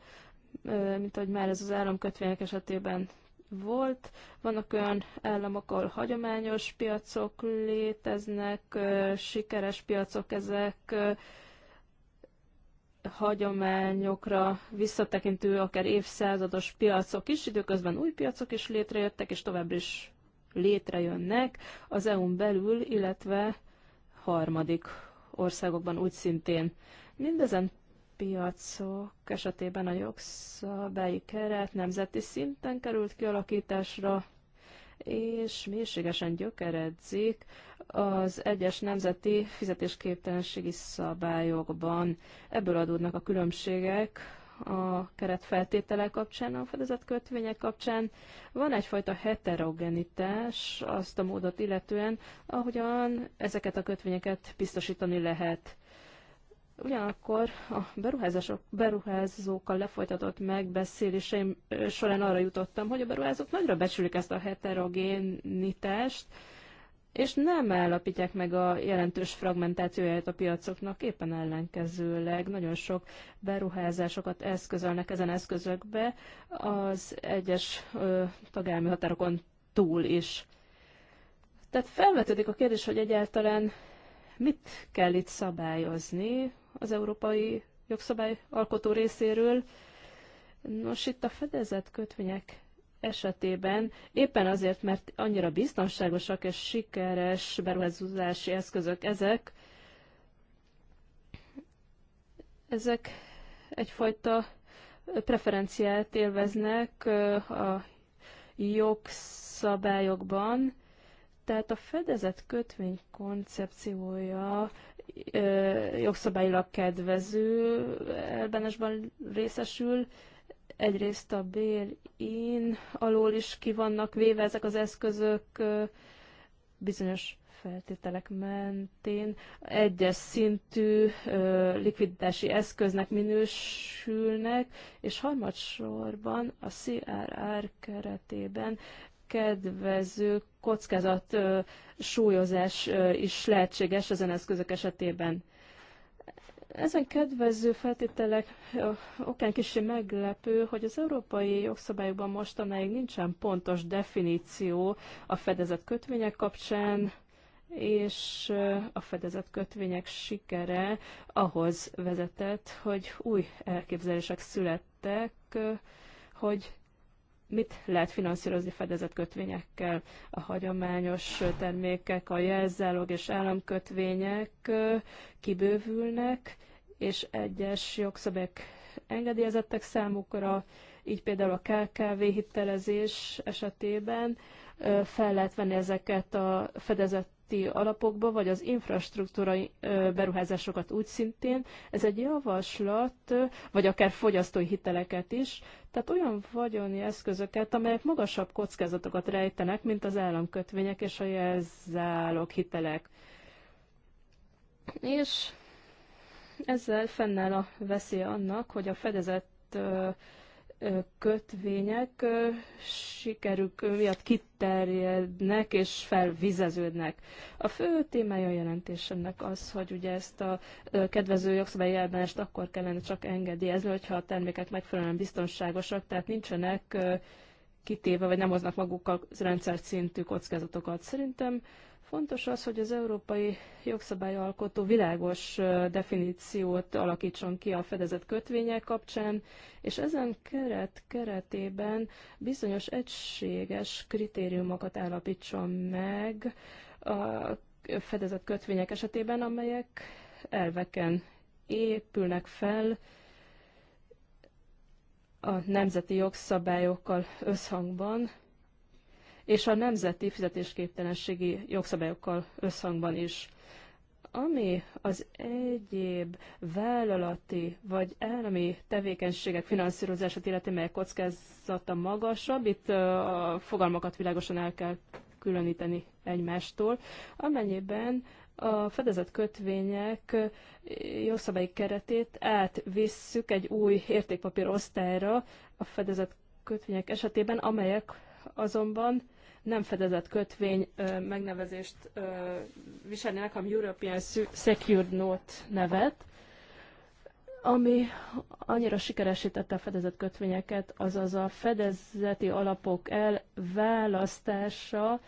mint ahogy már ez az államkötvények esetében volt. Vannak olyan államok, ahol hagyományos piacok léteznek, sikeres piacok ezek, hagyományokra visszatekintő, akár évszázados piacok is, időközben új piacok is létrejöttek, és tovább is létrejönnek az EU-n belül, illetve harmadik országokban úgy szintén. Mindezen piacok esetében a jogszabályi keret nemzeti szinten került kialakításra, és mélységesen gyökeredzik az egyes nemzeti fizetésképtelenségi szabályokban. Ebből adódnak a különbségek a keretfeltételek kapcsán, a fedezett kötvények kapcsán. Van egyfajta heterogenitás azt a módot illetően, ahogyan ezeket a kötvényeket biztosítani lehet. Ugyanakkor a beruházások, beruházókkal lefolytatott megbeszéléseim során arra jutottam, hogy a beruházók nagyra becsülik ezt a heterogénitást, és nem állapítják meg a jelentős fragmentációját a piacoknak, éppen ellenkezőleg nagyon sok beruházásokat eszközölnek ezen eszközökbe az egyes ö, tagállami határokon túl is. Tehát felvetődik a kérdés, hogy egyáltalán mit kell itt szabályozni, az európai jogszabály alkotó részéről. Nos, itt a fedezett kötvények esetében éppen azért, mert annyira biztonságosak és sikeres beruházási eszközök ezek, ezek egyfajta preferenciát élveznek a jogszabályokban, tehát a fedezett kötvény koncepciója jogszabályilag kedvező elbánásban részesül. Egyrészt a bér in alól is ki vannak véve ezek az eszközök bizonyos feltételek mentén egyes szintű ö, likviditási eszköznek minősülnek, és harmadsorban a CRR keretében kedvező kockázat súlyozás is lehetséges ezen eszközök esetében. Ezen kedvező feltételek okán kicsi meglepő, hogy az európai jogszabályokban mostanáig nincsen pontos definíció a fedezett kötvények kapcsán, és a fedezett kötvények sikere ahhoz vezetett, hogy új elképzelések születtek, hogy mit lehet finanszírozni fedezett kötvényekkel a hagyományos termékek, a jelzálog és államkötvények kibővülnek, és egyes jogszabályok engedélyezettek számukra, így például a KKV hitelezés esetében fel lehet venni ezeket a fedezett közötti alapokba, vagy az infrastruktúrai beruházásokat úgy szintén. Ez egy javaslat, vagy akár fogyasztói hiteleket is, tehát olyan vagyoni eszközöket, amelyek magasabb kockázatokat rejtenek, mint az államkötvények és a jelzálog hitelek. És ezzel fennáll a veszély annak, hogy a fedezett kötvények sikerük miatt kiterjednek és felvizeződnek. A fő témája a jelentésemnek az, hogy ugye ezt a kedvező jogszabályi elbánást akkor kellene csak engedélyezni, hogyha a termékek megfelelően biztonságosak, tehát nincsenek kitéve, vagy nem hoznak magukkal rendszer szintű kockázatokat. Szerintem Fontos az, hogy az európai jogszabályalkotó világos definíciót alakítson ki a fedezett kötvények kapcsán, és ezen keret keretében bizonyos egységes kritériumokat állapítson meg a fedezett kötvények esetében, amelyek elveken épülnek fel, a nemzeti jogszabályokkal összhangban, és a nemzeti fizetésképtelenségi jogszabályokkal összhangban is. Ami az egyéb vállalati vagy állami tevékenységek finanszírozását illeti, melyek kockázata magasabb, itt a fogalmakat világosan el kell különíteni egymástól, amennyiben a fedezett kötvények jogszabályi keretét átvisszük egy új értékpapír osztályra a fedezett kötvények esetében, amelyek azonban nem fedezett kötvény megnevezést viselnének, ami European Secured Note nevet, ami annyira sikeresítette a fedezett kötvényeket, azaz a fedezeti alapok elválasztása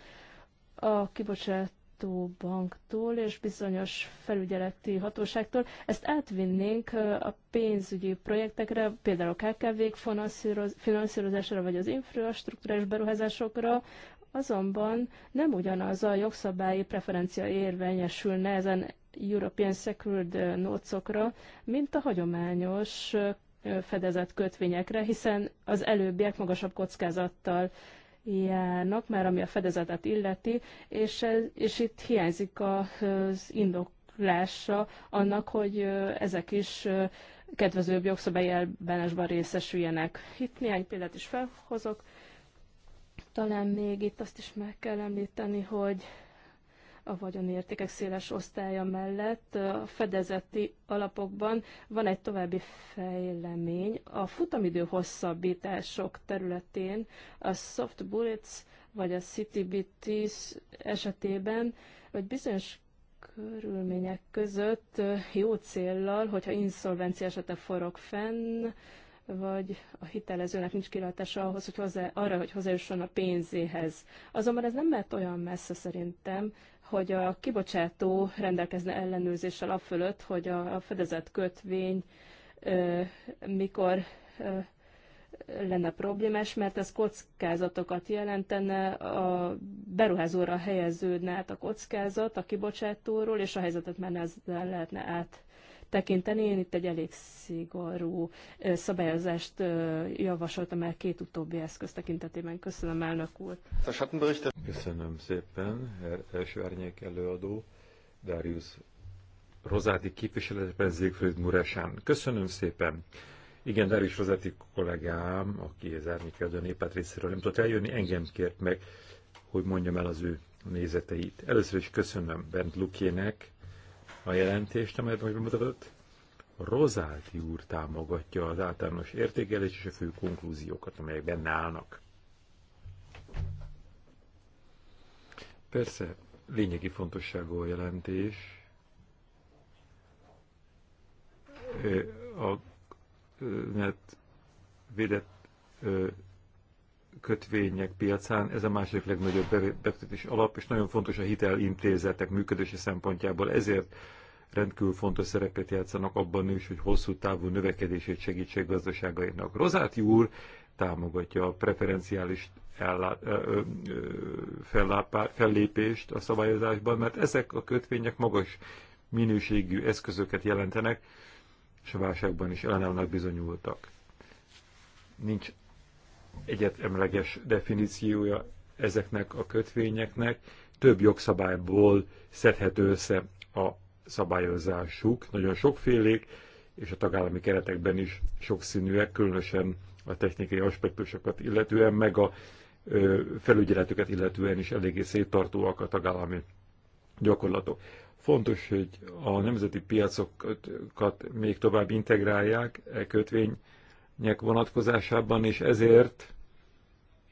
a kibocsátó banktól és bizonyos felügyeleti hatóságtól. Ezt átvinnénk a pénzügyi projektekre, például a KKV-k finanszírozására, vagy az infrastruktúrás beruházásokra, Azonban nem ugyanaz a jogszabályi preferencia érvényesülne ezen European Secured Notesokra, mint a hagyományos fedezett kötvényekre, hiszen az előbbiek magasabb kockázattal járnak, már ami a fedezetet illeti, és, ez, és itt hiányzik az indoklása annak, hogy ezek is kedvezőbb jogszabályi elbánásban részesüljenek. Itt néhány példát is felhozok. Talán még itt azt is meg kell említeni, hogy a vagyonértékek széles osztálya mellett a fedezeti alapokban van egy további fejlemény. A futamidő hosszabbítások területén a soft bullets vagy a CTB-10 esetében, vagy bizonyos körülmények között jó céllal, hogyha inszolvencia esete forog fenn, vagy a hitelezőnek nincs kilátása ahhoz, hogy hozzá, arra, hogy hozzájusson a pénzéhez. Azonban ez nem mehet olyan messze szerintem, hogy a kibocsátó rendelkezne ellenőrzéssel a fölött, hogy a, a fedezett kötvény ö, mikor ö, lenne problémás, mert ez kockázatokat jelentene, a beruházóra helyeződne át a kockázat a kibocsátóról, és a helyzetet már ezzel lehetne át tekinteni. Én itt egy elég szigorú szabályozást javasoltam el két utóbbi eszköz tekintetében. Köszönöm, elnök úr. Köszönöm szépen, első árnyék előadó, Darius Rozáti képviseletben Zégfőd Muresán. Köszönöm szépen. Igen, Darius Rozáti kollégám, aki az árnyék előadó népát részéről nem tudott eljönni, engem kért meg, hogy mondjam el az ő nézeteit. Először is köszönöm Bent Lukének a jelentést, amelyet most bemutatott. rozálti úr támogatja az általános értékelés és a fő konklúziókat, amelyek benne állnak. Persze, lényegi fontosságú a jelentés. A mert védett kötvények piacán ez a második legnagyobb befektetés alap, és nagyon fontos a hitelintézetek működési szempontjából. Ezért rendkívül fontos szerepet játszanak abban is, hogy hosszú távú növekedését segítsék gazdaságainak. Rozáti úr támogatja a preferenciális ellá, ö, ö, fellápá, fellépést a szabályozásban, mert ezek a kötvények magas minőségű eszközöket jelentenek, és a válságban is ellenállnak bizonyultak. Nincs egyetemleges definíciója ezeknek a kötvényeknek, több jogszabályból szedhető össze a szabályozásuk, nagyon sokfélék, és a tagállami keretekben is sokszínűek, különösen a technikai aspektusokat illetően, meg a felügyeletüket illetően is eléggé széttartóak a tagállami gyakorlatok. Fontos, hogy a nemzeti piacokat még tovább integrálják e kötvények vonatkozásában, és ezért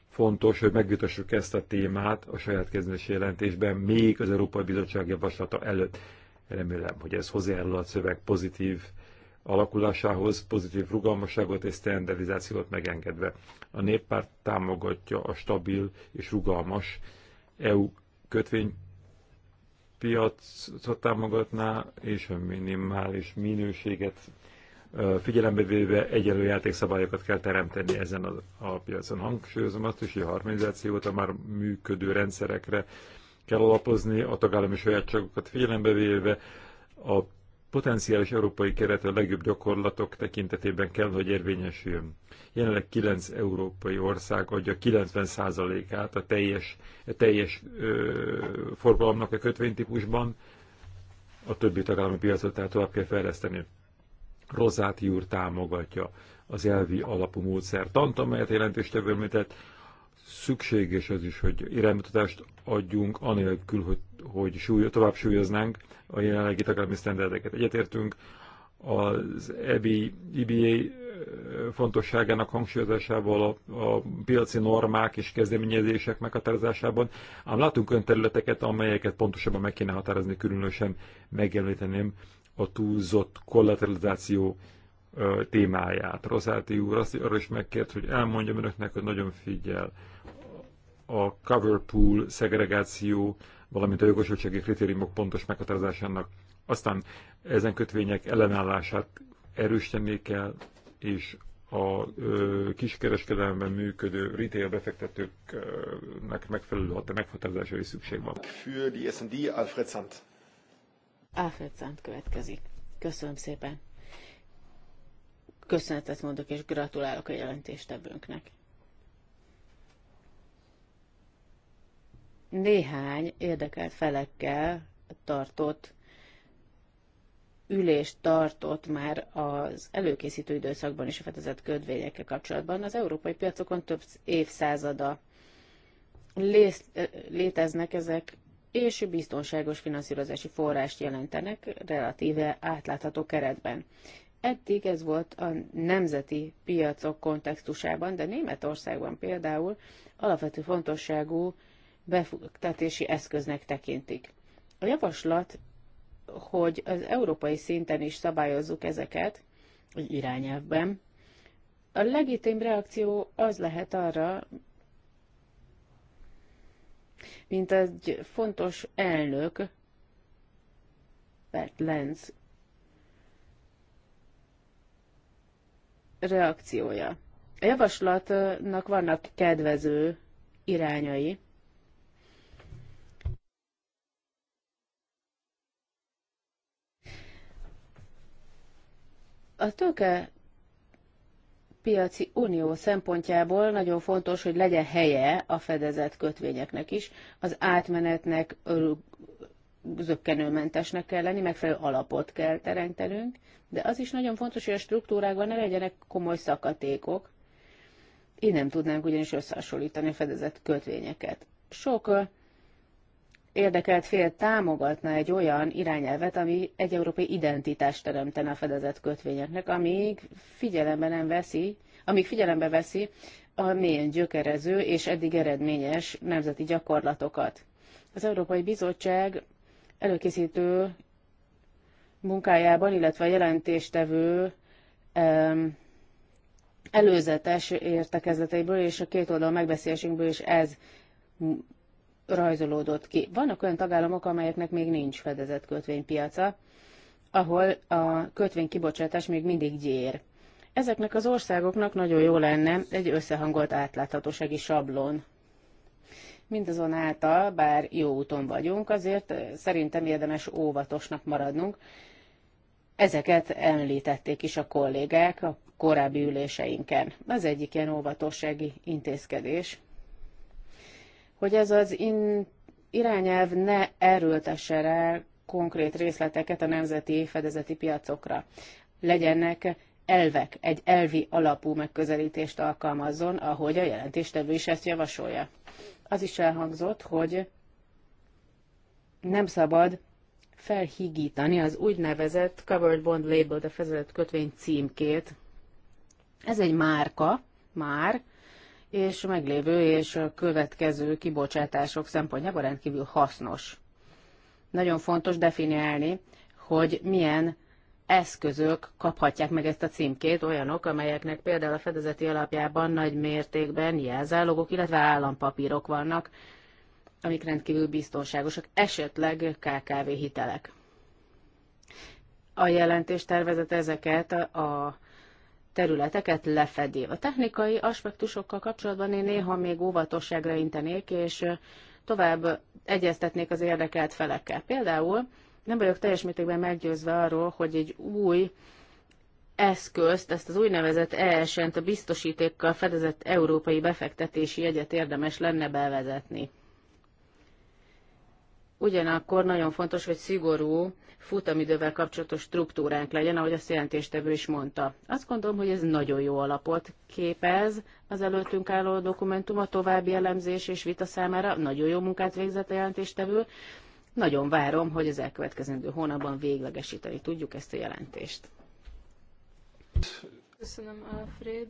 fontos, hogy megvitassuk ezt a témát a saját kezdési jelentésben, még az Európai Bizottság javaslata előtt. Remélem, hogy ez hozzájárul a szöveg pozitív alakulásához, pozitív rugalmasságot és standardizációt megengedve. A néppárt támogatja a stabil és rugalmas EU kötvény piacot támogatná, és a minimális minőséget figyelembe véve egyenlő játékszabályokat kell teremteni ezen a, a piacon. Hangsúlyozom azt is, hogy a harmonizációt a már működő rendszerekre kell alapozni, a tagállami sajátságokat figyelembe véve, a potenciális európai keret a legjobb gyakorlatok tekintetében kell, hogy érvényesüljön. Jelenleg 9 európai ország adja 90%-át a teljes, a teljes ö, forgalomnak a kötvénytípusban, a többi tagállami piacot tehát tovább kell fejleszteni. Rozáti úr támogatja az elvi alapú módszertant, amelyet jelentéstevő említett, szükséges az is, hogy iránymutatást adjunk, anélkül, hogy, hogy súly, tovább súlyoznánk a jelenlegi tagállami sztenderdeket. Egyetértünk az EBI, EBA fontosságának hangsúlyozásával, a, a piaci normák és kezdeményezések meghatározásában, ám látunk olyan területeket, amelyeket pontosabban meg kéne határozni, különösen megjeleníteném a túlzott kollateralizáció témáját. Roszáti úr azt, arra is megkért, hogy elmondjam önöknek, hogy nagyon figyel a cover pool szegregáció, valamint a jogosultsági kritériumok pontos meghatározásának. Aztán ezen kötvények ellenállását erősíteni kell, és a ö, kiskereskedelemben működő retail befektetőknek megfelelő a meghatározása is szükség van. Für die S&D Alfred Sand. Alfred Sand következik. Köszönöm szépen köszönetet mondok, és gratulálok a jelentéstevőnknek. Néhány érdekelt felekkel tartott ülést tartott már az előkészítő időszakban is a fedezett ködvényekkel kapcsolatban. Az európai piacokon több évszázada léteznek ezek, és biztonságos finanszírozási forrást jelentenek relatíve átlátható keretben. Eddig ez volt a nemzeti piacok kontextusában, de Németországban például alapvető fontosságú befektetési eszköznek tekintik. A javaslat, hogy az európai szinten is szabályozzuk ezeket, egy irányelvben, a legitim reakció az lehet arra, mint egy fontos elnök, Bert Lenz reakciója. A javaslatnak vannak kedvező irányai. A tőke piaci unió szempontjából nagyon fontos, hogy legyen helye a fedezett kötvényeknek is. Az átmenetnek zöggenőmentesnek kell lenni, megfelelő alapot kell teremtenünk, de az is nagyon fontos, hogy a struktúrákban ne legyenek komoly szakatékok, így nem tudnánk ugyanis összehasonlítani a fedezett kötvényeket. Sok érdekelt fél támogatna egy olyan irányelvet, ami egy európai identitást teremtene a fedezett kötvényeknek, amíg figyelembe nem veszi, amíg figyelembe veszi a mélyen gyökerező és eddig eredményes nemzeti gyakorlatokat. Az Európai Bizottság előkészítő munkájában, illetve a jelentéstevő előzetes értekezleteiből és a két oldal megbeszélésünkből is ez rajzolódott ki. Vannak olyan tagállamok, amelyeknek még nincs fedezett kötvénypiaca, ahol a kötvénykibocsátás még mindig gyér. Ezeknek az országoknak nagyon jó lenne egy összehangolt átláthatósági sablon Mindazonáltal, bár jó úton vagyunk, azért szerintem érdemes óvatosnak maradnunk. Ezeket említették is a kollégák a korábbi üléseinken. Az egyik ilyen óvatossági intézkedés, hogy ez az in- irányelv ne erőltesse rá konkrét részleteket a nemzeti fedezeti piacokra. Legyenek elvek, egy elvi alapú megközelítést alkalmazzon, ahogy a jelentéstevő is ezt javasolja az is elhangzott, hogy nem szabad felhigítani az úgynevezett Covered Bond Label, de fezelt kötvény címkét. Ez egy márka, már, és meglévő és a következő kibocsátások szempontjából rendkívül hasznos. Nagyon fontos definiálni, hogy milyen eszközök kaphatják meg ezt a címkét, olyanok, amelyeknek például a fedezeti alapjában nagy mértékben jelzálogok, illetve állampapírok vannak, amik rendkívül biztonságosak, esetleg KKV hitelek. A jelentés tervezet ezeket a területeket lefedi. A technikai aspektusokkal kapcsolatban én néha még óvatosságra intenék, és tovább egyeztetnék az érdekelt felekkel. Például nem vagyok teljes mértékben meggyőzve arról, hogy egy új eszközt, ezt az úgynevezett ESN-t, a biztosítékkal fedezett európai befektetési jegyet érdemes lenne bevezetni. Ugyanakkor nagyon fontos, hogy szigorú futamidővel kapcsolatos struktúránk legyen, ahogy a jelentéstevő is mondta. Azt gondolom, hogy ez nagyon jó alapot képez az előttünk álló dokumentum a további elemzés és vita számára. Nagyon jó munkát végzett a jelentéstevő, nagyon várom, hogy az elkövetkezendő hónapban véglegesíteni tudjuk ezt a jelentést. Köszönöm, Alfred.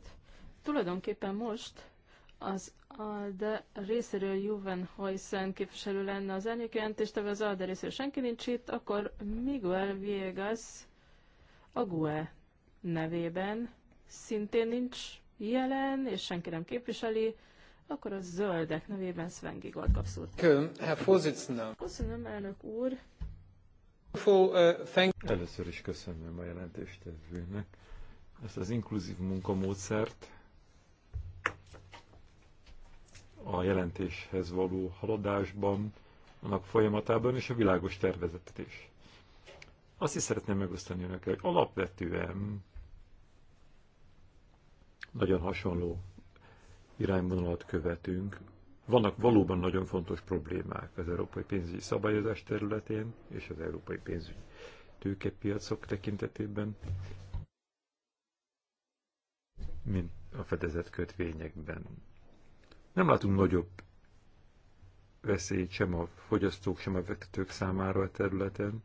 Tulajdonképpen most az ALDE részéről Juven Hoysen képviselő lenne az de az ALDE részéről senki nincs itt, akkor Miguel Viegas Ague nevében szintén nincs jelen, és senki nem képviseli, akkor a zöldek nevében Sven Gigolt kapszult. Köszönöm, elnök úr. Először is köszönöm a jelentéstevőnek ezt az inkluzív munkamódszert, a jelentéshez való haladásban, annak folyamatában és a világos tervezetet is. Azt is szeretném megosztani önökkel, hogy alapvetően nagyon hasonló irányvonalat követünk. Vannak valóban nagyon fontos problémák az európai pénzügyi szabályozás területén és az európai pénzügyi tőkepiacok tekintetében, mint a fedezett kötvényekben. Nem látunk nagyobb veszélyt sem a fogyasztók, sem a vetetők számára a területen,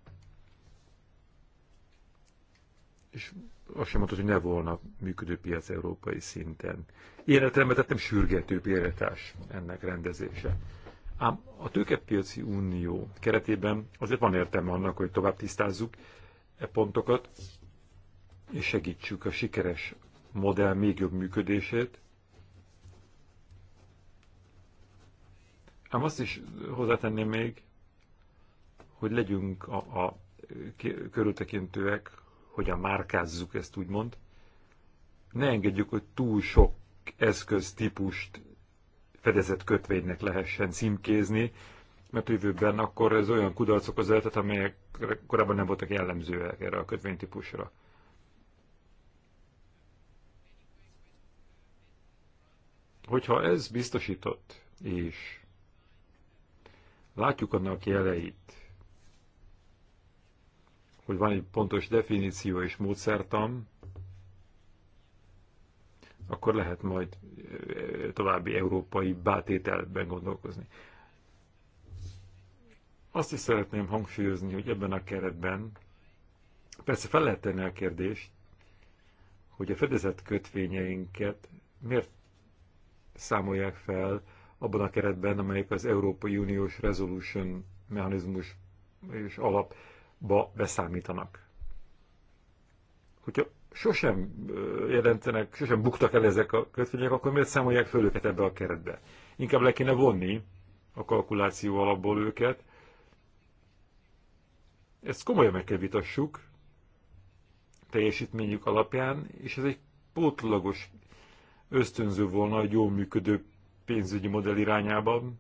és azt sem mondta, hogy ne volna működő piac európai szinten. Életemben tettem sürgető prioritás ennek rendezése. Ám a tőkepiaci unió keretében azért van értelme annak, hogy tovább tisztázzuk e pontokat, és segítsük a sikeres modell még jobb működését. Ám azt is hozzátenném még, hogy legyünk a, a körültekintőek hogyan márkázzuk ezt úgymond, ne engedjük, hogy túl sok eszköztípust fedezett kötvénynek lehessen címkézni, mert jövőben akkor ez olyan kudarcok az eltet, amelyek korábban nem voltak jellemzőek erre a kötvénytípusra. Hogyha ez biztosított, és látjuk annak jeleit, hogy van egy pontos definíció és módszertam, akkor lehet majd eh, további európai bátételben gondolkozni. Azt is szeretném hangsúlyozni, hogy ebben a keretben persze fel lehet tenni a kérdést, hogy a fedezett kötvényeinket miért számolják fel abban a keretben, amelyik az Európai Uniós Resolution mechanizmus és alap ba beszámítanak. Hogyha sosem jelentenek, sosem buktak el ezek a kötvények, akkor miért számolják föl őket ebbe a keretbe? Inkább le kéne vonni a kalkuláció alapból őket. Ezt komolyan meg kell vitassuk teljesítményük alapján, és ez egy pótlagos ösztönző volna a jól működő pénzügyi modell irányában.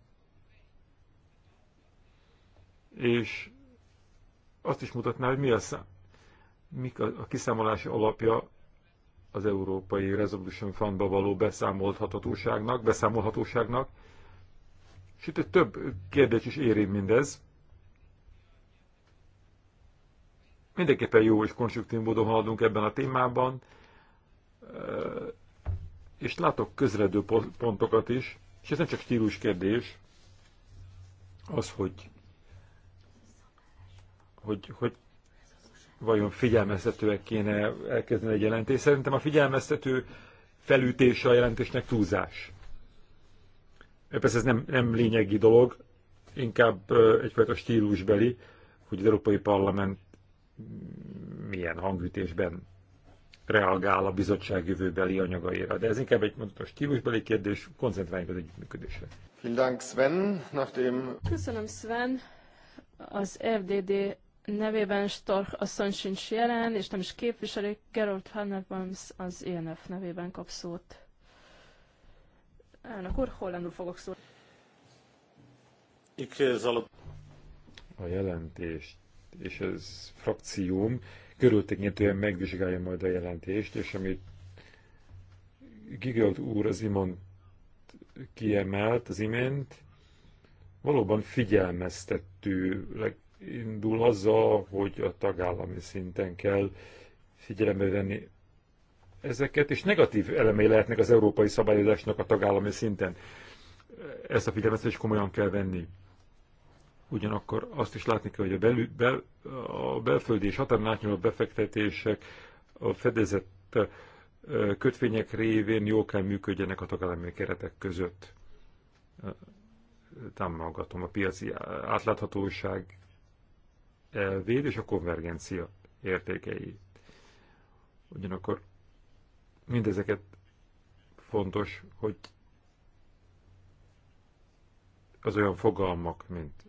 És azt is mutatná, hogy mi a szám, mik a, a kiszámolási alapja az Európai Resolution Fundba való beszámolhatóságnak, beszámolhatóságnak. egy több kérdés is éri mindez. Mindenképpen jó és konstruktív módon haladunk ebben a témában, eh, és látok közredő pontokat is, és ez nem csak stílus kérdés, az, hogy hogy, hogy vajon figyelmeztetőek kéne elkezdeni egy jelentés. Szerintem a figyelmeztető felütése a jelentésnek túlzás. Persze ez nem, nem lényegi dolog, inkább egyfajta stílusbeli, hogy az Európai Parlament milyen hangütésben reagál a bizottság jövőbeli anyagaira. De ez inkább egy a stílusbeli kérdés, koncentráljunk az együttműködésre. Köszönöm Sven. Az FDD nevében Stork asszony sincs jelen, és nem is képviselik. Gerold Hannerbams az INF e nevében kap szót. Elnök úr, hollandul fogok szólni. Eh, a jelentést és az frakcióm körültekintően megvizsgálja majd a jelentést, és amit Gigald úr az imant kiemelt az imént, valóban figyelmeztetőleg indul azzal, hogy a tagállami szinten kell figyelembe venni ezeket, és negatív elemei lehetnek az európai szabályozásnak a tagállami szinten. Ezt a figyelmet is komolyan kell venni. Ugyanakkor azt is látni kell, hogy a, belül, bel, a belföldi és határon átnyúló befektetések a fedezett kötvények révén jól kell működjenek a tagállami keretek között. Támogatom a piaci átláthatóság elvéd és a konvergencia értékei. Ugyanakkor mindezeket fontos, hogy az olyan fogalmak, mint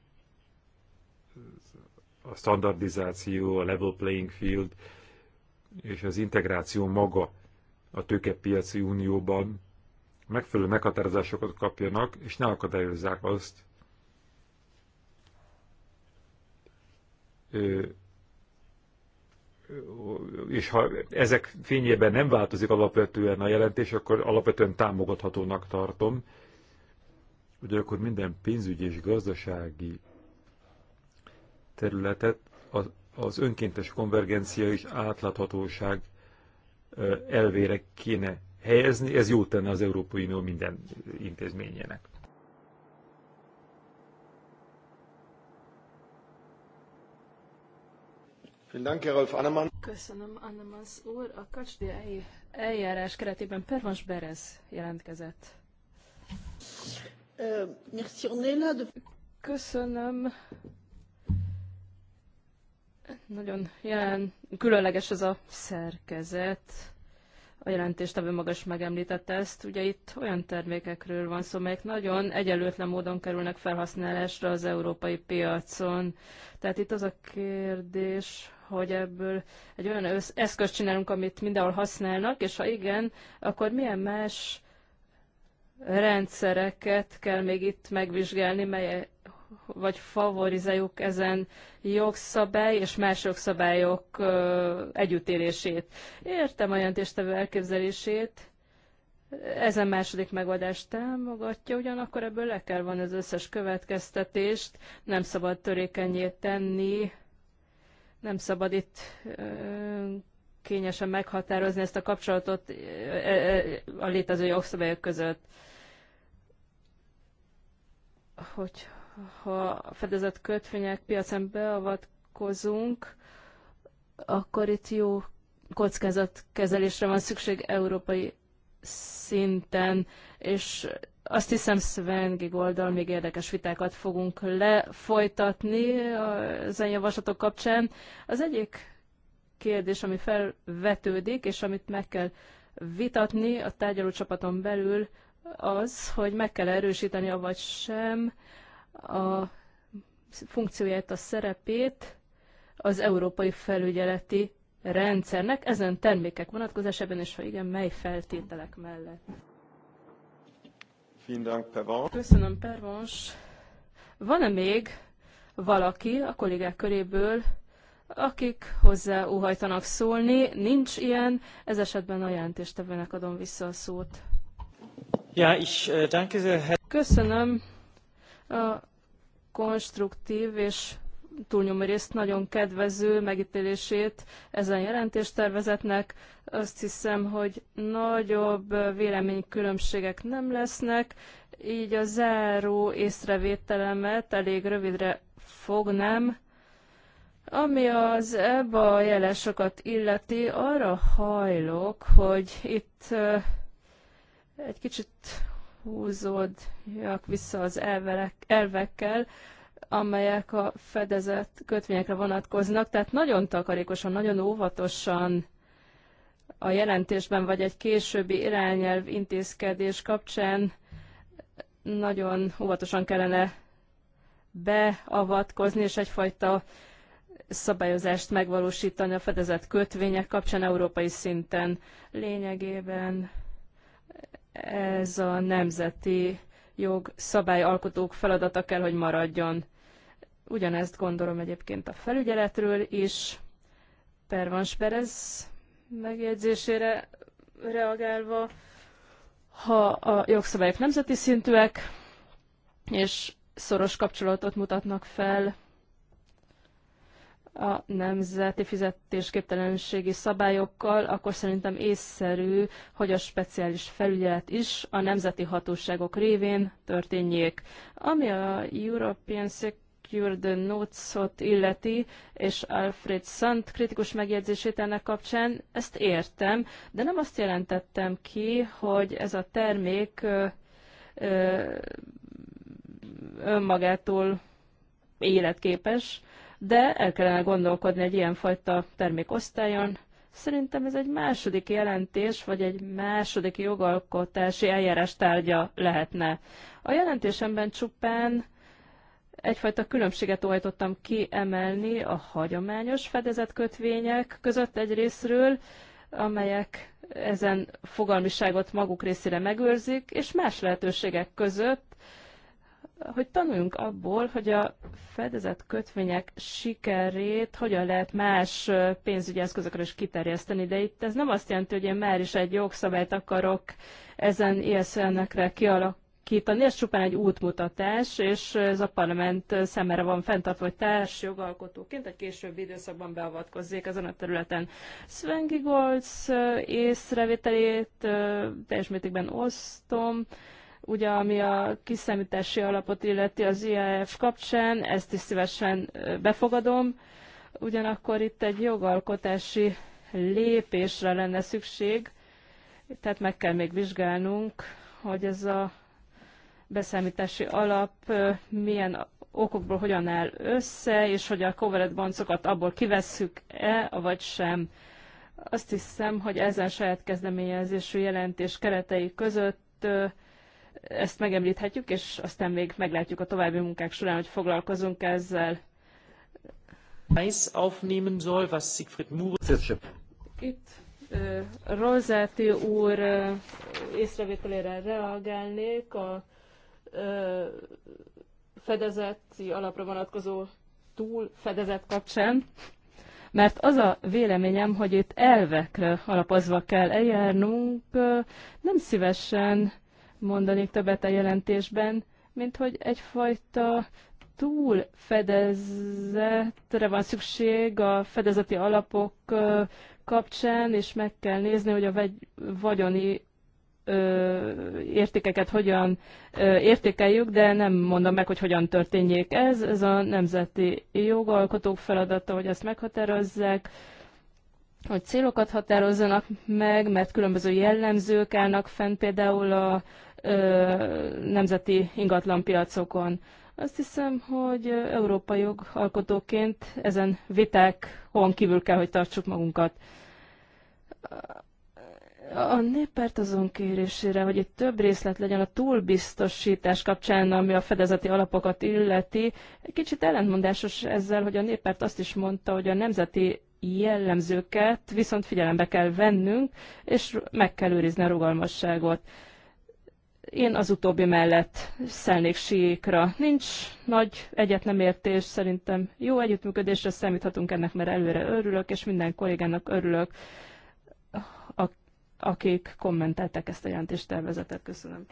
a standardizáció, a level playing field és az integráció maga a tőkepiaci unióban megfelelő meghatározásokat kapjanak, és ne akadályozzák azt, és ha ezek fényében nem változik alapvetően a jelentés, akkor alapvetően támogathatónak tartom. akkor minden pénzügyi és gazdasági területet az önkéntes konvergencia és átláthatóság elvére kéne helyezni, ez jót tenne az Európai Unió minden intézményének. Köszönöm, Annemans úr. A kacsdi eljárás keretében Pervans Berez jelentkezett. Euh, Köszönöm. Nagyon jelen, különleges ez a szerkezet a jelentéstevő maga is megemlítette ezt. Ugye itt olyan termékekről van szó, melyek nagyon egyenlőtlen módon kerülnek felhasználásra az európai piacon. Tehát itt az a kérdés, hogy ebből egy olyan eszközt csinálunk, amit mindenhol használnak, és ha igen, akkor milyen más rendszereket kell még itt megvizsgálni, melyek vagy favorizáljuk ezen jogszabály és más jogszabályok együttélését. Értem a jelentéstevő elképzelését, ezen második megoldást támogatja, ugyanakkor ebből le kell van az összes következtetést, nem szabad törékenyé tenni, nem szabad itt kényesen meghatározni ezt a kapcsolatot a létező jogszabályok között. Hogy ha a fedezett kötvények piacán beavatkozunk, akkor itt jó kockázatkezelésre van szükség európai szinten, és azt hiszem Sven Gigoldal még érdekes vitákat fogunk lefolytatni ezen javaslatok kapcsán. Az egyik kérdés, ami felvetődik, és amit meg kell vitatni a tárgyaló csapaton belül, az, hogy meg kell erősíteni, vagy sem, a funkcióját, a szerepét az európai felügyeleti rendszernek ezen termékek vonatkozásában, és ha igen, mely feltételek mellett? Köszönöm, Pervons. Van-e még valaki a kollégák köréből, akik hozzá óhajtanak szólni? Nincs ilyen, ez esetben a jelentéstevőnek adom vissza a szót. Ja, ich, äh, danke sehr. Köszönöm konstruktív és túlnyomó részt nagyon kedvező megítélését ezen jelentéstervezetnek. Azt hiszem, hogy nagyobb véleménykülönbségek nem lesznek, így a záró észrevételemet elég rövidre fognám. Ami az EBA jelesokat illeti, arra hajlok, hogy itt egy kicsit húzódjak vissza az elvelek, elvekkel, amelyek a fedezett kötvényekre vonatkoznak, tehát nagyon takarékosan, nagyon óvatosan a jelentésben, vagy egy későbbi irányelv intézkedés kapcsán nagyon óvatosan kellene beavatkozni, és egyfajta szabályozást megvalósítani a fedezett kötvények kapcsán európai szinten. Lényegében ez a nemzeti jog szabályalkotók feladata kell, hogy maradjon. Ugyanezt gondolom egyébként a felügyeletről is. Pervans Perez megjegyzésére reagálva, ha a jogszabályok nemzeti szintűek, és szoros kapcsolatot mutatnak fel a nemzeti fizetésképtelenségi szabályokkal, akkor szerintem észszerű, hogy a speciális felügyelet is a nemzeti hatóságok révén történjék. Ami a European Secured Notes-ot illeti, és Alfred Sant kritikus megjegyzését ennek kapcsán, ezt értem, de nem azt jelentettem ki, hogy ez a termék ö, ö, önmagától életképes, de el kellene gondolkodni egy ilyenfajta termékosztályon. Szerintem ez egy második jelentés, vagy egy második jogalkotási eljárás tárgya lehetne. A jelentésemben csupán egyfajta különbséget óhajtottam kiemelni a hagyományos fedezetkötvények között egy részről, amelyek ezen fogalmiságot maguk részére megőrzik, és más lehetőségek között, hogy tanuljunk abból, hogy a fedezett kötvények sikerét hogyan lehet más pénzügyi eszközökre is kiterjeszteni, de itt ez nem azt jelenti, hogy én már is egy jogszabályt akarok ezen ISZN-ekre kialakítani, ez csupán egy útmutatás, és ez a parlament szemére van fenntartva, hogy társ jogalkotóként egy későbbi időszakban beavatkozzék ezen a területen. Svengigolc észrevételét teljes mértékben osztom, Ugye, ami a kiszámítási alapot illeti az IAF kapcsán, ezt is szívesen befogadom. Ugyanakkor itt egy jogalkotási lépésre lenne szükség, tehát meg kell még vizsgálnunk, hogy ez a beszámítási alap milyen okokból hogyan áll össze, és hogy a covered boncokat abból kivesszük-e, vagy sem. Azt hiszem, hogy ezen saját kezdeményezésű jelentés keretei között ezt megemlíthetjük, és aztán még meglátjuk a további munkák során, hogy foglalkozunk ezzel. Itt uh, Rozáti úr uh, észrevételére reagálnék a uh, fedezeti alapra vonatkozó túl fedezet kapcsán, mert az a véleményem, hogy itt elvekre alapozva kell eljárnunk, nem szívesen mondanék többet a jelentésben, mint hogy egyfajta túl fedezetre van szükség a fedezeti alapok kapcsán, és meg kell nézni, hogy a vagyoni ö, értékeket hogyan ö, értékeljük, de nem mondom meg, hogy hogyan történjék ez. Ez a nemzeti jogalkotók feladata, hogy ezt meghatározzák, hogy célokat határozzanak meg, mert különböző jellemzők állnak fent, például a nemzeti ingatlanpiacokon. Azt hiszem, hogy európai jogalkotóként ezen hon kívül kell, hogy tartsuk magunkat. A néppárt azon kérésére, hogy egy több részlet legyen a túlbiztosítás kapcsán, ami a fedezeti alapokat illeti, egy kicsit ellentmondásos ezzel, hogy a néppárt azt is mondta, hogy a nemzeti jellemzőket viszont figyelembe kell vennünk, és meg kell őrizni a rugalmasságot. Én az utóbbi mellett szelnék síékra. Nincs nagy egyetnemértés, szerintem jó együttműködésre számíthatunk ennek, mert előre örülök, és minden kollégának örülök, akik kommenteltek ezt a jelentéstervezetet. Köszönöm.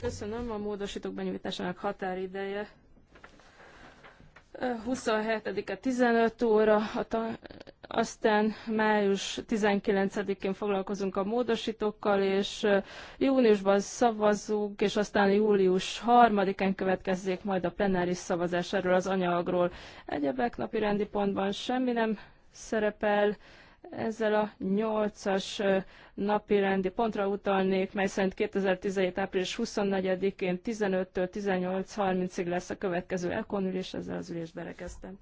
Köszönöm. A módosítók benyújtásának határideje 27-e 15 óra, aztán május 19-én foglalkozunk a módosítókkal, és júniusban szavazzunk, és aztán július 3-án következzék majd a plenáris szavazás erről az anyagról. Egyebek napi rendi pontban semmi nem szerepel. Ezzel a nyolcas napi rendi pontra utalnék, mely szerint 2017. április 24-én 15-től 18.30-ig lesz a következő elkonülés, ezzel az ülést berekeztem.